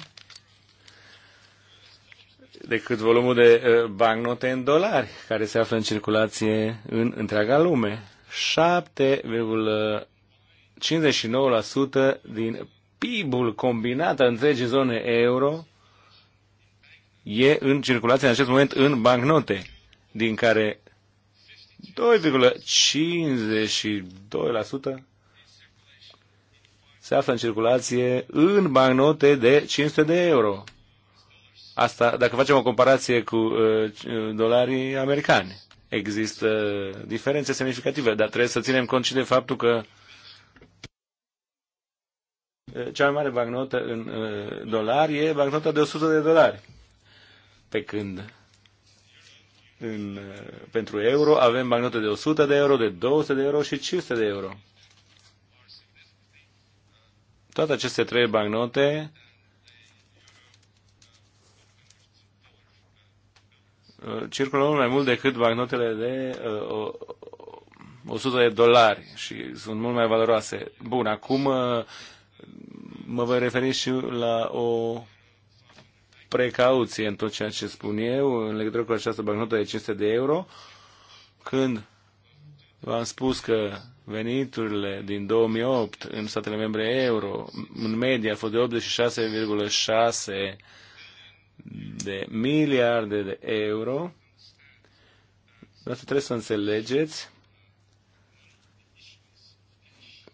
decât volumul de uh, bancnote în dolari care se află în circulație în întreaga lume. 7,59% din PIB-ul combinat al întregii zone euro e în circulație în acest moment în bancnote, din care 2,52% se află în circulație în bancnote de 500 de euro. Asta, dacă facem o comparație cu uh, dolarii americani, există diferențe semnificative, dar trebuie să ținem cont și de faptul că uh, cea mai mare bagnotă în uh, dolari e bagnota de 100 de dolari. Pe când în, uh, pentru euro avem bagnote de 100 de euro, de 200 de euro și 500 de euro. Toate aceste trei bagnote Uh, circulă mult mai mult decât bagnotele de 100 uh, de dolari și sunt mult mai valoroase. Bun, acum uh, mă voi referi și la o precauție în tot ceea ce spun eu în legătură cu această bagnotă de 500 de euro, când v-am spus că veniturile din 2008 în statele membre euro, în media, au fost de 86,6 de miliarde de euro. Dar trebuie să înțelegeți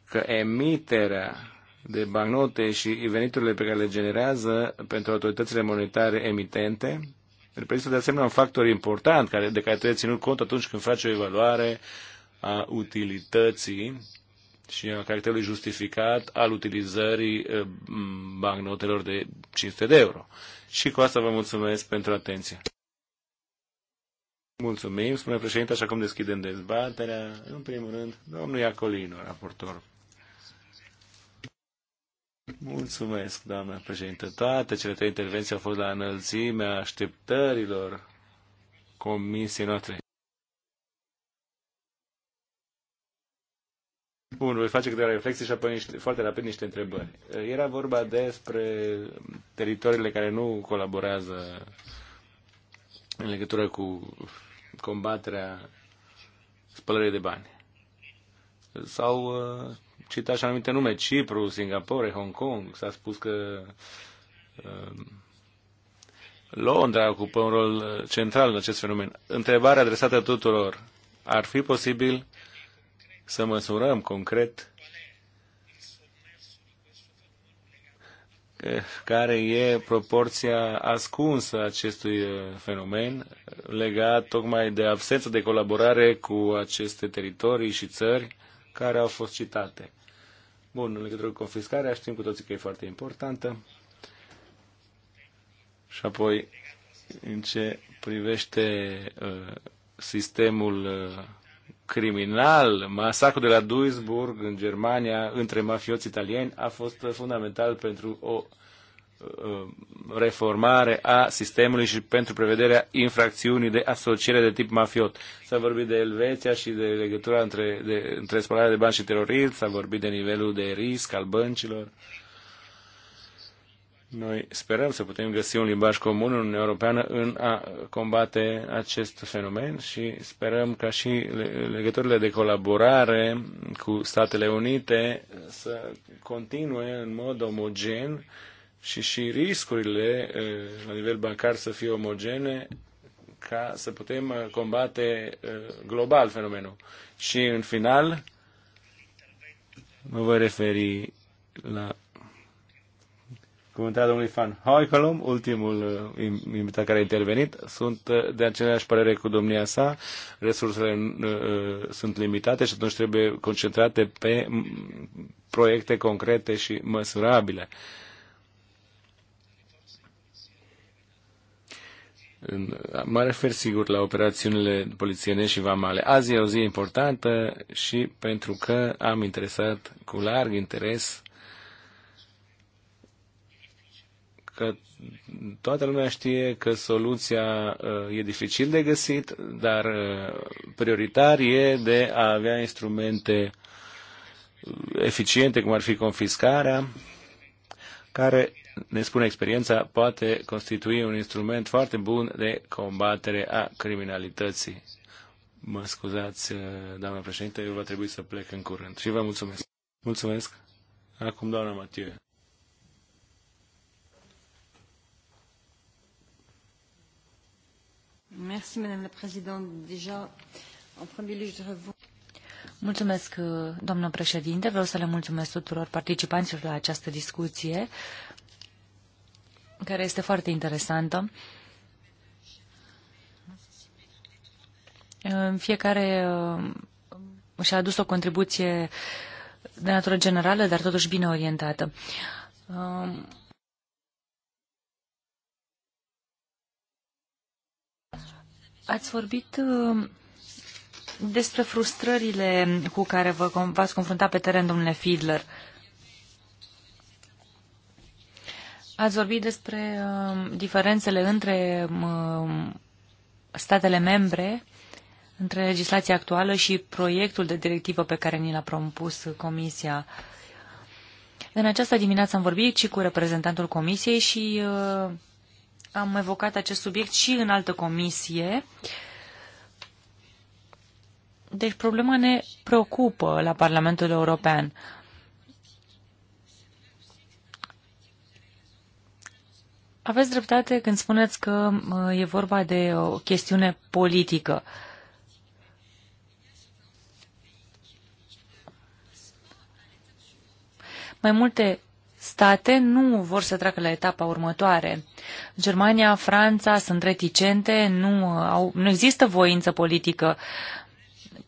că emiterea de bancnote și veniturile pe care le generează pentru autoritățile monetare emitente reprezintă de asemenea un factor important care, de care trebuie ținut cont atunci când face o evaluare a utilității și a caracterului justificat al utilizării eh, bancnotelor de 500 de euro. Și cu asta vă mulțumesc pentru atenție. Mulțumim, spune președinte, așa cum deschidem dezbaterea. În primul rând, domnul Iacolino, raportor. Mulțumesc, doamna președinte. Toate cele trei intervenții au fost la înălțimea așteptărilor comisiei noastre. Bun, voi face câteva reflexii și apoi niște, foarte rapid niște întrebări. Era vorba despre teritoriile care nu colaborează în legătură cu combaterea spălării de bani. Sau uh, cita așa anumite nume, Cipru, Singapore, Hong Kong, s-a spus că uh, Londra ocupă un rol uh, central în acest fenomen. Întrebarea adresată tuturor, ar fi posibil să măsurăm concret care e proporția ascunsă a acestui uh, fenomen legat tocmai de absența de colaborare cu aceste teritorii și țări care au fost citate. Bun, în legătură cu confiscarea știm cu toții că e foarte importantă. Și apoi, în ce privește uh, sistemul uh, criminal, masacrul de la Duisburg în Germania între mafioți italieni a fost fundamental pentru o uh, reformare a sistemului și pentru prevederea infracțiunii de asociere de tip mafiot. S-a vorbit de Elveția și de legătura între, de, între spălarea de bani și terorism, s-a vorbit de nivelul de risc al băncilor. Uh, noi sperăm să putem găsi un limbaj comun în Uniunea Europeană în a combate acest fenomen și sperăm ca și legăturile de colaborare cu Statele Unite să continue în mod omogen și și riscurile la nivel bancar să fie omogene ca să putem combate global fenomenul. Și în final mă voi referi la Comentarea domnului Fan Hoicolom, ultimul uh, invitat care a intervenit, sunt uh, de aceeași părere cu domnia sa, resursele uh, sunt limitate și atunci trebuie concentrate pe proiecte concrete și măsurabile. Mă refer sigur la operațiunile polițiene și vamale. Azi e o zi importantă și pentru că am interesat cu larg interes că toată lumea știe că soluția uh, e dificil de găsit, dar uh, prioritar e de a avea instrumente uh, eficiente, cum ar fi confiscarea, care, ne spune experiența, poate constitui un instrument foarte bun de combatere a criminalității. Mă scuzați, doamna președinte, eu va trebui să plec în curând și vă mulțumesc. Mulțumesc. Acum doamna Matiu. Mulțumesc, uh, doamnă președinte. Vreau să le mulțumesc tuturor participanților la această discuție, care este foarte interesantă. Uh, fiecare uh, și-a adus o contribuție de natură generală, dar totuși bine orientată. Ați vorbit uh, despre frustrările cu care v-ați confruntat pe teren, domnule Fiedler. Ați vorbit despre uh, diferențele între uh, statele membre, între legislația actuală și proiectul de directivă pe care ni l-a propus Comisia. În această dimineață am vorbit și cu reprezentantul Comisiei și am evocat acest subiect și în altă comisie. Deci problema ne preocupă la Parlamentul European. Aveți dreptate când spuneți că uh, e vorba de o chestiune politică. Mai multe state nu vor să treacă la etapa următoare. Germania, Franța sunt reticente, nu, au, nu există voință politică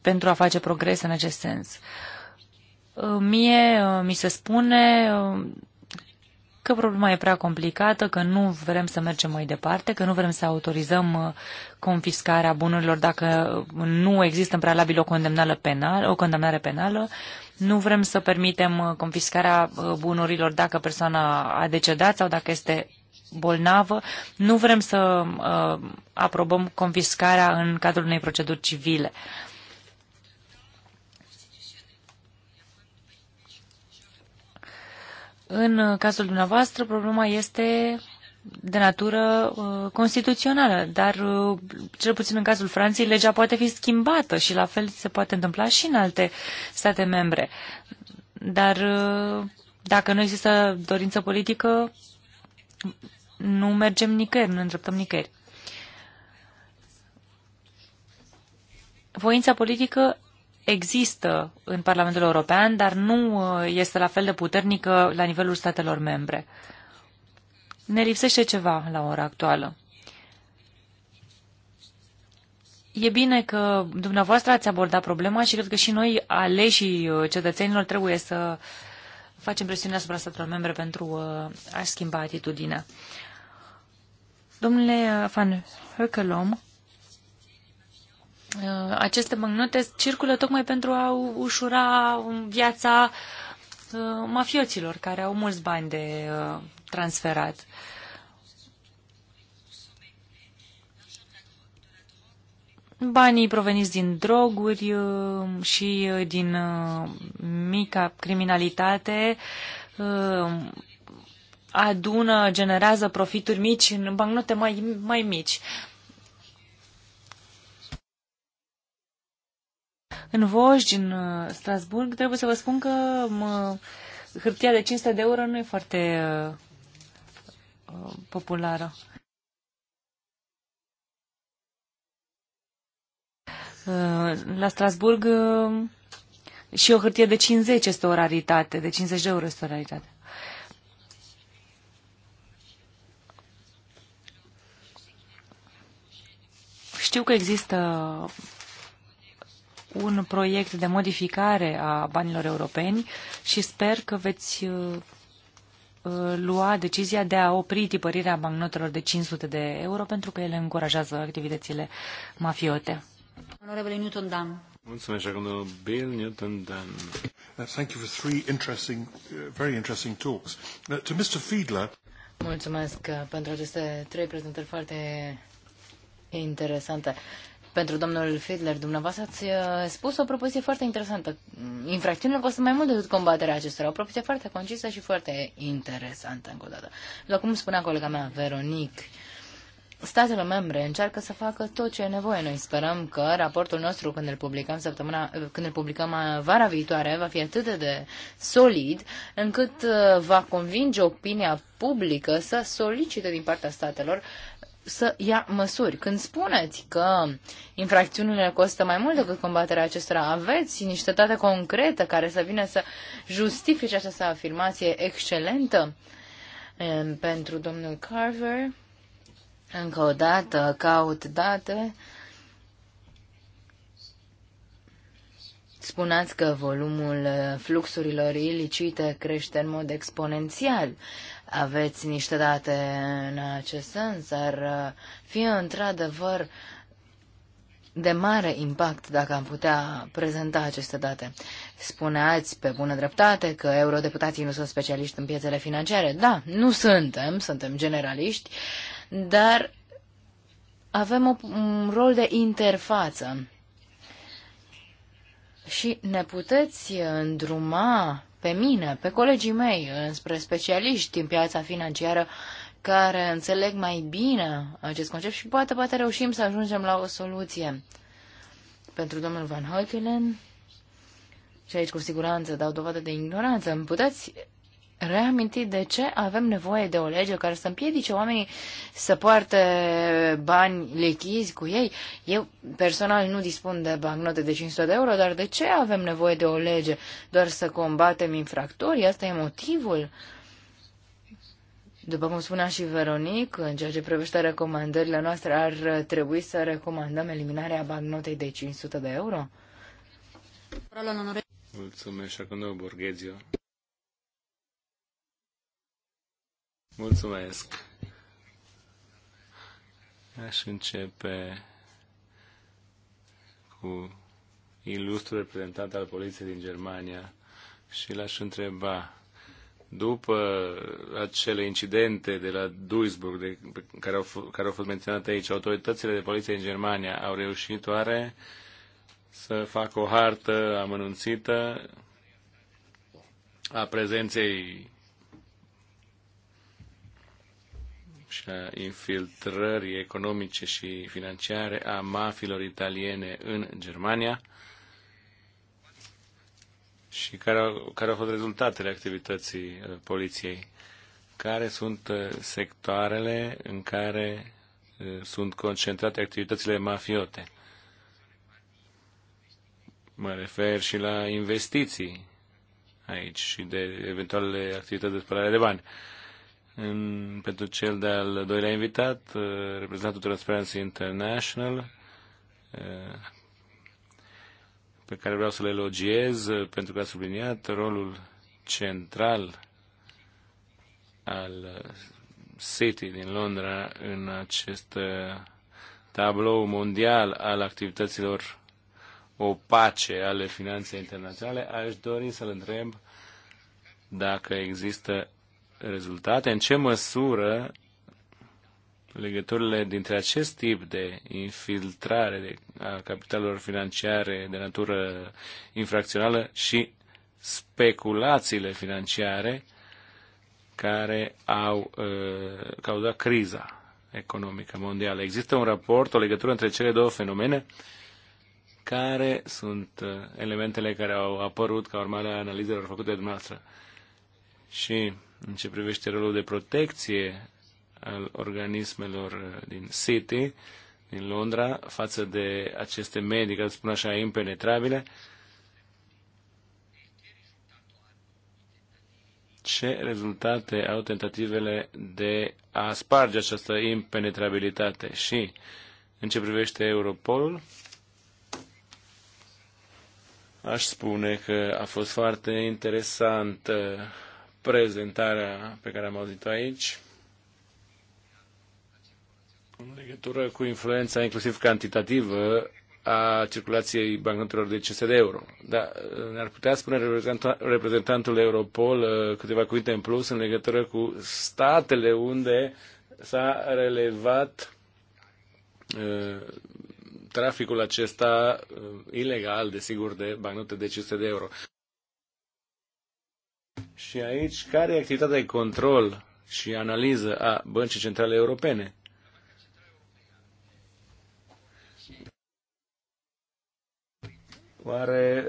pentru a face progres în acest sens. Mie uh, mi se spune uh, că problema e prea complicată, că nu vrem să mergem mai departe, că nu vrem să autorizăm uh, confiscarea bunurilor dacă nu există în prealabil o condamnare penală, o condamnare penală nu vrem să permitem uh, confiscarea uh, bunurilor dacă persoana a decedat sau dacă este bolnavă. Nu vrem să uh, aprobăm confiscarea în cadrul unei proceduri civile. În uh, cazul dumneavoastră, problema este de natură uh, constituțională, dar uh, cel puțin în cazul Franței legea poate fi schimbată și la fel se poate întâmpla și în alte state membre. Dar uh, dacă nu există dorință politică, nu mergem nicăieri, nu ne îndreptăm nicăieri. Voința politică există în Parlamentul European, dar nu uh, este la fel de puternică la nivelul statelor membre. Uh, ne lipsește ceva la ora actuală. E bine că dumneavoastră ați abordat problema și cred că și noi, aleșii uh, cetățenilor, trebuie să facem presiune asupra statelor membre pentru uh, a schimba atitudinea. Domnule Van Hökelom, uh, aceste magnote circulă tocmai pentru a ușura viața mafioților care au mulți bani de transferat. Banii proveniți din droguri uh, și uh, din uh, mica criminalitate adună, generează profituri mici în bancnote mai, mai mici. În Vosgi, în Strasburg, trebuie să vă spun că mă, hârtia de 500 de euro nu e foarte populară. La Strasburg și o hârtie de 50 este o raritate, de 50 de euro este o raritate. Știu că există un proiect de modificare a banilor europeni și sper că veți lua decizia de a opri tipărirea bancnotelor de 500 de euro pentru că ele încurajează activitățile mafiote. Onorevole Newton Dan. Mulțumesc, domnul Bill Newton Dan. Uh, thank you for three interesting, uh, very interesting talks. Uh, to Mr. Fiedler. Mulțumesc pentru aceste trei prezentări foarte interesante pentru domnul Fidler. Dumneavoastră ați uh, spus o propoziție foarte interesantă. Infracțiunile costă mai mult decât combaterea acestora. O propoziție foarte concisă și foarte interesantă încă o dată. După cum spunea colega mea, Veronic, statele membre încearcă să facă tot ce e nevoie. Noi sperăm că raportul nostru, când îl publicăm săptămâna, când îl publicăm uh, vara viitoare, va fi atât de solid, încât uh, va convinge opinia publică să solicite din partea statelor uh, să ia măsuri. Când spuneți că infracțiunile costă mai mult decât combaterea acestora, aveți niște date concrete care să vină să justifice această afirmație excelentă pentru domnul Carver. Încă o dată caut date. Spuneați că volumul fluxurilor ilicite crește în mod exponențial aveți niște date în acest sens, ar uh, fi într-adevăr de mare impact dacă am putea prezenta aceste date. Spuneați pe bună dreptate că eurodeputații nu sunt specialiști în piețele financiare. Da, nu suntem, suntem generaliști, dar avem un rol de interfață și ne puteți îndruma pe mine, pe colegii mei, înspre specialiști din piața financiară care înțeleg mai bine acest concept și poate, poate reușim să ajungem la o soluție. Pentru domnul Van Hoekelen, și aici cu siguranță dau dovadă de ignoranță, îmi puteți reaminti de ce avem nevoie de o lege care să împiedice oamenii să poarte bani lechizi cu ei. Eu personal nu dispun de bancnote de 500 de euro, dar de ce avem nevoie de o lege? Doar să combatem infractorii? Asta e motivul? După cum spunea și Veronic, în ceea ce privește recomandările noastre, ar trebui să recomandăm eliminarea bancnotei de 500 de euro? Mulțumesc, Acuneu Borghezio. Mulțumesc. Aș începe cu ilustru reprezentant al poliției din Germania și l-aș întreba după acele incidente de la Duisburg de, care, au care au fost menționate aici, autoritățile de poliție în Germania au reușit oare să facă o hartă amănunțită a prezenței și a infiltrării economice și financiare a mafilor italiene în Germania și care au, care au fost rezultatele activității uh, poliției. Care sunt uh, sectoarele în care uh, sunt concentrate activitățile mafiote? Mă refer și la investiții aici și de eventualele activități de spălare de bani. Uh, în, pentru cel de-al doilea invitat, uh, reprezentantul Transparency International, uh, pe care vreau să le elogiez uh, pentru că a subliniat rolul central al City din Londra în acest tablou mondial al activităților opace ale finanței internaționale, aș dori să-l întreb dacă există rezultate, în ce măsură legăturile dintre acest tip de infiltrare de, a capitalelor financiare de natură infracțională și speculațiile financiare care au uh, cauzat criza economică mondială. Există un raport, o legătură între cele două fenomene care sunt uh, elementele care au apărut ca urmare a analizelor făcute de dumneavoastră. Și în ce privește rolul de protecție al organismelor din City, din Londra, față de aceste medii, ca să spun așa, impenetrabile, ce rezultate au tentativele de a sparge această impenetrabilitate și în ce privește Europolul, aș spune că a fost foarte interesant prezentarea pe care am auzit-o aici în legătură cu influența inclusiv cantitativă a circulației bancnotelor de CSD euro. Dar ne-ar putea spune reprezentantul Europol uh, câteva cuvinte în plus în legătură cu statele unde s-a relevat uh, traficul acesta uh, ilegal, desigur, de bancnote de 500 de euro. Și aici, care e activitatea de control și analiză a Băncii Centrale Europene? Oare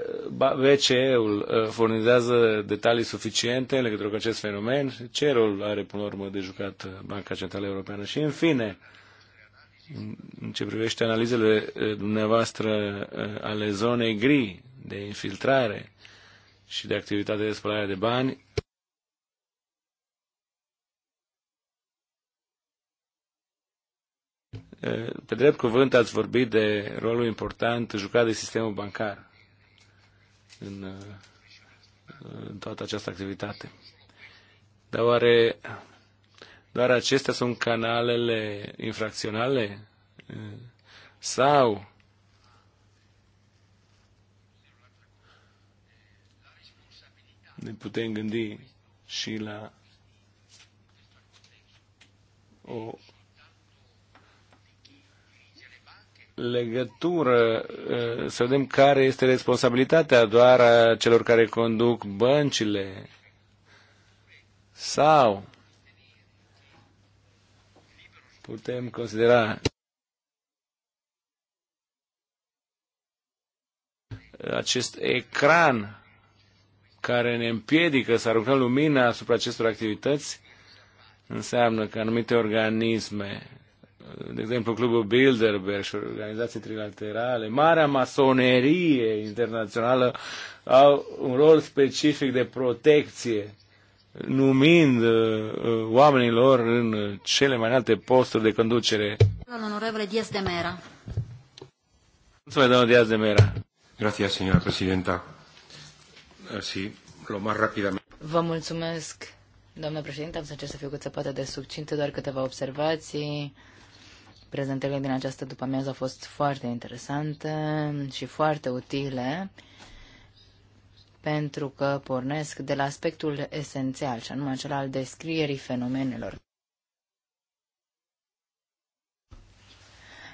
BCE-ul uh, furnizează detalii suficiente în legătură cu acest fenomen? Ce rol are până la urmă de jucat uh, Banca Centrală Europeană? Și în fine, în ce privește analizele uh, dumneavoastră ale zonei gri de infiltrare, și de activitate de spălare de bani. Pe drept cuvânt ați vorbit de rolul important jucat de sistemul bancar în, în toată această activitate. Dar oare doar acestea sunt canalele infracționale? Sau ne putem gândi și la o legătură, eh, să vedem care este responsabilitatea doar a celor care conduc băncile sau putem considera acest ecran care ne împiedică să aruncăm lumina asupra acestor activități înseamnă că anumite organisme, de exemplu Clubul Bilderberg și organizații trilaterale, marea masonerie internațională au un rol specific de protecție numind uh, uh oamenilor în cele mai înalte posturi de conducere. Onorevole Diaz de Mera. Mulțumesc, domnul Diaz de Mera. mulțumesc, señora presidenta así lo más rápidamente. Vă mulțumesc, doamnă președinte, am să încerc să fiu cât se poate de subținte, doar câteva observații. Prezentările din această după amiază au fost foarte interesante și foarte utile pentru că pornesc de la aspectul esențial, și anume acela al descrierii fenomenelor.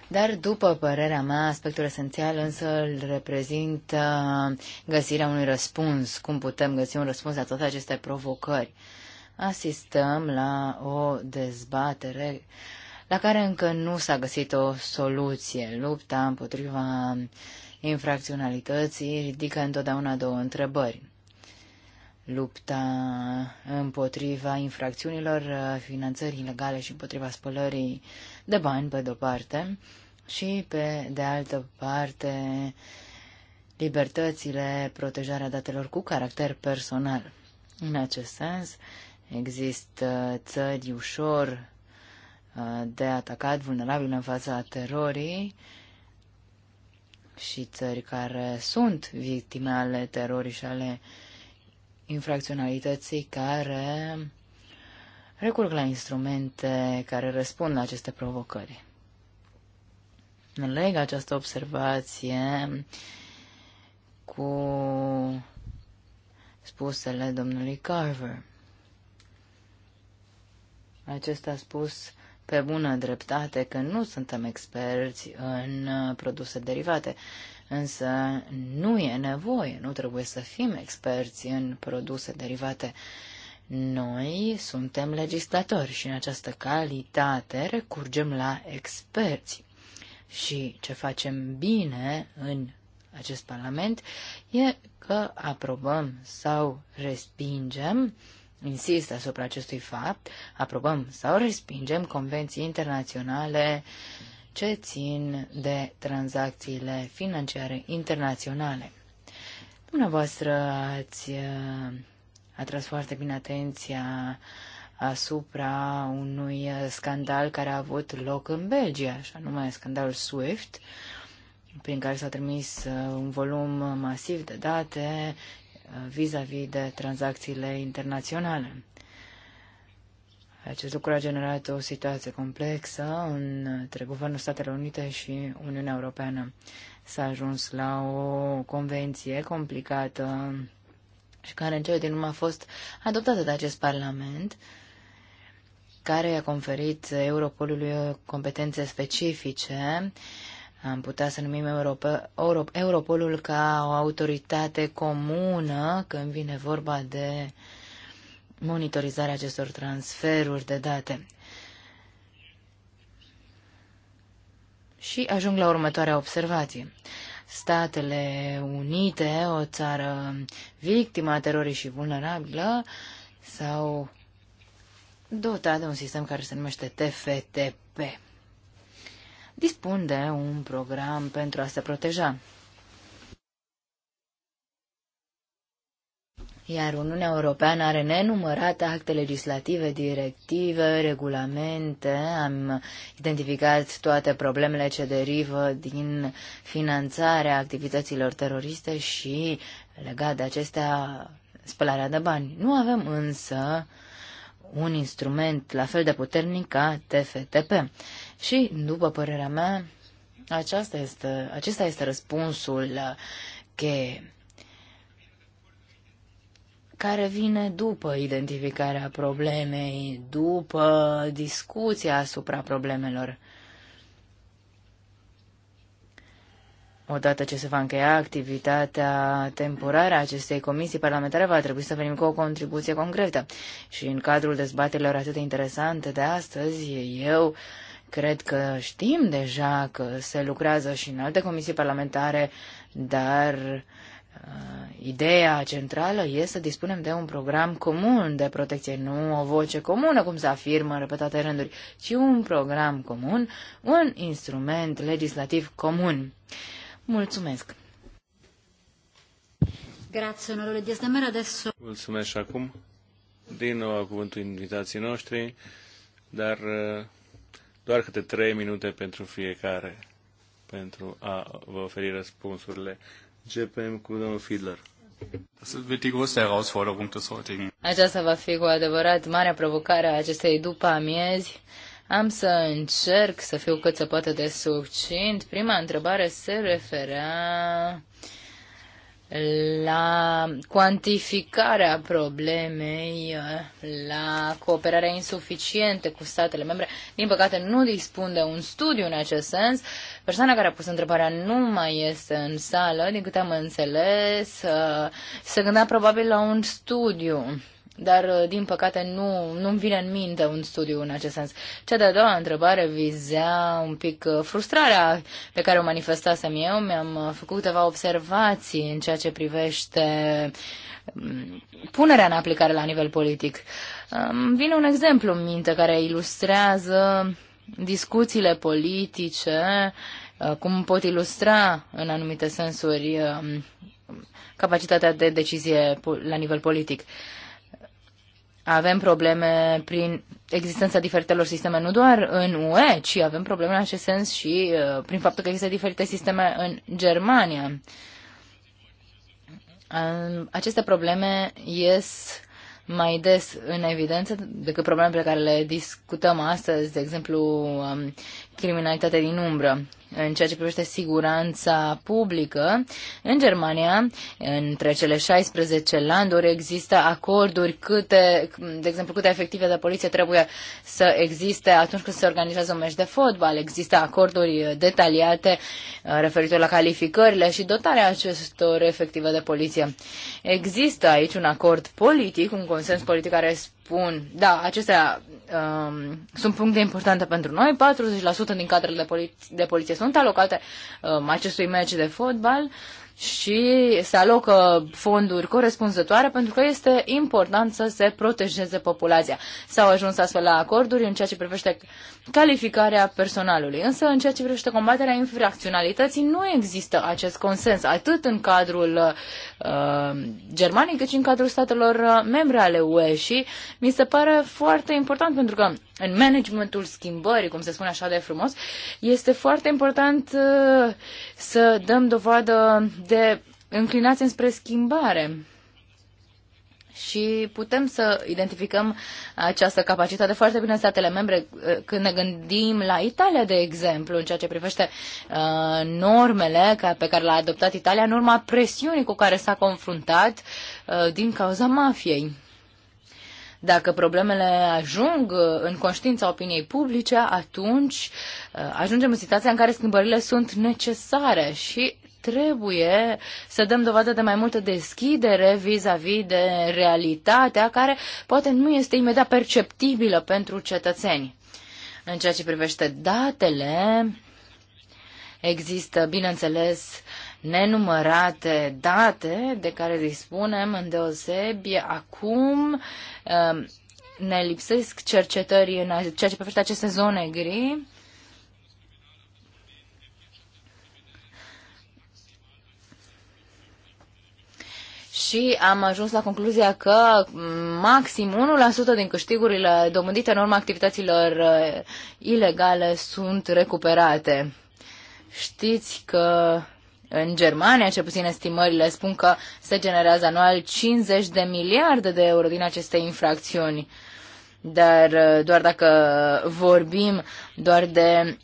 Dar, după părerea mea, aspectul esențial însă îl reprezintă găsirea unui răspuns. Cum putem găsi un răspuns la toate aceste provocări? Asistăm la o dezbatere la care încă nu s-a găsit o soluție. Lupta împotriva infracționalității ridică întotdeauna două întrebări. Lupta împotriva infracțiunilor, finanțării ilegale și împotriva spălării uh, de bani, pe de-o parte, și, pe de altă parte, libertățile, protejarea datelor cu caracter personal. În acest sens, există țări ușor uh, de atacat, vulnerabile în fața terorii și țări care sunt victime ale terorii și ale infracționalității care recurg la instrumente care răspund la aceste provocări. Leg această observație cu spusele domnului Carver. Acesta a spus pe bună dreptate că nu suntem experți în produse derivate, însă nu e nevoie, nu trebuie să fim experți în produse derivate. Uh, noi suntem legislatori și în această calitate recurgem la experți. Și ce facem bine în acest Parlament e că aprobăm sau respingem, insist asupra acestui fapt, aprobăm sau respingem convenții internaționale ce țin de tranzacțiile financiare internaționale. Dumneavoastră ați uh, atras foarte bine atenția asupra unui scandal care a avut loc în Belgia, așa numai scandalul SWIFT, prin care s-a trimis uh, un volum masiv de date uh, vis-a-vis -vis de tranzacțiile internaționale. Acest lucru a generat o situație complexă între Guvernul Statelor Unite și Uniunea Europeană. S-a ajuns la o convenție complicată și care în cele din urmă a fost adoptată de acest Parlament, care a conferit Europolului competențe specifice, am putea să numim Europa, Europa, Europolul ca o autoritate comună când vine vorba de monitorizarea acestor transferuri de date. Și ajung la următoarea observație. Statele Unite, o țară victima a terorii și vulnerabilă, sau dotat de un sistem care se numește TFTP. Dispun de un program pentru a se proteja. iar Uniunea Europeană are nenumărate acte legislative, directive, regulamente. Am identificat toate problemele ce derivă din finanțarea activităților teroriste și, legat de acestea, spălarea de bani. Nu avem însă un instrument la fel de puternic ca TFTP. Și, după părerea mea, aceasta este, acesta este răspunsul cheie care vine după identificarea problemei, după discuția asupra problemelor. Odată ce se va încheia activitatea temporară a acestei comisii parlamentare, va trebui să venim cu o contribuție concretă. Și în cadrul dezbaterilor atât de interesante de astăzi, eu cred că știm deja că se lucrează și în alte comisii parlamentare, dar uh, Uh, ideea centrală este să dispunem de un program comun de protecție, nu o voce comună, cum se afirmă în repetate rânduri, ci un program comun, un instrument legislativ comun. Mulțumesc! Grazie, onorevole Diaz Adesso... Mulțumesc și acum. Din nou cuvântul invitații noștri, dar uh, doar câte trei minute pentru fiecare pentru a vă oferi răspunsurile Începem cu domnul Fiedler. Aceasta va fi cu adevărat marea provocare a acestei după amiezi. Am să încerc să fiu cât se poate de succint. Prima întrebare se referea la cuantificarea problemei, la cooperarea insuficientă cu statele membre. Din păcate, nu dispun de un studiu în acest sens. Persoana care a pus întrebarea nu mai este în sală, din câte am înțeles, se gândea probabil la un studiu dar uh, din păcate nu, nu-mi vine în minte un studiu în acest sens. Cea de-a doua întrebare vizea un pic uh, frustrarea pe care o manifestasem eu. Mi-am uh, făcut câteva observații în ceea ce privește um, punerea în aplicare la nivel politic. Um, vine un exemplu în minte care ilustrează discuțiile politice, cum pot ilustra în anumite sensuri um, capacitatea de decizie la nivel politic. Uh, avem probleme prin existența diferitelor sisteme, nu doar în UE, ci avem probleme în acest sens și uh, prin faptul că există diferite sisteme în Germania. Uh, aceste probleme ies mai des în evidență decât problemele pe care le discutăm astăzi, de exemplu, um, criminalitate din umbră. În ceea ce privește siguranța publică, în Germania, între cele 16 landuri, există acorduri câte, de exemplu, câte efective de poliție trebuie să existe atunci când se organizează un meci de fotbal. Există acorduri detaliate uh, referitor la calificările și dotarea acestor efective de poliție. Există aici un acord politic, un consens politic care propun, da, acestea um, sunt puncte importante pentru noi, 40% din cadrele de, poli- de poliție sunt alocate um, acestui meci de fotbal, și se alocă fonduri corespunzătoare pentru că este important să se protejeze populația. S-au ajuns astfel la acorduri în ceea ce privește calificarea personalului. Însă, în ceea ce privește combaterea infracționalității, nu există acest consens, atât în cadrul uh, Germaniei, cât și în cadrul statelor uh, membre ale UE și mi se pare foarte important pentru că în managementul schimbării, cum se spune așa de frumos, este foarte important uh, să dăm dovadă de înclinație spre schimbare. Și putem să identificăm această capacitate foarte bine în statele membre uh, când ne gândim la Italia, de exemplu, în ceea ce privește uh, normele pe care le-a adoptat Italia în urma presiunii cu care s-a confruntat uh, din cauza mafiei. Dacă problemele ajung uh, în conștiința opiniei publice, atunci uh, ajungem în situația în care schimbările sunt necesare și trebuie să dăm dovadă de mai multă deschidere vis-a-vis -vis de realitatea care poate nu este imediat perceptibilă pentru cetățeni. În ceea ce privește datele, există, bineînțeles, nenumărate date de care dispunem deosebi acum. Um, ne lipsesc cercetări în ceea ce privește aceste zone gri. și am ajuns la concluzia că maxim 1% din câștigurile dobândite în urma activităților uh, ilegale sunt recuperate. Știți că în Germania, cel puțin estimările spun că se generează anual 50 de miliarde de euro din aceste infracțiuni. Dar uh, doar dacă vorbim doar de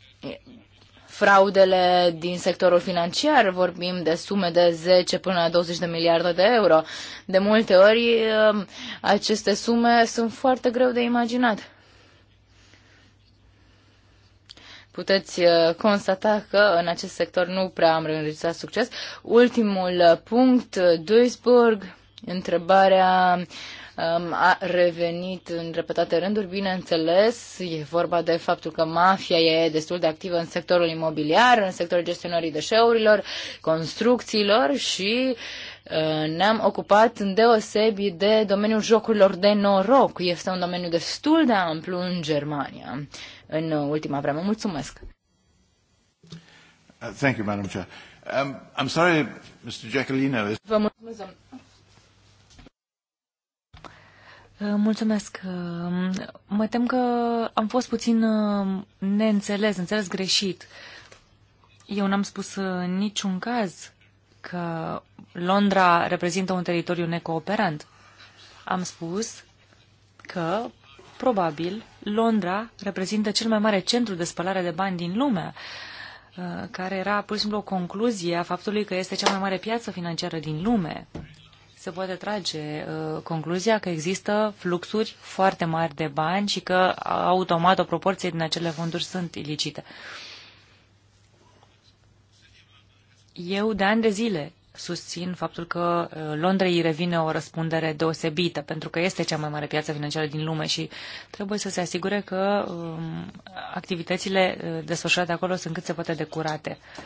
fraudele din sectorul financiar, vorbim de sume de 10 până la 20 de miliarde de euro. De multe ori uh, aceste sume sunt foarte greu de imaginat. puteți uh, constata că în acest sector nu prea am reînregistrat succes. Ultimul uh, punct, uh, Duisburg, întrebarea a revenit în repetate rânduri. Bineînțeles, e vorba de faptul că mafia e destul de activă în sectorul imobiliar, în sectorul gestionării deșeurilor, construcțiilor și ă, ne-am ocupat în deosebi de domeniul jocurilor de noroc. Este un domeniu destul de amplu în Germania în ultima vreme. Mulțumesc! Uh, thank you, Madam Chair. Um, I'm sorry, Mr. Giacolino. Vă mulțumesc, domnule. Uh, mulțumesc. Uh, mă tem că am fost puțin uh, neînțeles, înțeles greșit. Eu n-am spus în niciun caz că Londra reprezintă un teritoriu necooperant. Am spus că, probabil, Londra reprezintă cel mai mare centru de spălare de bani din lume, care era pur și simplu o concluzie a faptului că este cea mai mare piață financiară din lume se poate trage uh, concluzia că există fluxuri foarte mari de bani și că automat o proporție din acele fonduri sunt ilicite. Eu de ani de zile susțin faptul că uh, Londrei revine o răspundere deosebită, pentru că este cea mai mare piață financiară din lume și trebuie să se asigure că um, activitățile uh, desfășurate acolo sunt cât se poate de curate. Uh,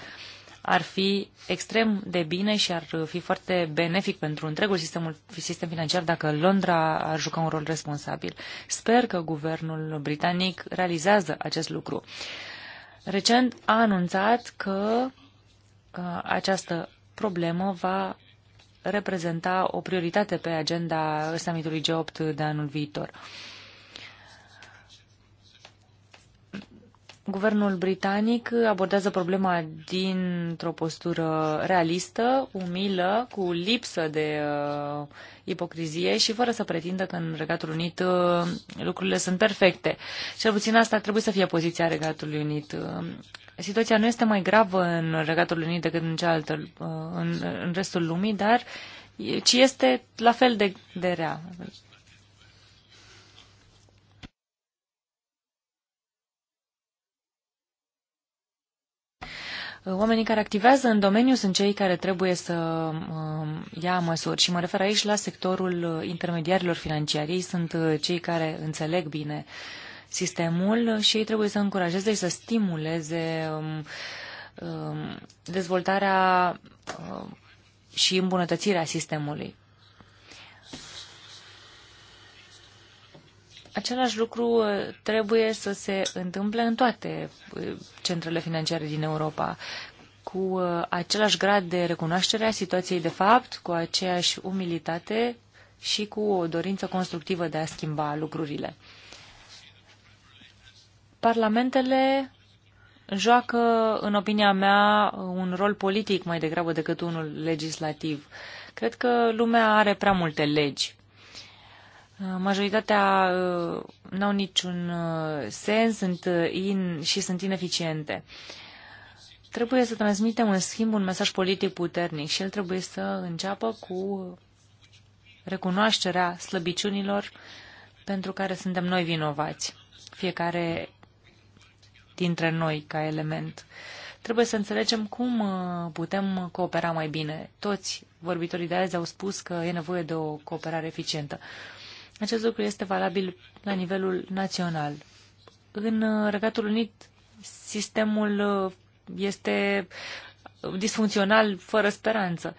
ar fi extrem de bine și ar fi foarte benefic pentru întregul sistemul, sistem financiar dacă Londra ar juca un rol responsabil. Sper că guvernul britanic realizează acest lucru. Recent a anunțat că această problemă va reprezenta o prioritate pe agenda summitului G8 de anul viitor. Uh, Guvernul britanic abordează problema dintr-o postură realistă, umilă, cu lipsă de uh, ipocrizie și fără să pretindă că în Regatul Unit uh, lucrurile sunt perfecte. Cel puțin asta ar trebui să fie poziția Regatului Unit. Uh, situația nu este mai gravă în Regatul Unit decât în cealaltă, uh, în, în restul lumii, dar ci este la fel de, de rea. Oamenii care activează în domeniu sunt cei care trebuie să um, ia măsuri și mă refer aici la sectorul uh, intermediarilor financiari. Ei sunt uh, cei care înțeleg bine sistemul și ei trebuie să încurajeze și să stimuleze um, um, dezvoltarea uh, și îmbunătățirea sistemului. Același lucru uh, trebuie să se întâmple în toate uh, centrele financiare din Europa, cu uh, același grad de recunoaștere a situației de fapt, cu aceeași umilitate și cu o dorință constructivă de a schimba lucrurile. Parlamentele joacă, în opinia mea, un rol politic mai degrabă decât unul legislativ. Cred că lumea are prea multe legi Majoritatea uh, n-au niciun uh, sens sunt uh, in, și sunt ineficiente. Trebuie să transmitem în schimb un mesaj politic puternic și el trebuie să înceapă cu recunoașterea slăbiciunilor pentru care suntem noi vinovați, fiecare dintre noi ca element. Trebuie să înțelegem cum putem coopera mai bine. Toți vorbitorii de azi au spus că e nevoie de o cooperare eficientă. Acest lucru este valabil la nivelul național. În uh, Regatul Unit, sistemul uh, este disfuncțional, fără speranță.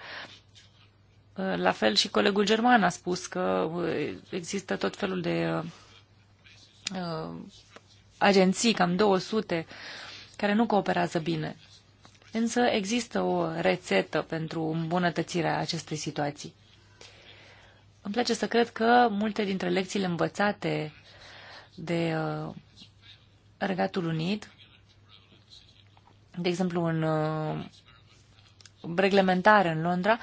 Uh, la fel și colegul german a spus că există tot felul de agenții, cam 200, care nu cooperează bine. Însă există o rețetă pentru îmbunătățirea acestei situații. Îmi place să cred că multe dintre lecțiile învățate de uh, Regatul Unit, de exemplu în uh, reglementare în Londra,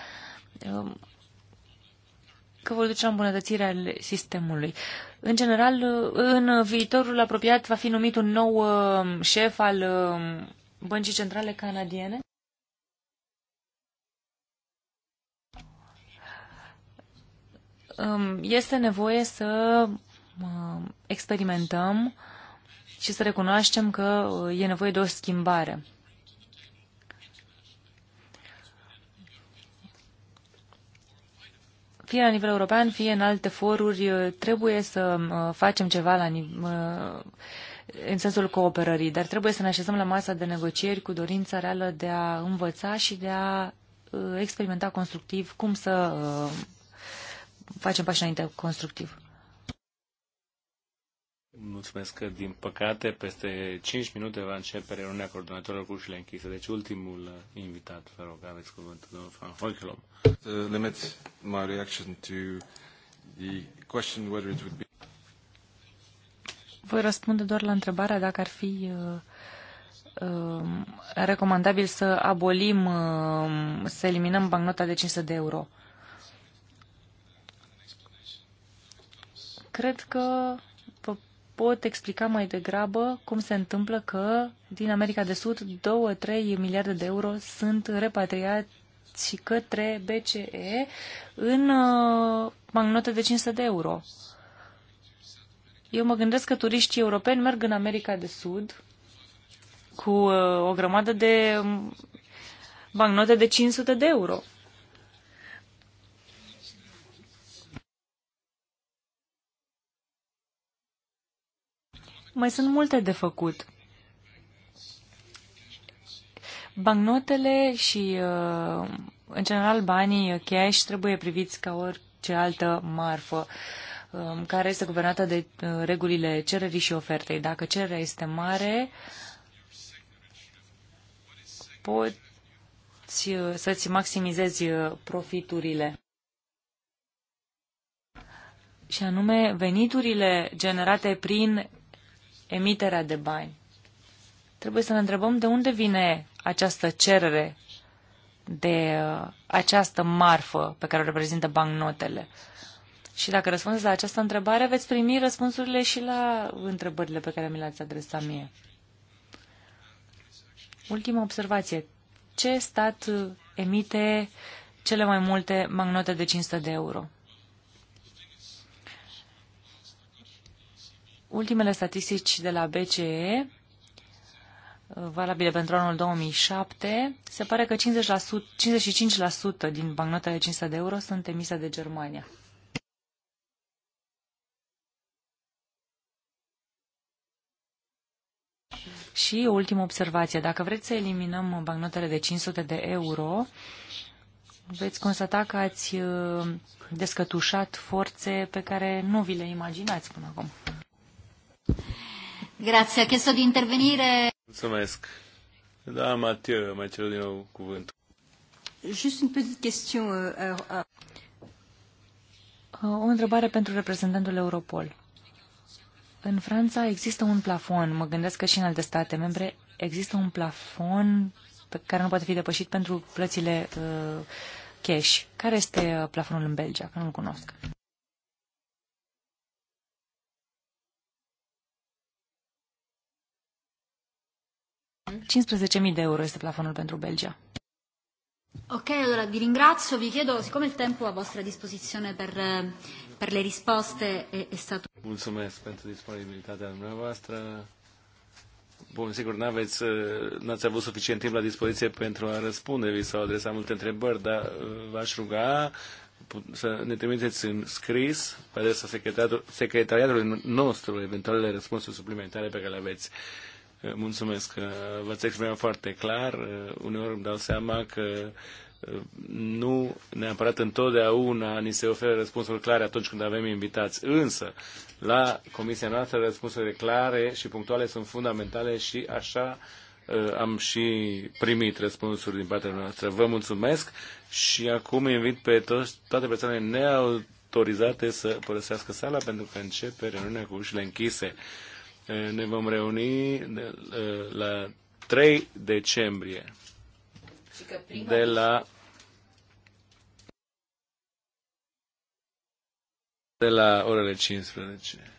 um, că vor duce la îmbunătățirea sistemului. În general, uh, în viitorul apropiat va fi numit un nou șef al Băncii Centrale Canadiene. Um, este nevoie să um, experimentăm și să recunoaștem că uh, e nevoie de o schimbare. Fie la nivel european, fie în alte foruri, uh, trebuie să uh, facem ceva la în sensul cooperării, dar trebuie să ne așezăm la masa de negocieri cu dorința reală de a învăța și de a experimenta constructiv cum să facem pași înainte constructiv. Mulțumesc. Din păcate, peste 5 minute va începe reuniunea coordonatorilor cu ușile închise. Deci ultimul invitat, vă rog, aveți cuvântul, domnul Fran Hoichelom. Uh, limit my reaction to the question whether it would be... Voi răspunde doar la întrebarea dacă ar fi uh, uh, recomandabil să abolim, um, să eliminăm bancnota de 500 de euro. cred că vă pot explica mai degrabă cum se întâmplă că din America de Sud 2-3 miliarde de euro sunt repatriați și către BCE în magnote uh, de 500 de euro. Eu mă gândesc că turiștii europeni merg în America de Sud cu uh, o grămadă de um, bancnote de 500 de euro. Mai sunt multe de făcut. Bancnotele și, uh, în general, banii cash trebuie priviți ca orice altă marfă um, care este guvernată de uh, regulile cererii și ofertei. Dacă cererea este mare, poți uh, să-ți maximizezi profiturile. Și anume, veniturile generate prin emiterea de bani. Trebuie să ne întrebăm de unde vine această cerere de uh, această marfă pe care o reprezintă bancnotele. Și dacă răspundeți la această întrebare, veți primi răspunsurile și la întrebările pe care mi le-ați adresat mie. Ultima observație. Ce stat emite cele mai multe magnote de 500 de euro? Ultimele statistici de la BCE, valabile pentru anul 2007, se pare că 50%, 55% din bancnotele 500 de euro sunt emise de Germania. Și o ultimă observație. Dacă vreți să eliminăm bancnotele de 500 de euro, veți constata că ați uh, descătușat forțe pe care nu vi le imaginați până acum. Grazie, a chiesto di intervenire. Mulțumesc. Da, Mathieu, mai cer din nou cuvântul. Just une petite question. Euh, euh, euh. O întrebare pentru reprezentantul Europol. În Franța există un plafon, mă gândesc că și în alte state membre, există un plafon pe care nu poate fi depășit pentru plățile uh, cash. Care este uh, plafonul în Belgia? Că nu-l cunosc. 15.000 de euro este plafonul pentru Belgia. Ok, allora vi ringrazio, vi chiedo, siccome il tempo a vostra disposizione per, eh, per le risposte è, è stato... Mulțumesc pentru disponibilitatea dumneavoastră. Bun, sigur, n-aveți, eh, n-ați avut suficient timp la dispoziție pentru a răspunde, vi s-au adresat multe întrebări, dar eh, v-aș ruga să ne trimiteți în scris pe adresa secretariatului nostru eventualele răspunsuri suplimentare pe care le aveți. Mulțumesc că v-ați exprimat foarte clar. Uneori îmi dau seama că uh, nu neapărat întotdeauna ni se oferă răspunsuri clare atunci când avem invitați. Însă, la comisia noastră, răspunsurile clare și punctuale sunt fundamentale și așa uh, am și primit răspunsuri din partea noastră. Vă mulțumesc și acum invit pe toți, toate persoanele neautorizate să părăsească sala pentru că începe reuniunea cu ușile închise. Eh, ne vom reuni eh, la 3 decembrie de la de la orele 15.